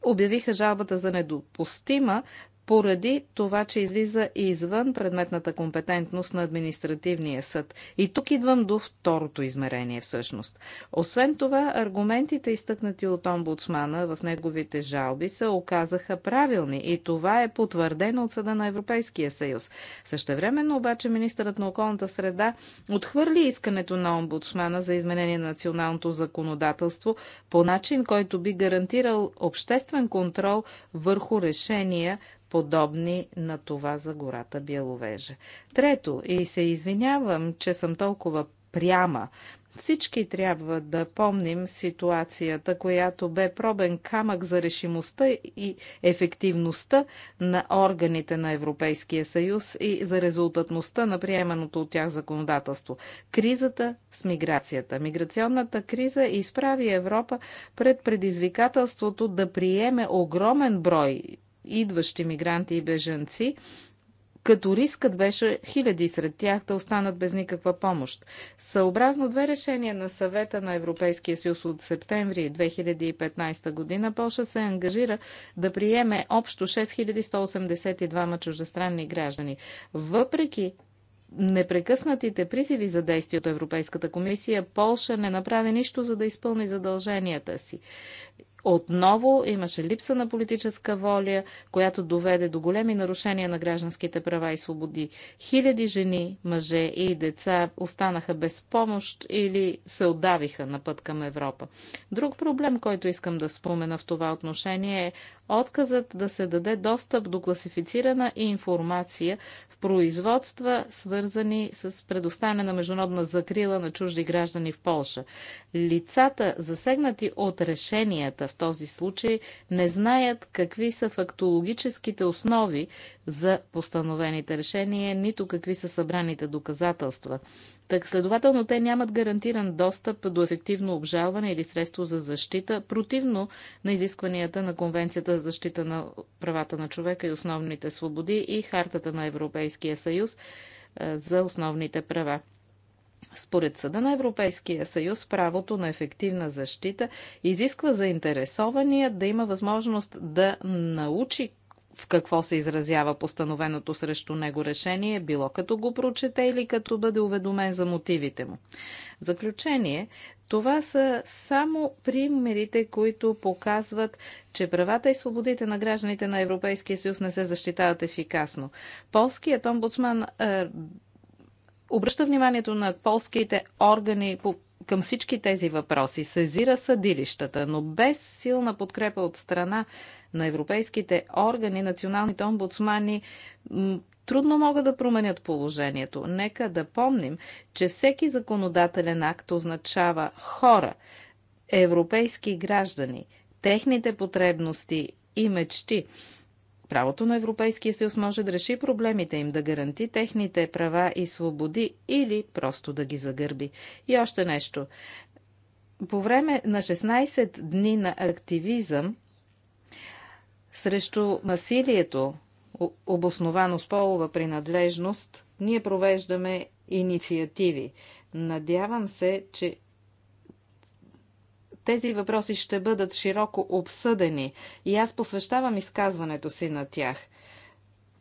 обявиха жалбата за недопустима поради това, че излиза извън предметната компетентност на административния съд. И тук идвам до второто измерение всъщност. Освен това, аргументите, изтъкнати от омбудсмана в неговите жалби, се оказаха правилни и това е потвърдено от Съда на Европейския съюз. Същевременно обаче министърът на околната среда отхвърли искането на омбудсмана за изменение на националното законодателство по начин, който би гарантирал обществен контрол върху решения, подобни на това за гората Бяловежа. Трето, и се извинявам, че съм толкова пряма. Всички трябва да помним ситуацията, която бе пробен камък за решимостта и ефективността на органите на Европейския съюз и за резултатността на приеманото от тях законодателство. Кризата с миграцията. Миграционната криза изправи Европа пред предизвикателството да приеме огромен брой идващи мигранти и бежанци, като рискът беше хиляди сред тях да останат без никаква помощ. Съобразно две решения на съвета на Европейския съюз от септември 2015 година, Польша се ангажира да приеме общо 6182 чуждестранни граждани. Въпреки непрекъснатите призиви за действие от Европейската комисия, Полша не направи нищо, за да изпълни задълженията си. Отново имаше липса на политическа воля, която доведе до големи нарушения на гражданските права и свободи. Хиляди жени, мъже и деца останаха без помощ или се отдавиха на път към Европа. Друг проблем, който искам да спомена в това отношение е Отказът да се даде достъп до класифицирана информация в производства, свързани с предоставяне на международна закрила на чужди граждани в Полша. Лицата, засегнати от решенията в този случай, не знаят какви са фактологическите основи за постановените решения, нито какви са събраните доказателства. Так следователно те нямат гарантиран достъп до ефективно обжалване или средство за защита, противно на изискванията на Конвенцията за защита на правата на човека и основните свободи и Хартата на Европейския съюз за основните права. Според Съда на Европейския съюз, правото на ефективна защита изисква заинтересования да има възможност да научи в какво се изразява постановеното срещу него решение, било като го прочете или като бъде уведомен за мотивите му. В заключение, това са само примерите, които показват, че правата и свободите на гражданите на Европейския съюз не се защитават ефикасно. Полският омбудсман е, обръща вниманието на полските органи по към всички тези въпроси, сезира съдилищата, но без силна подкрепа от страна на европейските органи, националните омбудсмани трудно могат да променят положението. Нека да помним, че всеки законодателен акт означава хора, европейски граждани, техните потребности и мечти. Правото на Европейския съюз може да реши проблемите им, да гаранти техните права и свободи или просто да ги загърби. И още нещо. По време на 16 дни на активизъм срещу насилието, обосновано с полова принадлежност, ние провеждаме инициативи. Надявам се, че тези въпроси ще бъдат широко обсъдени и аз посвещавам изказването си на тях.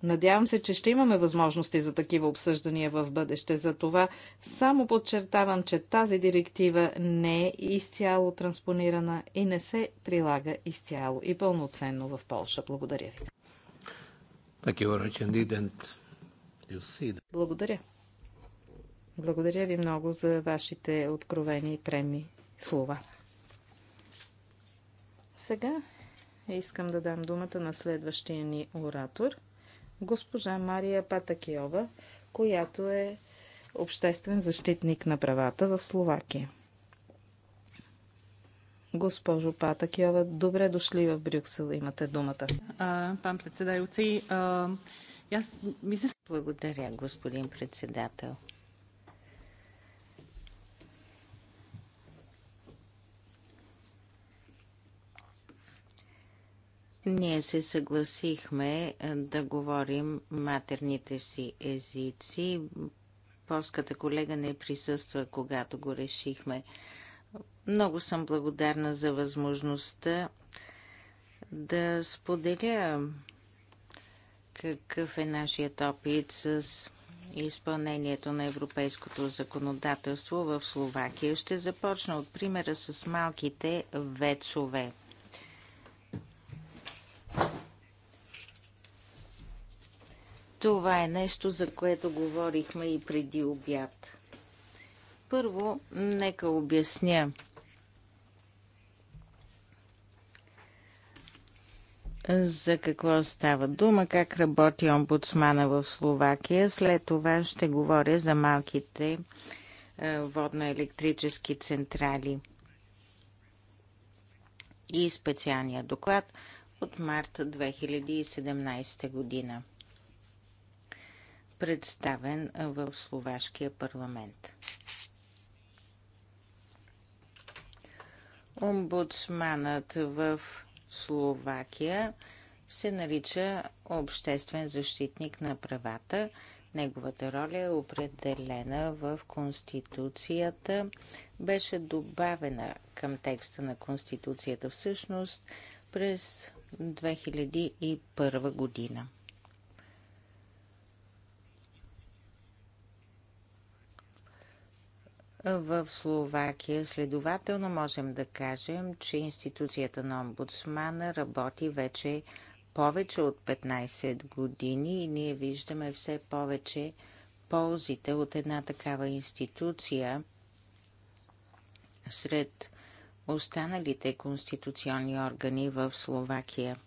Надявам се, че ще имаме възможности за такива обсъждания в бъдеще. За това само подчертавам, че тази директива не е изцяло транспонирана и не се прилага изцяло и пълноценно в Польша. Благодаря ви. Благодаря. Благодаря ви много за вашите откровени и преми слова. Сега искам да дам думата на следващия ни оратор, госпожа Мария Патакиова, която е обществен защитник на правата в Словакия. Госпожо Патакиова, добре дошли в Брюксел. Имате думата. Пан председател, аз мисля... Благодаря, господин председател. Ние се съгласихме е, да говорим матерните си езици. Полската колега не присъства, когато го решихме. Много съм благодарна за възможността да споделя какъв е нашият опит с изпълнението на европейското законодателство в Словакия. Ще започна от примера с малките вецове. Това е нещо, за което говорихме и преди обяд. Първо, нека обясня. за какво става дума, как работи омбудсмана в Словакия. След това ще говоря за малките е, водно-електрически централи и специалния доклад от март 2017 година представен в Словашкия парламент. Омбудсманът в Словакия се нарича обществен защитник на правата. Неговата роля е определена в Конституцията. Беше добавена към текста на Конституцията всъщност през 2001 година. в Словакия. Следователно можем да кажем, че институцията на омбудсмана работи вече повече от 15 години и ние виждаме все повече ползите от една такава институция сред останалите конституционни органи в Словакия.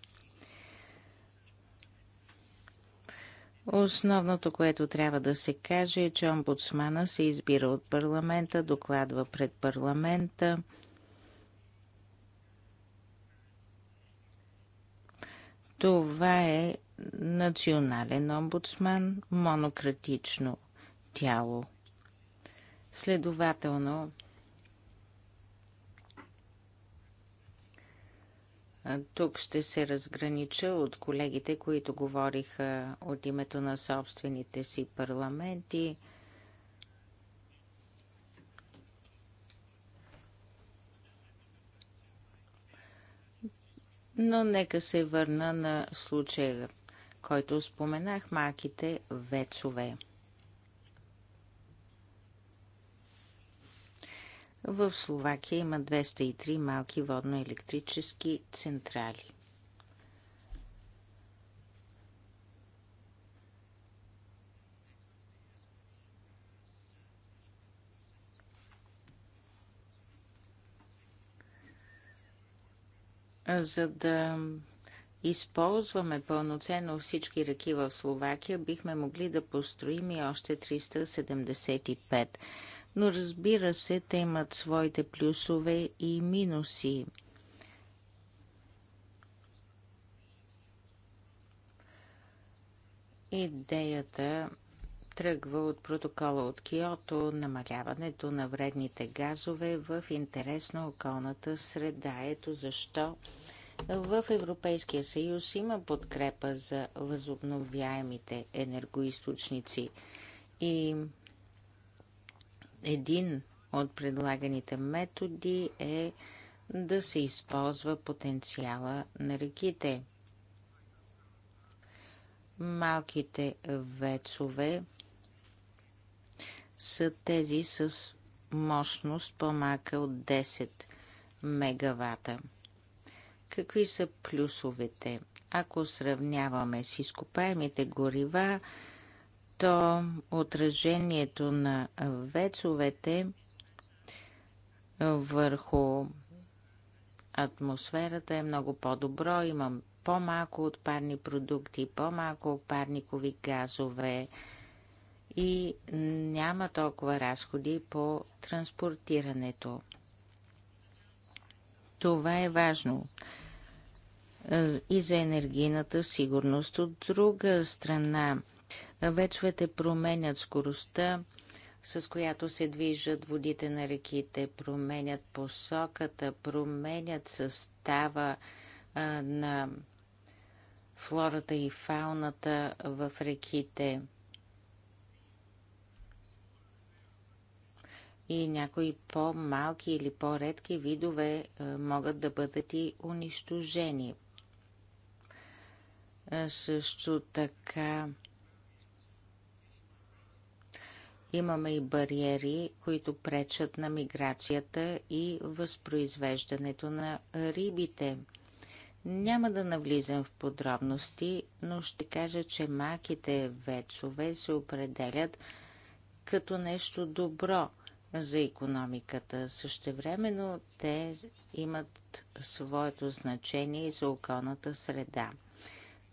Основното, което трябва да се каже е, че омбудсмана се избира от парламента, докладва пред парламента. Това е национален омбудсман, монократично тяло. Следователно, Тук ще се разгранича от колегите, които говориха от името на собствените си парламенти. Но нека се върна на случая, който споменах маките вецове. В Словакия има 203 малки водно-електрически централи. За да използваме пълноценно всички реки в Словакия, бихме могли да построим и още 375 но разбира се, те имат своите плюсове и минуси. Идеята тръгва от протокола от Киото, намаляването на вредните газове в интерес на околната среда. Ето защо в Европейския съюз има подкрепа за възобновяемите енергоисточници и един от предлаганите методи е да се използва потенциала на реките. Малките вецове са тези с мощност по-малка от 10 мегавата. Какви са плюсовете? Ако сравняваме с изкопаемите горива, то отражението на вецовете върху атмосферата е много по-добро. Имам по-малко отпарни продукти, по-малко парникови газове и няма толкова разходи по транспортирането. Това е важно и за енергийната сигурност. От друга страна, Вечовете променят скоростта, с която се движат водите на реките, променят посоката, променят състава на флората и фауната в реките. И някои по-малки или по-редки видове могат да бъдат и унищожени. също така Имаме и бариери, които пречат на миграцията и възпроизвеждането на рибите. Няма да навлизам в подробности, но ще кажа, че маките вецове се определят като нещо добро за економиката. Същевременно те имат своето значение и за околната среда –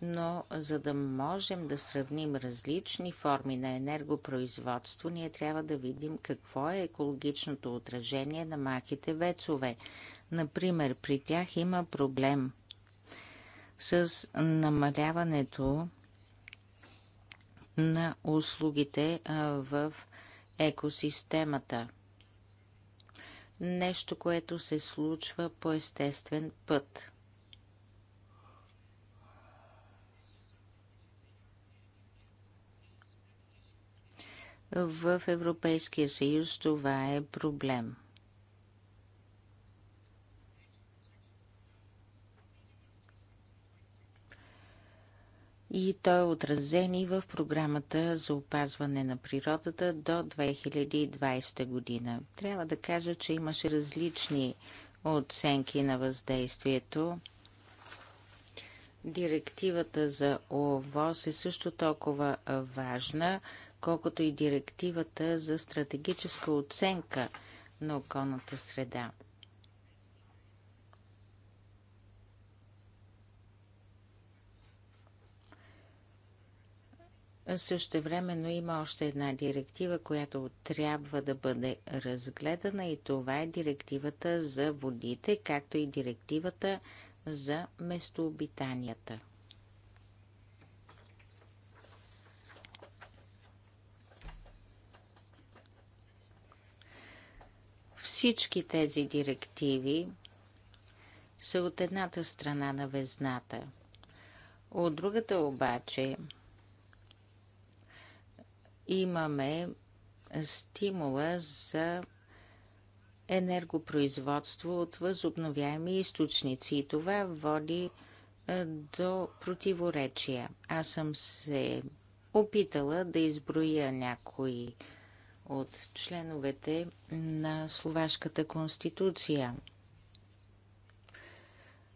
но за да можем да сравним различни форми на енергопроизводство, ние трябва да видим какво е екологичното отражение на малките вецове. Например, при тях има проблем с намаляването на услугите в екосистемата. Нещо, което се случва по естествен път – в Европейския съюз това е проблем. И той е отразен и в програмата за опазване на природата до 2020 година. Трябва да кажа, че имаше различни оценки на въздействието. Директивата за ОВОС е също толкова важна, колкото и директивата за стратегическа оценка на околната среда. Също времено има още една директива, която трябва да бъде разгледана и това е директивата за водите, както и директивата за местообитанията. Всички тези директиви са от едната страна на везната. От другата обаче имаме стимула за енергопроизводство от възобновяеми източници и това води до противоречия. Аз съм се опитала да изброя някои от членовете на Словашката конституция.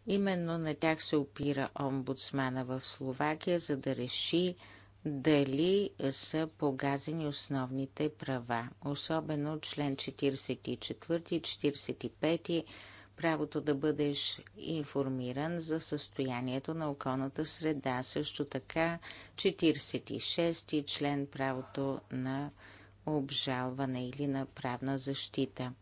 Именно на тях се опира омбудсмана в Словакия, за да реши дали са погазени основните права, особено член 44-45, правото да бъдеш информиран за състоянието на околната среда, също така 46 член правото на обжалване или на правна защита.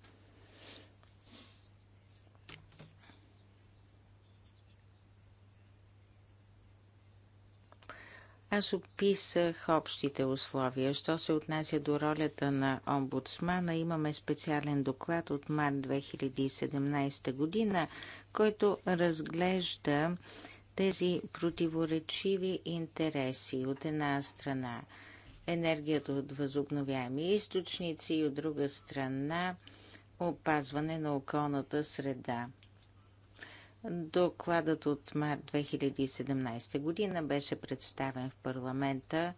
Аз описах общите условия. Що се отнася до ролята на омбудсмана, имаме специален доклад от март 2017 година, който разглежда тези противоречиви интереси от една страна – енергията от възобновяеми източници и от друга страна опазване на околната среда. Докладът от март 2017 година беше представен в парламента.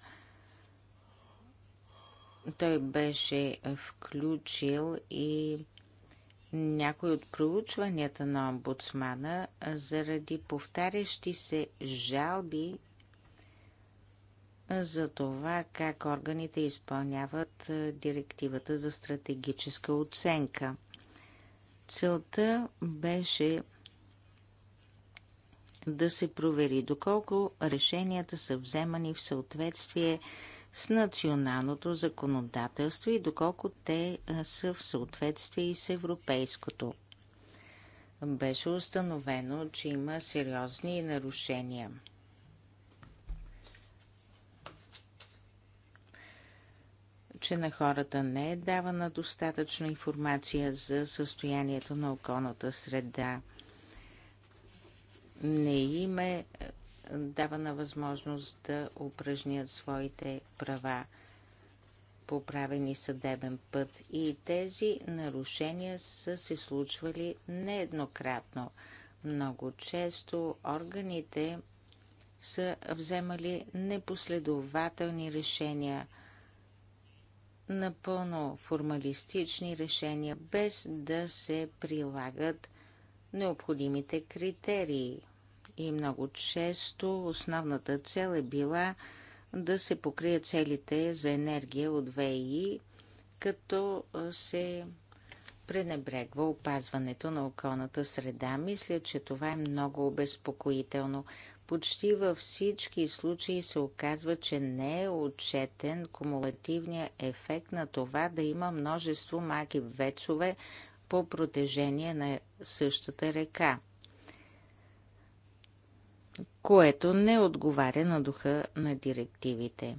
Той беше включил и някои от проучванията на омбудсмана заради повтарящи се жалби за това как органите изпълняват е, директивата за стратегическа оценка. Целта беше да се провери доколко решенията са вземани в съответствие с националното законодателство и доколко те е, са в съответствие и с европейското. Беше установено, че има сериозни нарушения – че на хората не е давана достатъчно информация за състоянието на околната среда. Не им е, е давана възможност да упражнят своите права по правени съдебен път и тези нарушения са се случвали нееднократно. Много често органите са вземали непоследователни решения – напълно формалистични решения, без да се прилагат необходимите критерии. И много често основната цел е била да се покрият целите за енергия от ВИ, като се пренебрегва опазването на околната среда. Мисля, че това е много обезпокоително почти във всички случаи се оказва, че не е отчетен кумулативният ефект на това да има множество малки вецове по протежение на същата река, което не отговаря на духа на директивите.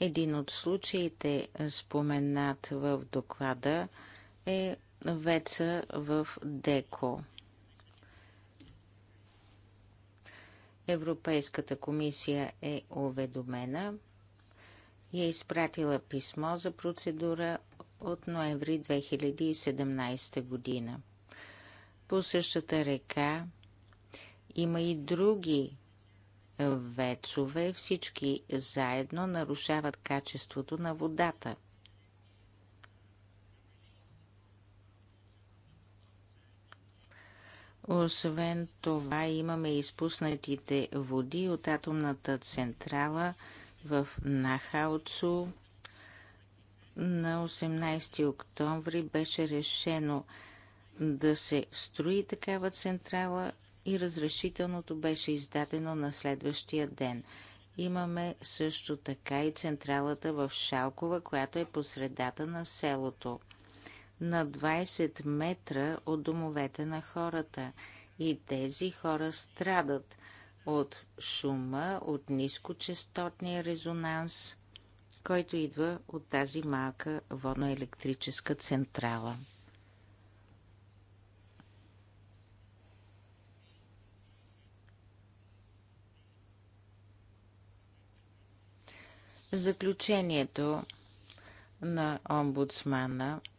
Един от случаите, споменат в доклада, е Веца в ДЕКО. Европейската комисия е уведомена и е изпратила писмо за процедура от ноември 2017 година. По същата река има и други вецове, всички заедно нарушават качеството на водата – Освен това имаме изпуснатите води от атомната централа в Нахауцу. На 18 октомври беше решено да се строи такава централа и разрешителното беше издадено на следващия ден. Имаме също така и централата в Шалкова, която е посредата на селото на 20 метра от домовете на хората. И тези хора страдат от шума, от нискочастотния резонанс, който идва от тази малка водноелектрическа централа. Заключението на омбудсмана –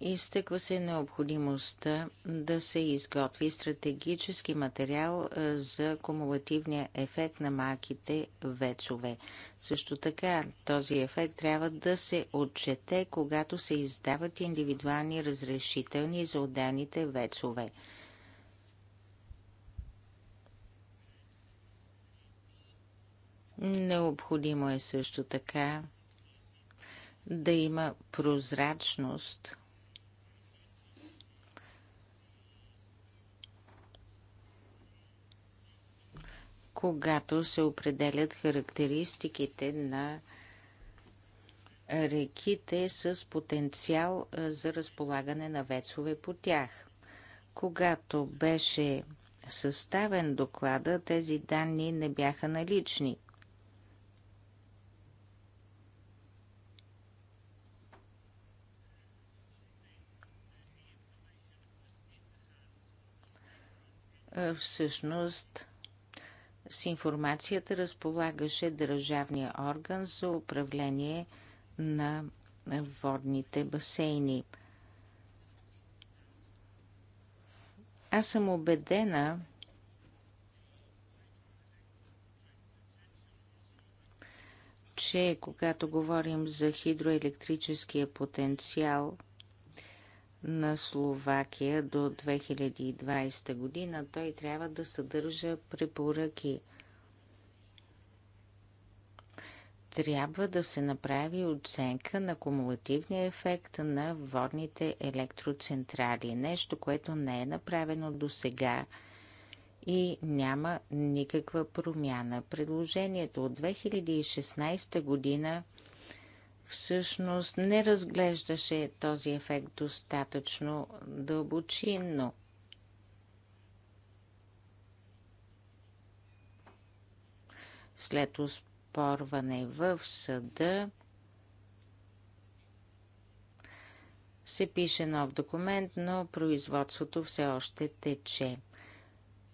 Изтъква се необходимостта да се изготви стратегически материал за кумулативния ефект на малките вецове. Също така този ефект трябва да се отчете, когато се издават индивидуални разрешителни за отделните вецове. Необходимо е също така да има прозрачност – когато се определят характеристиките на реките с потенциал за разполагане на вецове по тях. Когато беше съставен доклада, тези данни не бяха налични. Всъщност, с информацията разполагаше Държавния орган за управление на водните басейни. Аз съм убедена, че когато говорим за хидроелектрическия потенциал на Словакия до 2020 година. Той трябва да съдържа препоръки. Трябва да се направи оценка на кумулативния ефект на водните електроцентрали. Нещо, което не е направено до сега и няма никаква промяна. Предложението от 2016 година всъщност не разглеждаше този ефект достатъчно дълбочинно. След оспорване в съда се пише нов документ, но производството все още тече.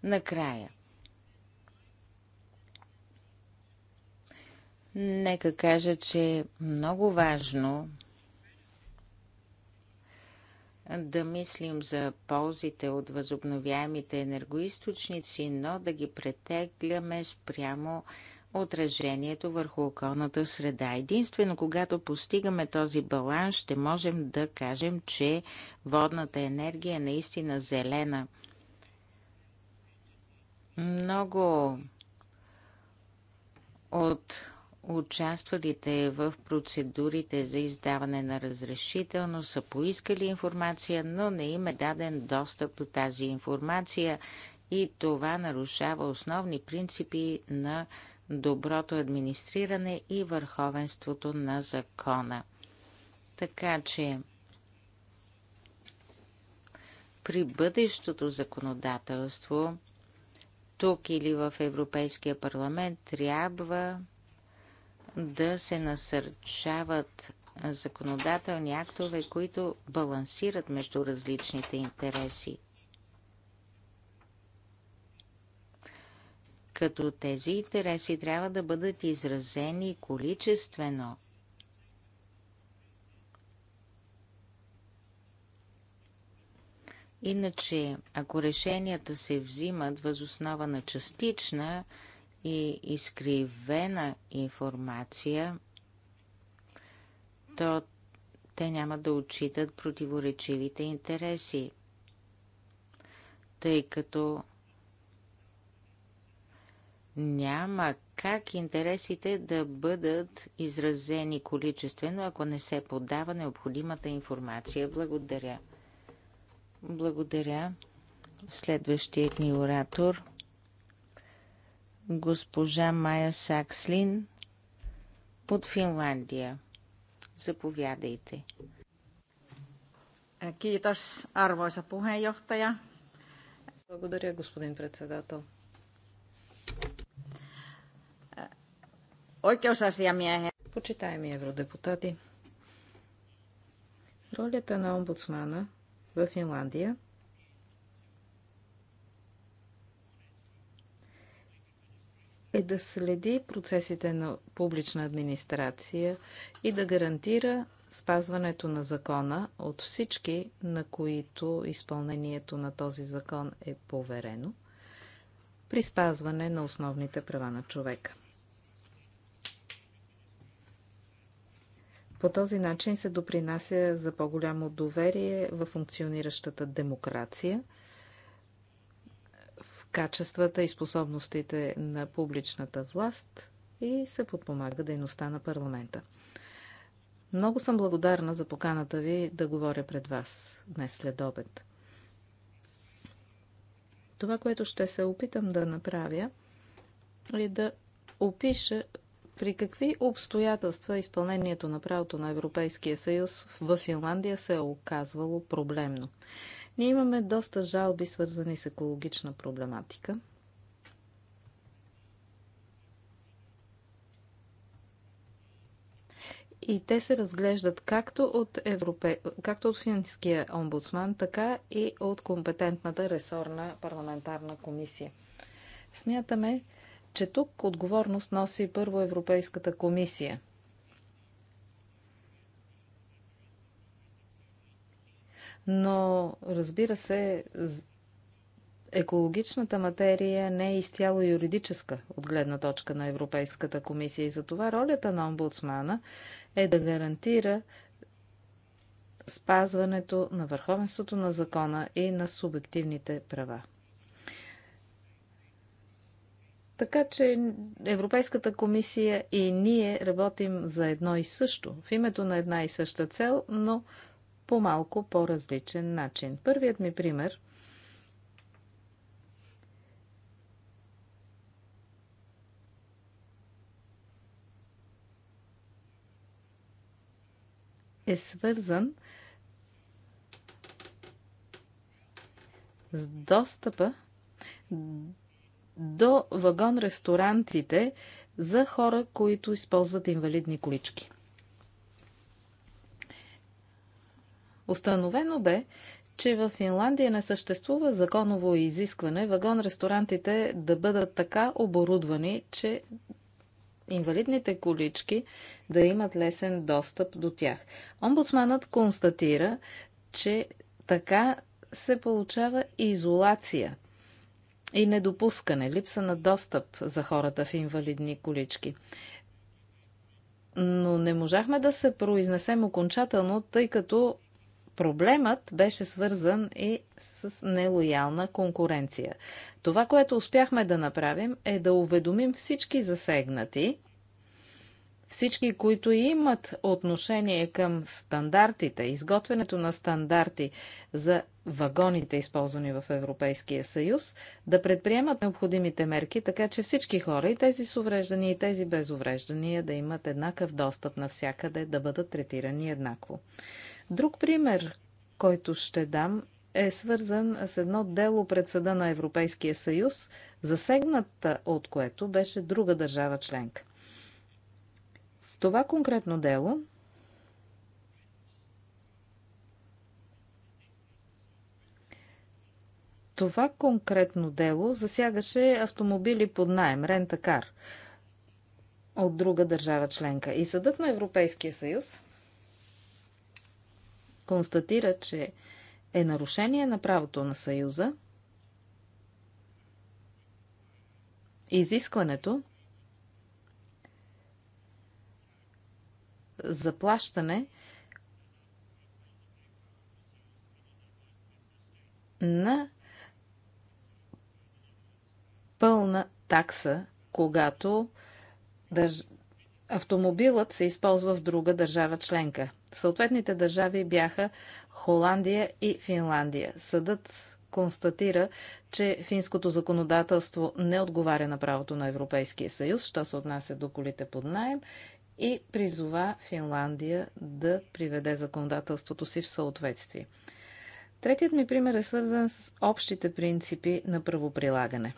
Накрая – Нека кажа, че е много важно да мислим за ползите от възобновяемите енергоисточници, но да ги претегляме спрямо отражението върху околната среда. Единствено, когато постигаме този баланс, ще можем да кажем, че водната енергия е наистина зелена. Много от участвалите в процедурите за издаване на разрешително са поискали информация, но не им е даден достъп до тази информация и това нарушава основни принципи на доброто администриране и върховенството на закона. Така че при бъдещото законодателство тук или в Европейския парламент трябва да се насърчават законодателни актове, които балансират между различните интереси. Като тези интереси трябва да бъдат изразени количествено. Иначе, ако решенията се взимат възоснова на частична, и изкривена информация, то те няма да отчитат противоречивите интереси, тъй като няма как интересите да бъдат изразени количествено, ако не се подава необходимата информация. Благодаря. Благодаря. Следващият ни оратор – госпожа Майя Сакслин от Финландия. Заповядайте. Kiitos, arvoisa puheenjohtaja. Благодаря, господин председател. Е, Почитаеми евродепутати, ролята на омбудсмана в Финландия – е да следи процесите на публична администрация и да гарантира спазването на закона от всички, на които изпълнението на този закон е поверено, при спазване на основните права на човека. По този начин се допринася за по-голямо доверие в функциониращата демокрация – качествата и способностите на публичната власт и се подпомага дейността на парламента. Много съм благодарна за поканата ви да говоря пред вас днес след обед. Това, което ще се опитам да направя, е да опиша при какви обстоятелства изпълнението на правото на Европейския съюз в Финландия се е оказвало проблемно. Ние имаме доста жалби, свързани с екологична проблематика. И те се разглеждат както от, Европе... както от финския омбудсман, така и от компетентната ресорна парламентарна комисия. Смятаме, че тук отговорност носи първо Европейската комисия – но разбира се, екологичната материя не е изцяло юридическа от гледна точка на Европейската комисия и затова ролята на омбудсмана е да гарантира спазването на върховенството на закона и на субективните права. Така че Европейската комисия и ние работим за едно и също, в името на една и съща цел, но по малко по-различен начин. Първият ми пример е свързан с достъпа до вагон-ресторантите за хора, които използват инвалидни колички. Установено бе, че в Финландия не съществува законово изискване вагон-ресторантите да бъдат така оборудвани, че инвалидните колички да имат лесен достъп до тях. Омбудсманът констатира, че така се получава изолация и недопускане, липса на достъп за хората в инвалидни колички. Но не можахме да се произнесем окончателно, тъй като Проблемът беше свързан и с нелоялна конкуренция. Това, което успяхме да направим, е да уведомим всички засегнати, всички, които имат отношение към стандартите, изготвянето на стандарти за вагоните, използвани в Европейския съюз, да предприемат необходимите мерки, така че всички хора, и тези с увреждания, и тези без увреждания, да имат еднакъв достъп навсякъде, да бъдат третирани еднакво. Друг пример, който ще дам, е свързан с едно дело пред съда на Европейския съюз, засегната от което беше друга държава членка. В това конкретно дело това конкретно дело засягаше автомобили под найем, рентакар, от друга държава членка. И съдът на Европейския съюз констатира, че е нарушение на правото на Съюза изискването за плащане на пълна такса, когато автомобилът се използва в друга държава членка. Съответните държави бяха Холандия и Финландия. Съдът констатира, че финското законодателство не отговаря на правото на Европейския съюз, що се отнася до колите под найем и призова Финландия да приведе законодателството си в съответствие. Третият ми пример е свързан с общите принципи на правоприлагане.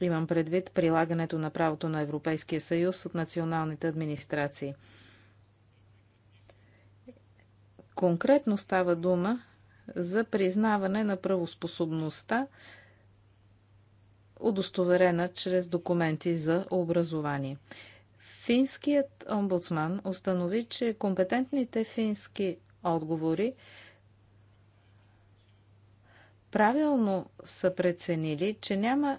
Имам предвид прилагането на правото на Европейския съюз от националните администрации. Конкретно става дума за признаване на правоспособността, удостоверена чрез документи за образование. Финският омбудсман установи, че компетентните фински отговори правилно са преценили, че няма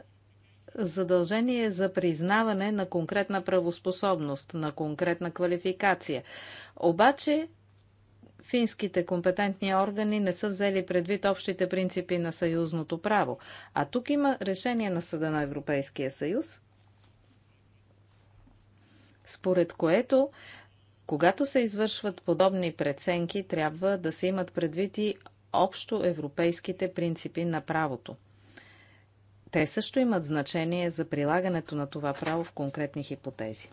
задължение за признаване на конкретна правоспособност, на конкретна квалификация. Обаче финските компетентни органи не са взели предвид общите принципи на съюзното право. А тук има решение на Съда на Европейския съюз, според което когато се извършват подобни преценки, трябва да се имат предвид и общо европейските принципи на правото те също имат значение за прилагането на това право в конкретни хипотези.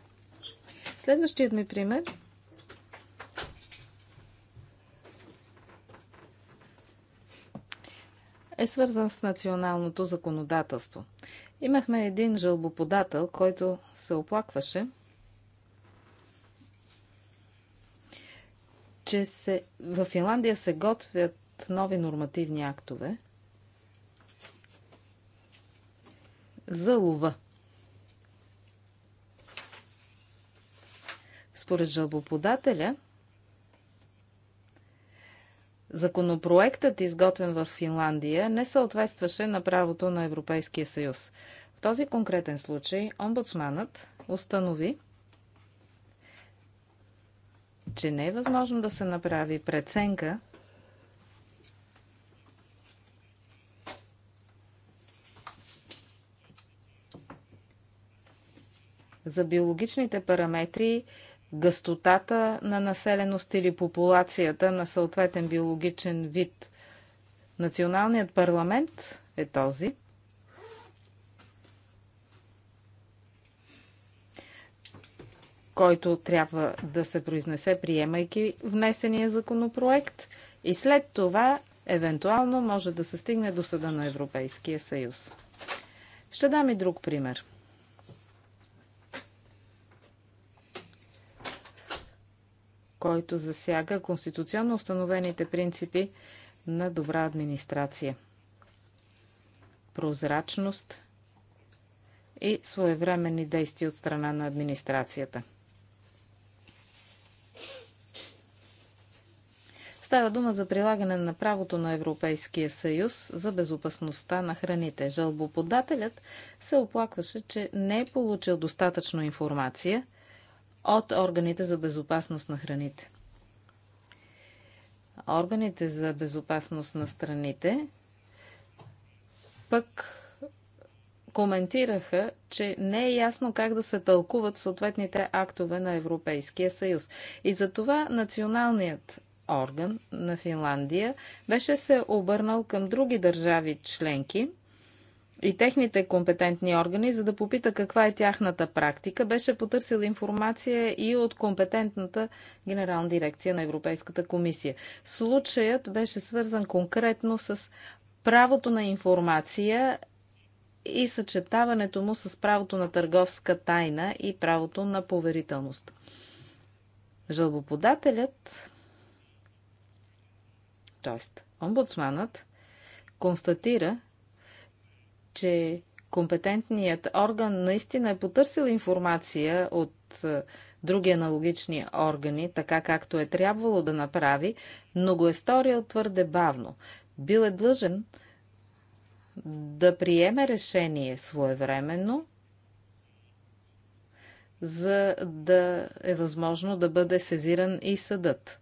Следващият ми пример е свързан с националното законодателство. Имахме един жълбоподател, който се оплакваше, че се, в Финландия се готвят нови нормативни актове, за лова. Според жалбоподателя, законопроектът, изготвен в Финландия, не съответстваше на правото на Европейския съюз. В този конкретен случай омбудсманът установи, че не е възможно да се направи преценка За биологичните параметри, гъстотата на населеност или популацията на съответен биологичен вид. Националният парламент е този. който трябва да се произнесе, приемайки внесения законопроект и след това евентуално може да се стигне до съда на Европейския съюз. Ще дам и друг пример – който засяга конституционно установените принципи на добра администрация. Прозрачност и своевременни действия от страна на администрацията. Става дума за прилагане на правото на Европейския съюз за безопасността на храните. Жълбоподателят се оплакваше, че не е получил достатъчно информация от органите за безопасност на храните. Органите за безопасност на страните пък коментираха, че не е ясно как да се тълкуват съответните актове на Европейския съюз. И затова националният орган на Финландия беше се обърнал към други държави членки – и техните компетентни органи, за да попита каква е тяхната практика, беше потърсила информация и от компетентната генерална дирекция на Европейската комисия. Случаят беше свързан конкретно с правото на информация и съчетаването му с правото на търговска тайна и правото на поверителност. Жалбоподателят, т.е. омбудсманът, констатира, че компетентният орган наистина е потърсил информация от е, други аналогични органи, така както е трябвало да направи, но го е сторил твърде бавно. Бил е длъжен да приеме решение своевременно, за да е възможно да бъде сезиран и съдът.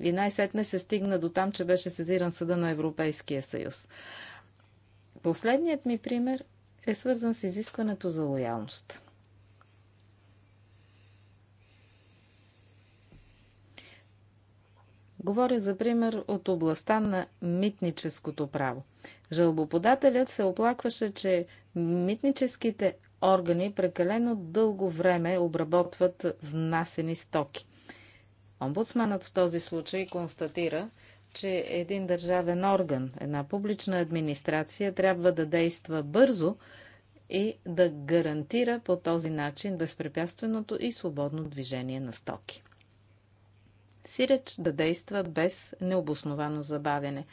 И най-сетне се стигна до там, че беше сезиран съда на Европейския съюз. Последният ми пример е свързан с изискването за лоялност. Говоря за пример от областта на митническото право. Жълбоподателят се оплакваше, че митническите органи прекалено дълго време обработват внасени стоки. Омбудсманът в този случай констатира, че един държавен орган, една публична администрация трябва да действа бързо и да гарантира по този начин безпрепятственото и свободно движение на стоки. Сиреч да действа без необосновано забавяне.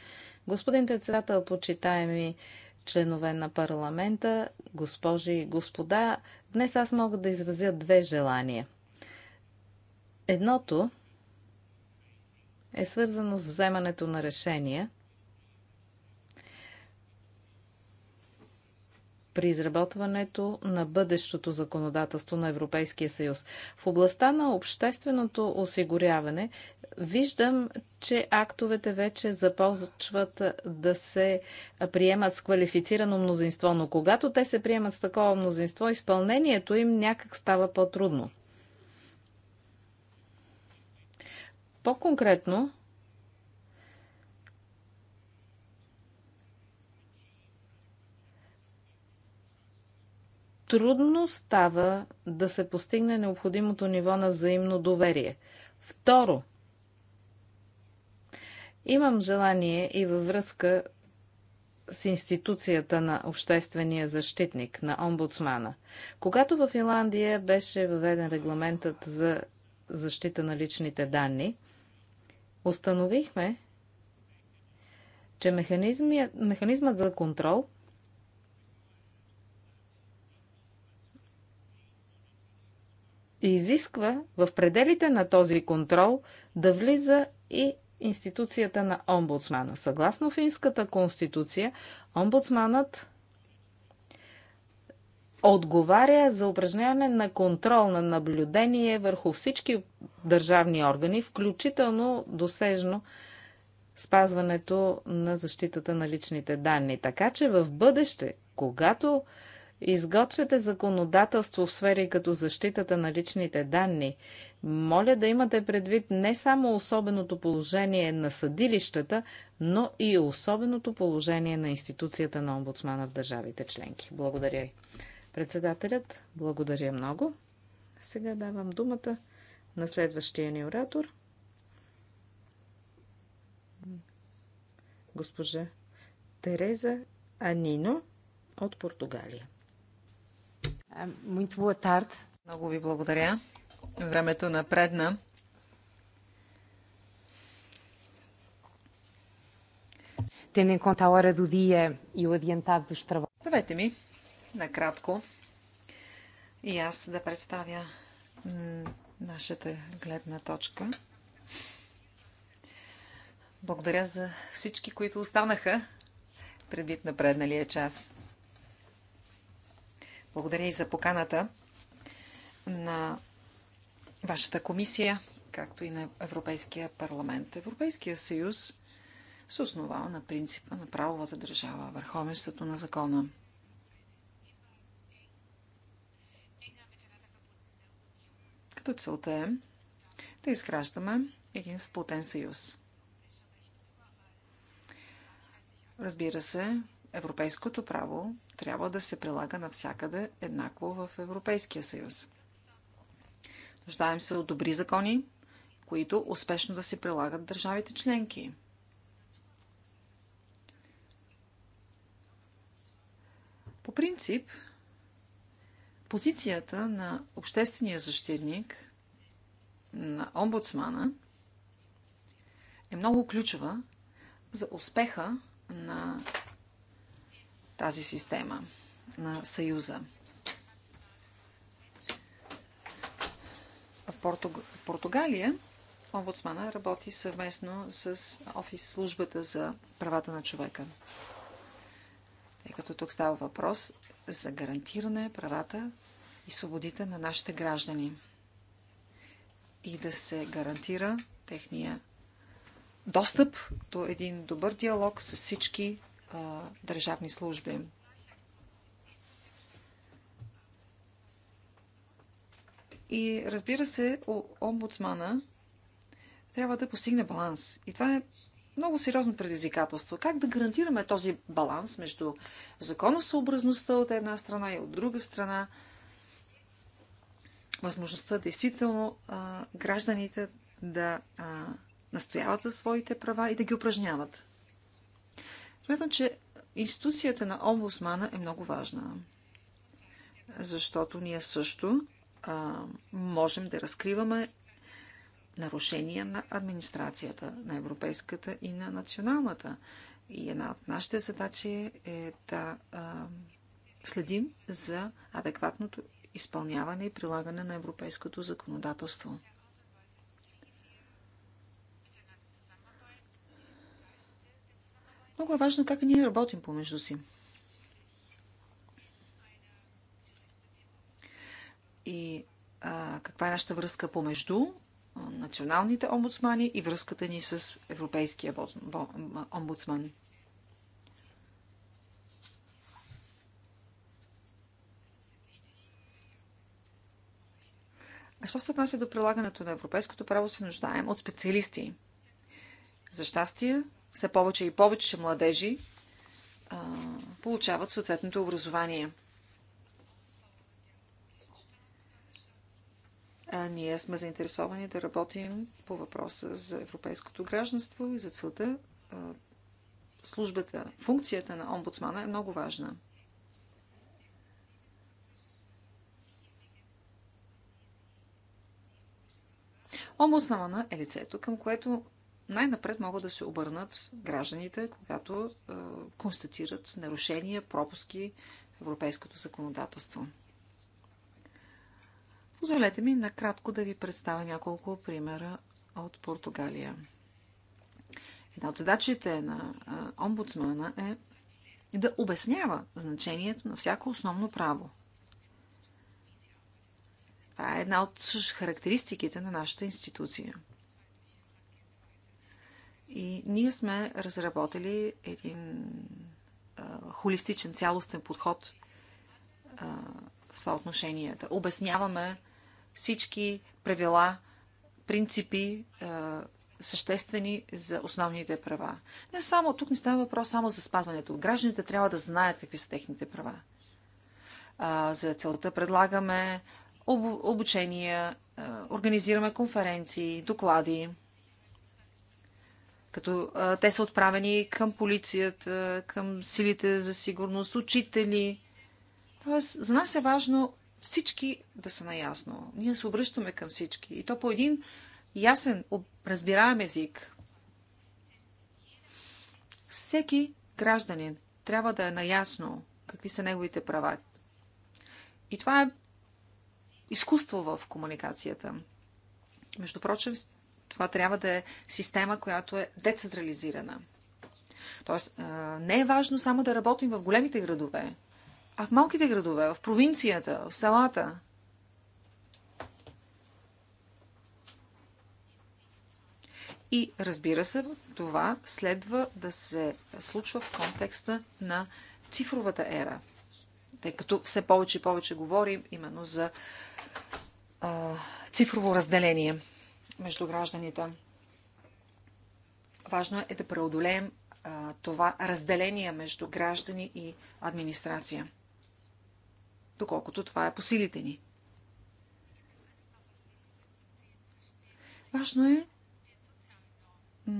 Господин председател, почитаеми членове на парламента, госпожи и господа, днес аз мога да изразя две желания. Едното – е свързано с вземането на решения при изработването на бъдещото законодателство на Европейския съюз. В областта на общественото осигуряване виждам, че актовете вече започват да се приемат с квалифицирано мнозинство, но когато те се приемат с такова мнозинство, изпълнението им някак става по-трудно. По-конкретно, трудно става да се постигне необходимото ниво на взаимно доверие. Второ, имам желание и във връзка с институцията на обществения защитник, на омбудсмана. Когато в Финландия беше въведен регламентът за защита на личните данни – установихме, че механизмът за контрол изисква в пределите на този контрол да влиза и институцията на омбудсмана. Съгласно финската конституция, омбудсманът отговаря за упражняване на контрол на наблюдение върху всички държавни органи, включително досежно спазването на защитата на личните данни. Така че в бъдеще, когато изготвяте законодателство в сфери като защитата на личните данни, моля да имате предвид не само особеното положение на съдилищата, но и особеното положение на институцията на омбудсмана в държавите членки. Благодаря ви. Председателят, благодаря много. Сега давам думата на следващия ни оратор. Госпожа Тереза Анино от Португалия. Muito boa tarde. Много ви благодаря. Времето напредна. Tendo em conta a hora do dia e o adiantado dos trabalhos. ми накратко и аз да представя нашата гледна точка. Благодаря за всички, които останаха предвид напредналия час. Благодаря и за поканата на вашата комисия, както и на Европейския парламент. Европейския съюз се основава на принципа на правовата държава, върховенството на закона – като целта е да изграждаме един сплутен съюз. Разбира се, европейското право трябва да се прилага навсякъде еднакво в Европейския съюз. Нуждаем се от добри закони, които успешно да се прилагат държавите членки. По принцип, Позицията на обществения защитник, на омбудсмана, е много ключова за успеха на тази система, на Съюза. В Португалия омбудсмана работи съвместно с офис службата за правата на човека. Тъй като тук става въпрос за гарантиране правата и свободите на нашите граждани и да се гарантира техния достъп до един добър диалог с всички а, държавни служби. И разбира се, омбудсмана трябва да постигне баланс. И това е много сериозно предизвикателство. Как да гарантираме този баланс между законосъобразността от една страна и от друга страна, възможността действително а, гражданите да а, настояват за своите права и да ги упражняват. Смятам, че институцията на омбусмана е много важна, защото ние също а, можем да разкриваме нарушения на администрацията, на европейската и на националната. И една от нашите задачи е да а, следим за адекватното изпълняване и прилагане на европейското законодателство. Много е важно как ние работим помежду си. И а, каква е нашата връзка помежду националните омбудсмани и връзката ни с Европейския омбудсман. А що се отнася до прилагането на европейското право, се нуждаем от специалисти. За щастие, все повече и повече младежи а, получават съответното образование – ние сме заинтересовани да работим по въпроса за европейското гражданство и за целта службата, функцията на омбудсмана е много важна. Омбудсмана е лицето, към което най-напред могат да се обърнат гражданите, когато е, констатират нарушения, пропуски в европейското законодателство. Позволете ми накратко да ви представя няколко примера от Португалия. Една от задачите на омбудсмана е да обяснява значението на всяко основно право. Това е една от характеристиките на нашата институция. И ние сме разработили един а, холистичен, цялостен подход а, в това отношение. Да обясняваме всички правила, принципи, е, съществени за основните права. Не само, тук не става въпрос само за спазването. Гражданите трябва да знаят какви са техните права. За целта предлагаме обучения, е, организираме конференции, доклади, като е, те са отправени към полицията, към силите за сигурност, учители. Тоест, за нас е важно всички да са наясно. Ние се обръщаме към всички. И то по един ясен, разбираем език. Всеки гражданин трябва да е наясно какви са неговите права. И това е изкуство в комуникацията. Между прочим, това трябва да е система, която е децентрализирана. Тоест, не е важно само да работим в големите градове. А в малките градове, в провинцията, в селата, И разбира се, това следва да се случва в контекста на цифровата ера. Тъй като все повече и повече говорим именно за а, цифрово разделение между гражданите. Важно е да преодолеем а, това разделение между граждани и администрация доколкото това е по силите ни. Важно е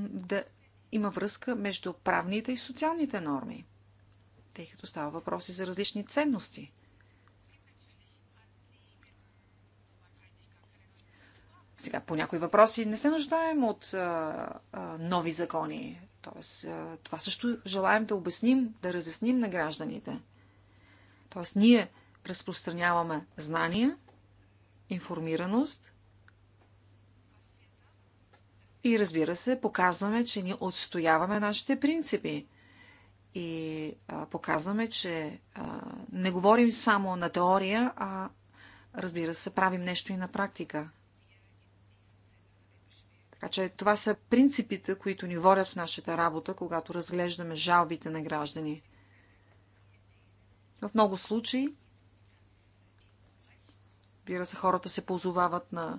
да има връзка между правните и социалните норми, тъй като става въпроси за различни ценности. Сега, по някои въпроси не се нуждаем от а, а, нови закони. Тоест, а, това също желаем да обясним, да разясним на гражданите. Тоест, ние разпространяваме знания, информираност и разбира се, показваме, че ни отстояваме нашите принципи. И а, показваме, че а, не говорим само на теория, а разбира се, правим нещо и на практика. Така че това са принципите, които ни водят в нашата работа, когато разглеждаме жалбите на граждани. В много случаи Разбира се, хората се позовават на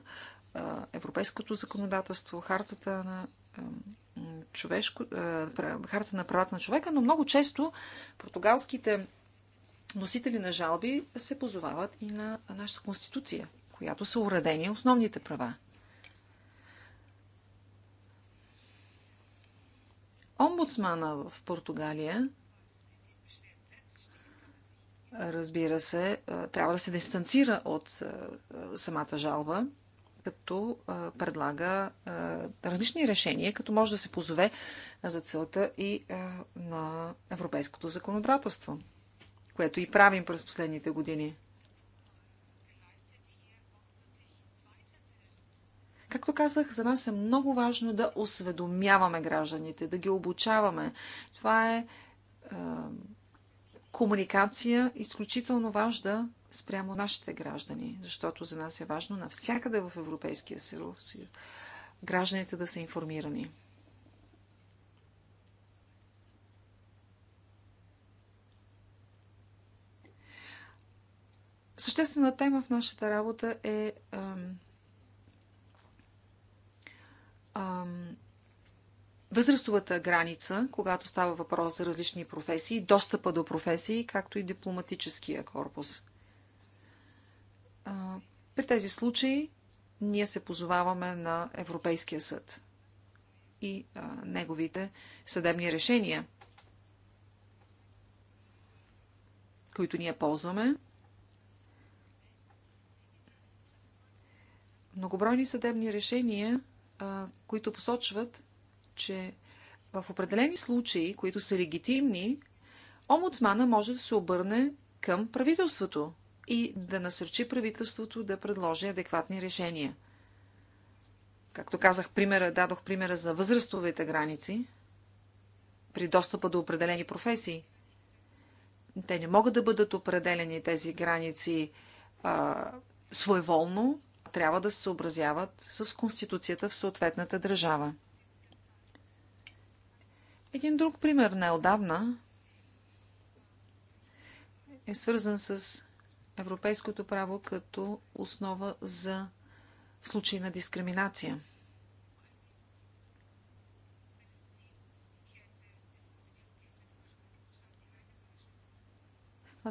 европейското законодателство, хартата на човешко, харта на правата на човека, но много често португалските носители на жалби се позовават и на нашата конституция, която са уредени основните права. Омбудсмана в Португалия разбира се, е, трябва да се дистанцира от е, самата жалба, като е, предлага различни решения, като може да се позове за целта и на европейското законодателство, което и правим през последните години. Както казах, за нас е много важно да осведомяваме гражданите, да ги обучаваме. Това е комуникация е изключително важна спрямо нашите граждани, защото за нас е важно навсякъде в Европейския съюз гражданите да са информирани. Съществена тема в нашата работа е ам, ам, възрастовата граница, когато става въпрос за различни професии, достъпа до професии, както и дипломатическия корпус. При тези случаи ние се позоваваме на Европейския съд и а, неговите съдебни решения, които ние ползваме. Многобройни съдебни решения, а, които посочват, че в определени случаи, които са легитимни, омбудсмана може да се обърне към правителството и да насърчи правителството да предложи адекватни решения. Както казах, примера, дадох примера за възрастовите граници при достъпа до определени професии. Те не могат да бъдат определени тези граници а, своеволно, трябва да се съобразяват с конституцията в съответната държава. Един друг пример неодавна е свързан с европейското право като основа за случай на дискриминация.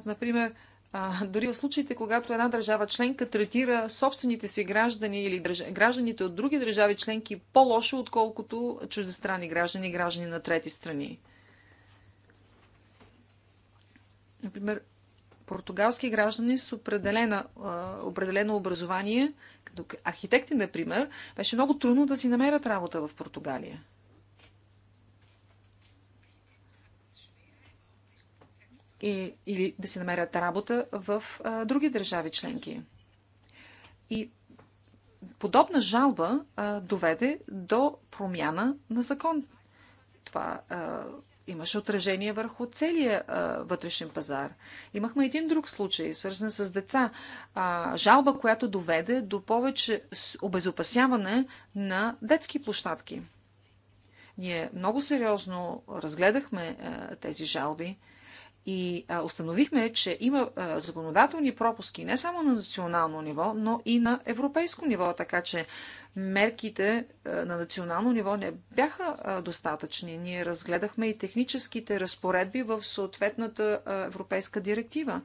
Например, а, дори в случаите, когато една държава членка третира собствените си граждани или държ... гражданите от други държави членки по-лошо, отколкото чуждестранни граждани и граждани на трети страни. Например, португалски граждани с определена, определено образование, като архитекти, например, беше много трудно да си намерят работа в Португалия. и, или да си намерят работа в а, други държави членки. И подобна жалба а, доведе до промяна на закон. Това а, имаше отражение върху целия а, вътрешен пазар. Имахме един друг случай, свързан с деца. А, жалба, която доведе до повече обезопасяване на детски площадки. Ние много сериозно разгледахме а, тези жалби и а, установихме, че има а, законодателни пропуски не само на национално ниво, но и на европейско ниво, така че мерките а, на национално ниво не бяха а, достатъчни. Ние разгледахме и техническите разпоредби в съответната а, европейска директива.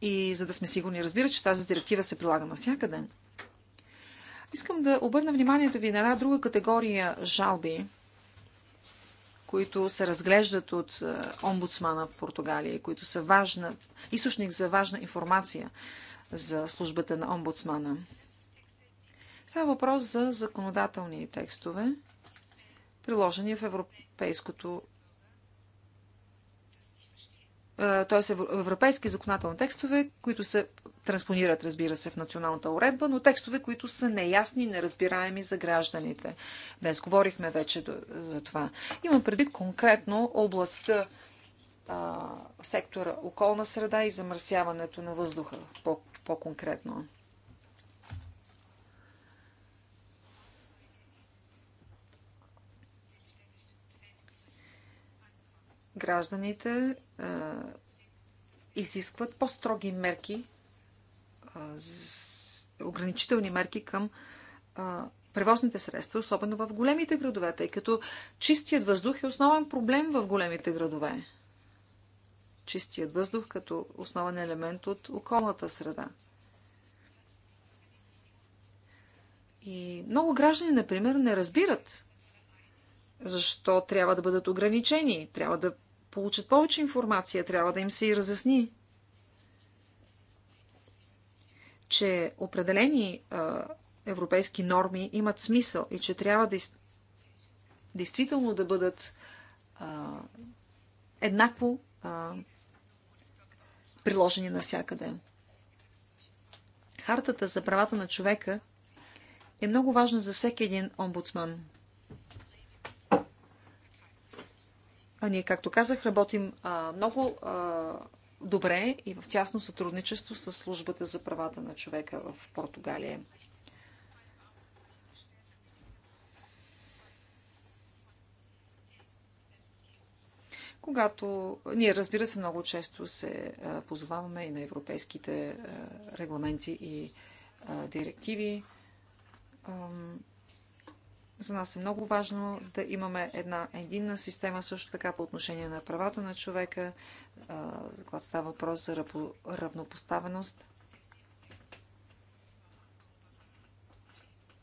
И за да сме сигурни, разбира, че тази директива се прилага навсякъде. Искам да обърна вниманието ви на една друга категория жалби които се разглеждат от е, омбудсмана в Португалия и които са важна, източник за важна информация за службата на омбудсмана. Става въпрос за законодателни текстове, приложени в европейското е, т.е. европейски законодателни текстове, които се транспонират, разбира се, в националната уредба, но текстове, които са неясни и неразбираеми за гражданите. Днес говорихме вече за това. Имам предвид конкретно областта сектора околна среда и замърсяването на въздуха по-конкретно. гражданите а, изискват по-строги мерки, а, ограничителни мерки към а, превозните средства, особено в големите градове, тъй като чистият въздух е основен проблем в големите градове. Чистият въздух като основен елемент от околната среда. И много граждани, например, не разбират защо трябва да бъдат ограничени. Трябва да получат повече информация, трябва да им се и разясни, че определени а, европейски норми имат смисъл и че трябва да из... действително да бъдат а, еднакво а, приложени навсякъде. Хартата за правата на човека е много важна за всеки един омбудсман. А ние, както казах, работим а, много а, добре и в тясно сътрудничество с службата за правата на човека в Португалия. Когато ние, разбира се, много често се позоваваме и на европейските регламенти и директиви. За нас е много важно да имаме една единна система също така по отношение на правата на човека, когато става въпрос за равнопоставеност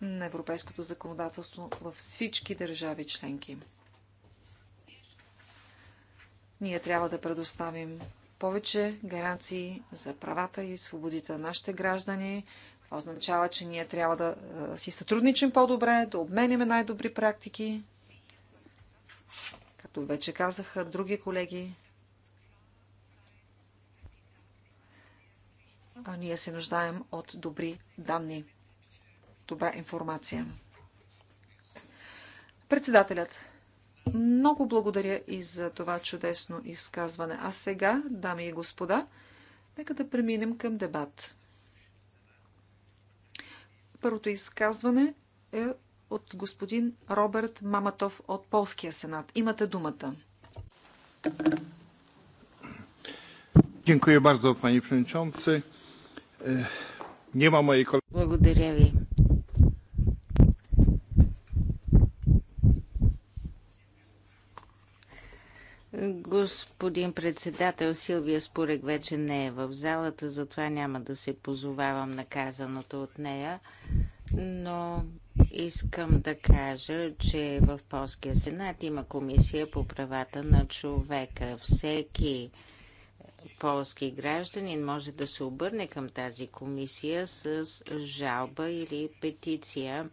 на европейското законодателство във всички държави членки. Ние трябва да предоставим повече гаранции за правата и свободите на нашите граждани, това означава, че ние трябва да е, си сътрудничим по-добре, да обменяме най-добри практики. Както вече казаха други колеги, а ние се нуждаем от добри данни, добра информация. Председателят, много благодаря и за това чудесно изказване. А сега, дами и господа, нека да преминем към дебат. Първото изказване е от господин Роберт Маматов от Полския сенат. Имате думата. E, Благодаря ви. Господин председател Силвия Спорек вече не е в залата, затова няма да се позовавам на казаното от нея, но искам да кажа, че в Полския сенат има комисия по правата на човека. Всеки полски гражданин може да се обърне към тази комисия с жалба или петиция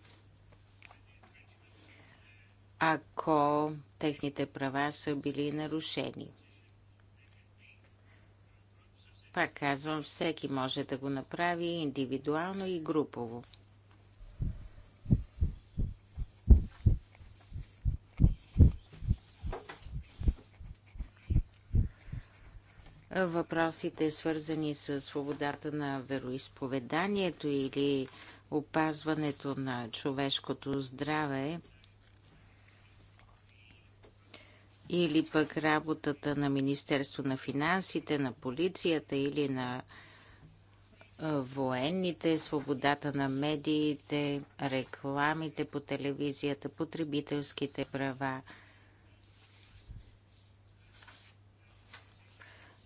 ако техните права са били нарушени. Пак казвам, всеки може да го направи индивидуално и групово. Въпросите, свързани с свободата на вероисповеданието или опазването на човешкото здраве, или пък работата на Министерство на финансите, на полицията или на военните, свободата на медиите, рекламите по телевизията, потребителските права.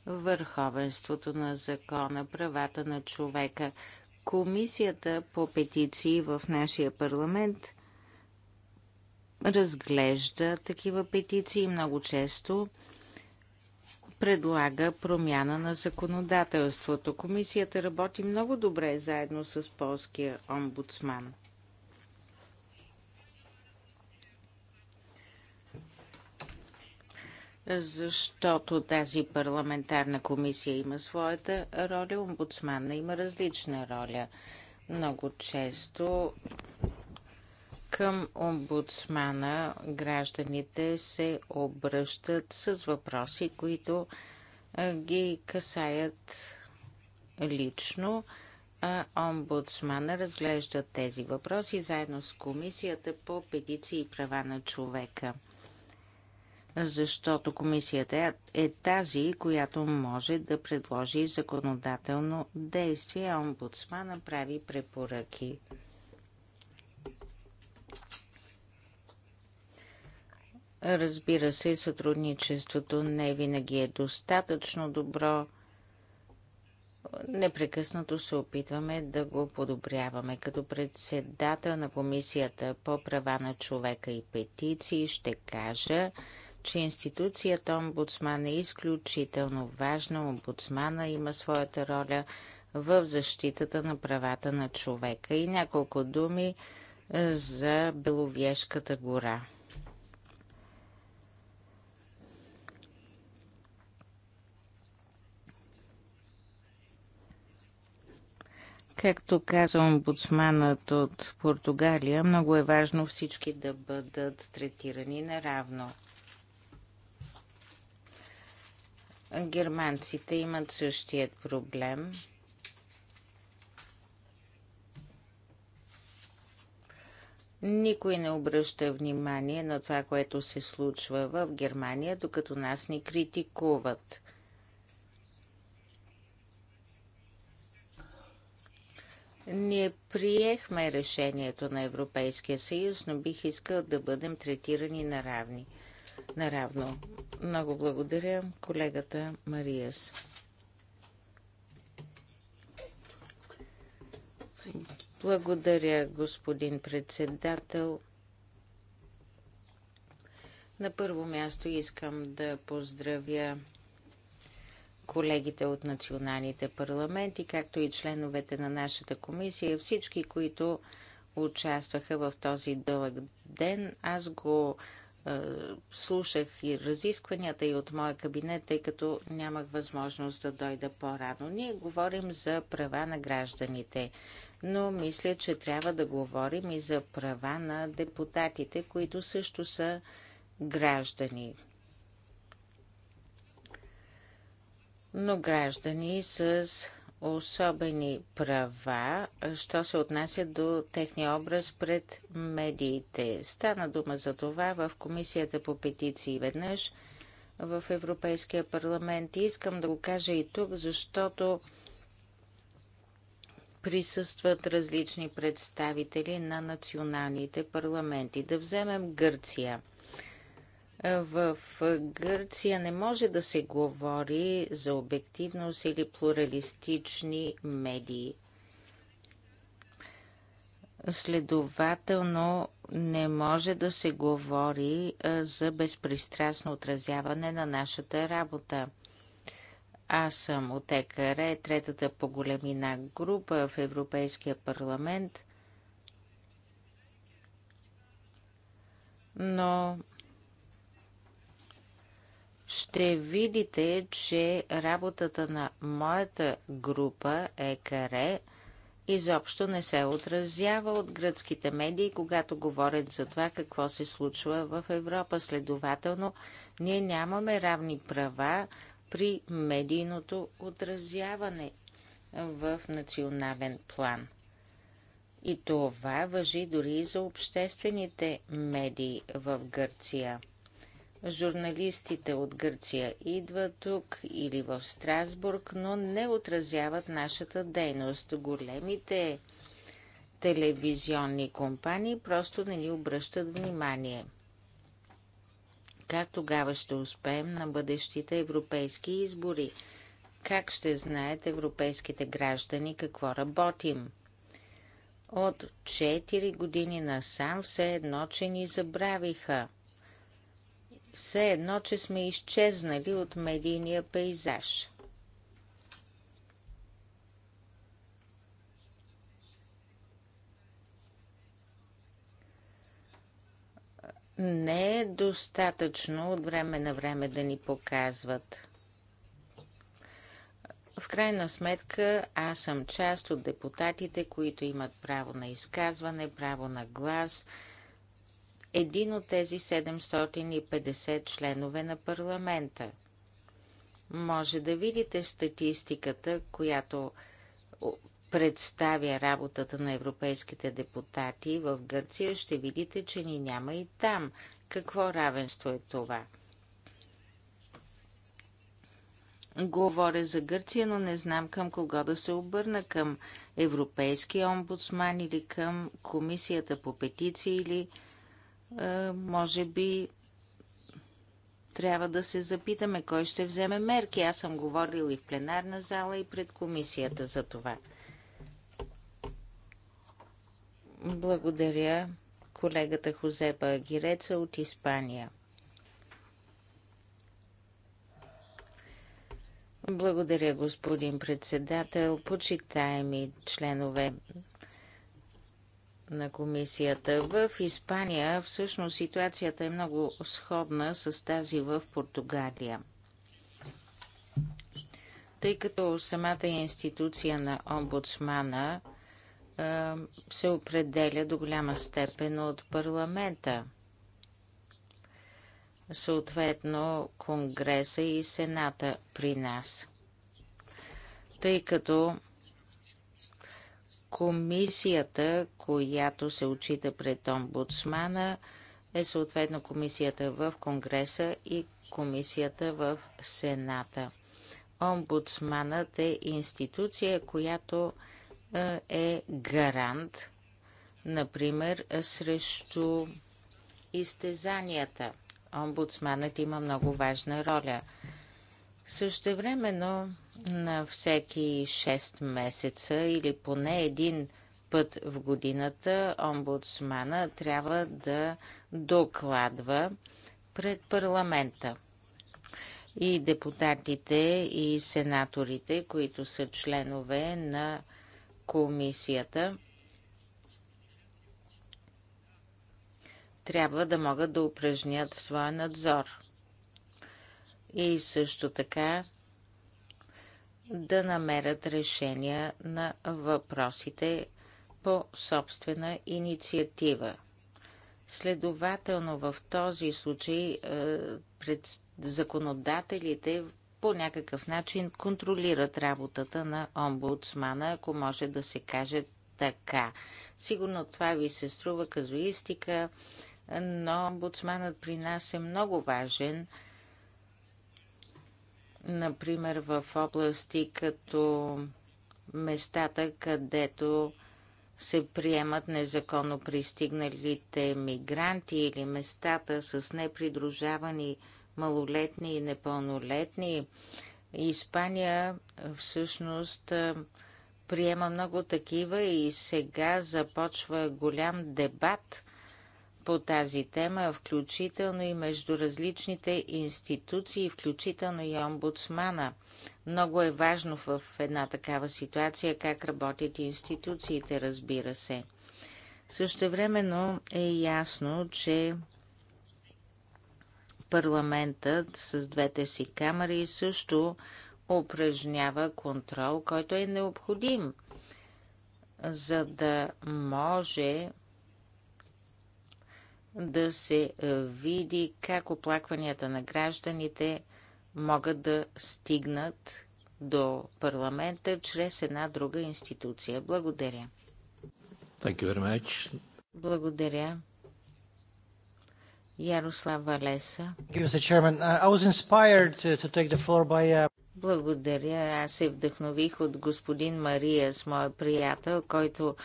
върховенството на закона, правата на човека. Комисията по петиции в нашия парламент разглежда такива петиции много често предлага промяна на законодателството. Комисията работи много добре заедно с полския омбудсман. Защото тази парламентарна комисия има своята роля, омбудсмана има различна роля. Много често към омбудсмана гражданите се обръщат с въпроси, които ги касаят лично. А омбудсмана разглежда тези въпроси заедно с Комисията по петиции и права на човека защото комисията е тази, която може да предложи законодателно действие, а омбудсмана прави препоръки. Разбира се, сътрудничеството не винаги е достатъчно добро. Непрекъснато се опитваме да го подобряваме. Като председател на Комисията по права на човека и петиции ще кажа, че институцията омбудсман е изключително важна. Омбудсмана има своята роля в защитата на правата на човека. И няколко думи е, за Беловежката гора. Както каза омбудсманът от Португалия, много е важно всички да бъдат третирани наравно. Германците имат същият проблем. Никой не обръща внимание на това, което се случва в Германия, докато нас ни критикуват. Ние приехме решението на Европейския съюз, но бих искал да бъдем третирани наравни. наравно. Много благодаря колегата Мариас. Благодаря, господин председател. На първо място искам да поздравя колегите от националните парламенти, както и членовете на нашата комисия, всички, които участваха в този дълъг ден. Аз го е, слушах и разискванията и от моя кабинет, тъй като нямах възможност да дойда по-рано. Ние говорим за права на гражданите, но мисля, че трябва да говорим и за права на депутатите, които също са граждани. но граждани с особени права, що се отнася до техния образ пред медиите. Стана дума за това в Комисията по петиции веднъж в Европейския парламент. И искам да го кажа и тук, защото присъстват различни представители на националните парламенти. Да вземем Гърция – в Гърция не може да се говори за обективност или плуралистични медии. Следователно, не може да се говори за безпристрастно отразяване на нашата работа. Аз съм от ЕКР, е, третата по големина група в Европейския парламент, но ще видите, че работата на моята група ЕКР изобщо не се отразява от гръцките медии, когато говорят за това какво се случва в Европа. Следователно, ние нямаме равни права при медийното отразяване в национален план. И това въжи дори и за обществените медии в Гърция. Журналистите от Гърция идват тук или в Страсбург, но не отразяват нашата дейност. Големите телевизионни компании просто не ни обръщат внимание. Как тогава ще успеем на бъдещите европейски избори? Как ще знаят европейските граждани какво работим? От 4 години насам все едно, че ни забравиха все едно, че сме изчезнали от медийния пейзаж. Не е достатъчно от време на време да ни показват. В крайна сметка, аз съм част от депутатите, които имат право на изказване, право на глас – един от тези 750 членове на парламента. Може да видите статистиката, която представя работата на европейските депутати в Гърция, ще видите, че ни няма и там. Какво равенство е това? Говоря за Гърция, но не знам към кого да се обърна. Към Европейския омбудсман или към Комисията по петиции или е, може би трябва да се запитаме кой ще вземе мерки. Аз съм говорил и в пленарна зала, и пред комисията за това. Благодаря колегата Хозепа Гиреца от Испания. Благодаря, господин председател, почитаеми членове на комисията. В Испания всъщност ситуацията е много сходна с тази в Португалия. Тъй като самата институция на омбудсмана се определя до голяма степен от парламента. Съответно, Конгреса и Сената при нас. Тъй като Комисията, която се отчита пред омбудсмана, е съответно комисията в Конгреса и комисията в Сената. Омбудсманът е институция, която е, е гарант, например, срещу изтезанията. Омбудсманът има много важна роля. Същевременно на всеки 6 месеца или поне един път в годината омбудсмана трябва да докладва пред парламента. И депутатите и сенаторите, които са членове на комисията, трябва да могат да упражнят своя надзор. И също така да намерят решения на въпросите по собствена инициатива. Следователно, в този случай е, пред законодателите по някакъв начин контролират работата на омбудсмана, ако може да се каже така. Сигурно това ви се струва казуистика, но омбудсманът при нас е много важен – например в области като местата, където се приемат незаконно пристигналите мигранти или местата с непридружавани малолетни и непълнолетни. Испания всъщност приема много такива и сега започва голям дебат по тази тема, включително и между различните институции, включително и омбудсмана. Много е важно в една такава ситуация как работят институциите, разбира се. Същевременно е ясно, че парламентът с двете си камери също упражнява контрол, който е необходим, за да може да се е, види как оплакванията на гражданите могат да стигнат до парламента чрез една друга институция. Благодаря. Thank you very much. Благодаря. Ярослав Валеса. Uh, uh, Благодаря. Аз се вдъхнових от господин Мария с моя приятел, който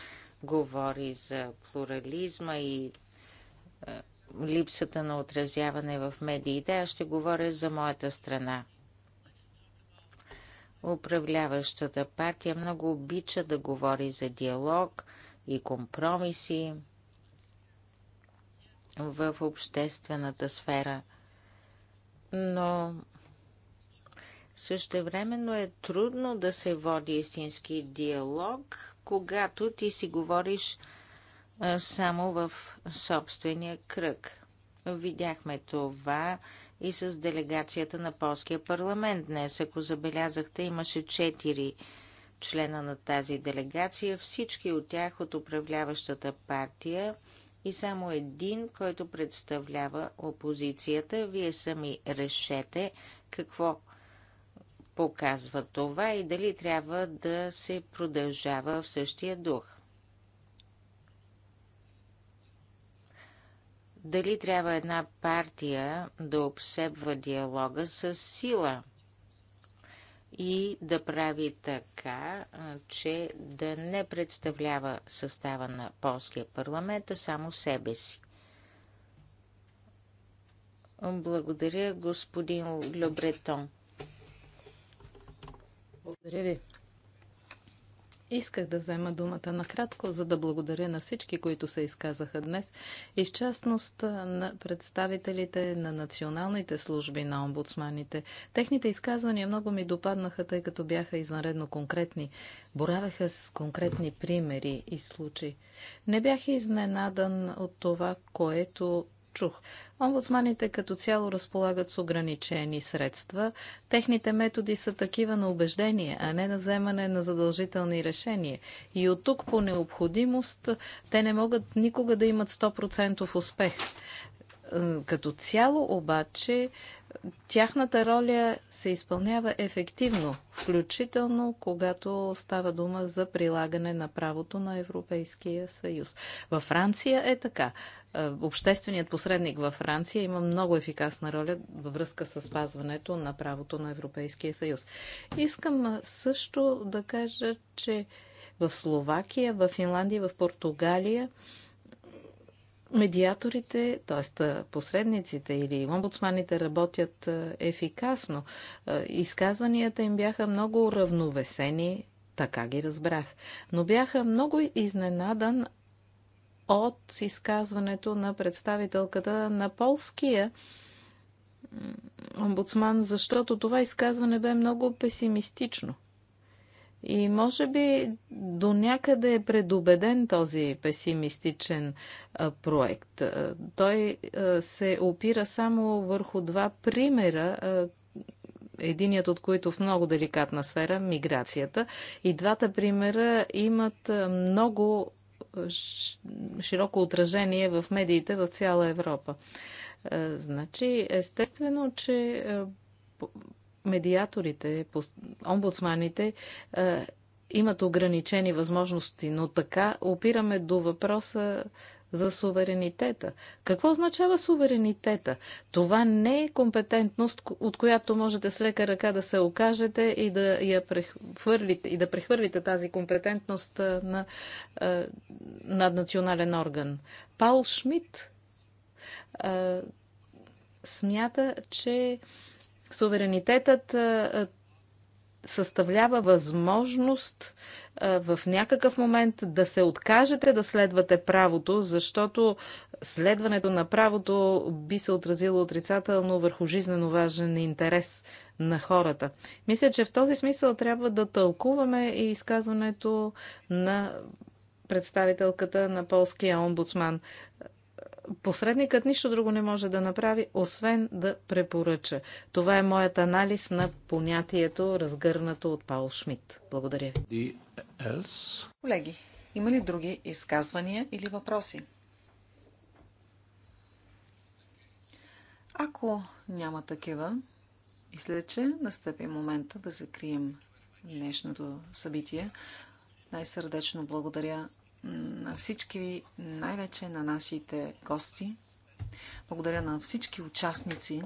говори за плурализма и е, липсата на отразяване в медиите. Аз ще говоря за моята страна. Управляващата партия много обича да говори за диалог и компромиси в обществената сфера, но Същевременно е трудно да се води истински диалог, когато ти си говориш само в собствения кръг. Видяхме това и с делегацията на полския парламент днес. Ако забелязахте, имаше четири члена на тази делегация, всички от тях от управляващата партия и само един, който представлява опозицията. Вие сами решете какво показва това и дали трябва да се продължава в същия дух. Дали трябва една партия да обсебва диалога с сила и да прави така, че да не представлява състава на полския парламент, а само себе си? Благодаря, господин Лебретон. Благодаря ви. Исках да взема думата накратко, за да благодаря на всички, които се изказаха днес и в частност на представителите на националните служби на омбудсманите. Техните изказвания много ми допаднаха, тъй като бяха извънредно конкретни. Боравеха с конкретни примери и случаи. Не бях изненадан от това, което чух. Омбудсманите като цяло разполагат с ограничени средства. Техните методи са такива на убеждение, а не на вземане на задължителни решения. И от тук по необходимост те не могат никога да имат 100% успех. Е, като цяло обаче тяхната роля се изпълнява ефективно, включително когато става дума за прилагане на правото на Европейския съюз. Във Франция е така. Е, общественият посредник във Франция има много ефикасна роля във връзка с спазването на правото на Европейския съюз. Искам също да кажа, че в Словакия, в Финландия, в Португалия медиаторите, т.е. посредниците или омбудсманите работят ефикасно. Изказванията им бяха много равновесени, така ги разбрах. Но бяха много изненадан от изказването на представителката на полския омбудсман, защото това изказване бе много песимистично. И може би до някъде е предубеден този песимистичен проект. Той се опира само върху два примера, единият от които в много деликатна сфера миграцията. И двата примера имат много широко отражение в медиите в цяла Европа. Значи, естествено, че медиаторите, омбудсманите имат ограничени възможности, но така опираме до въпроса за суверенитета. Какво означава суверенитета? Това не е компетентност, от която можете с лека ръка да се окажете и да я прехвърлите, и да прехвърлите тази компетентност на наднационален орган. Паул Шмидт смята, че суверенитетът съставлява възможност в някакъв момент да се откажете да следвате правото, защото следването на правото би се отразило отрицателно върху жизнено важен интерес на хората. Мисля, че в този смисъл трябва да тълкуваме и изказването на представителката на полския омбудсман посредникът нищо друго не може да направи, освен да препоръча. Това е моят анализ на понятието, разгърнато от Паул Шмидт. Благодаря ви. Колеги, има ли други изказвания или въпроси? Ако няма такива, мисля, че настъпи момента да закрием днешното събитие. Най-сърдечно благодаря на всички ви, най-вече на нашите гости. Благодаря на всички участници.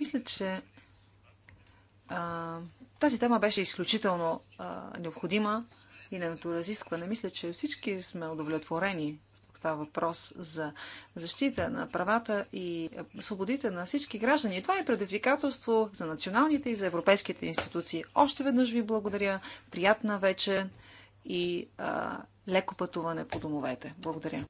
Мисля, че а, тази тема беше изключително а, необходима и нейното разискване. Мисля, че всички сме удовлетворени. Тук става въпрос за защита на правата и свободите на всички граждани. Това е предизвикателство за националните и за европейските институции. Още веднъж ви благодаря. Приятна вечер и а, леко пътуване по домовете. Благодаря.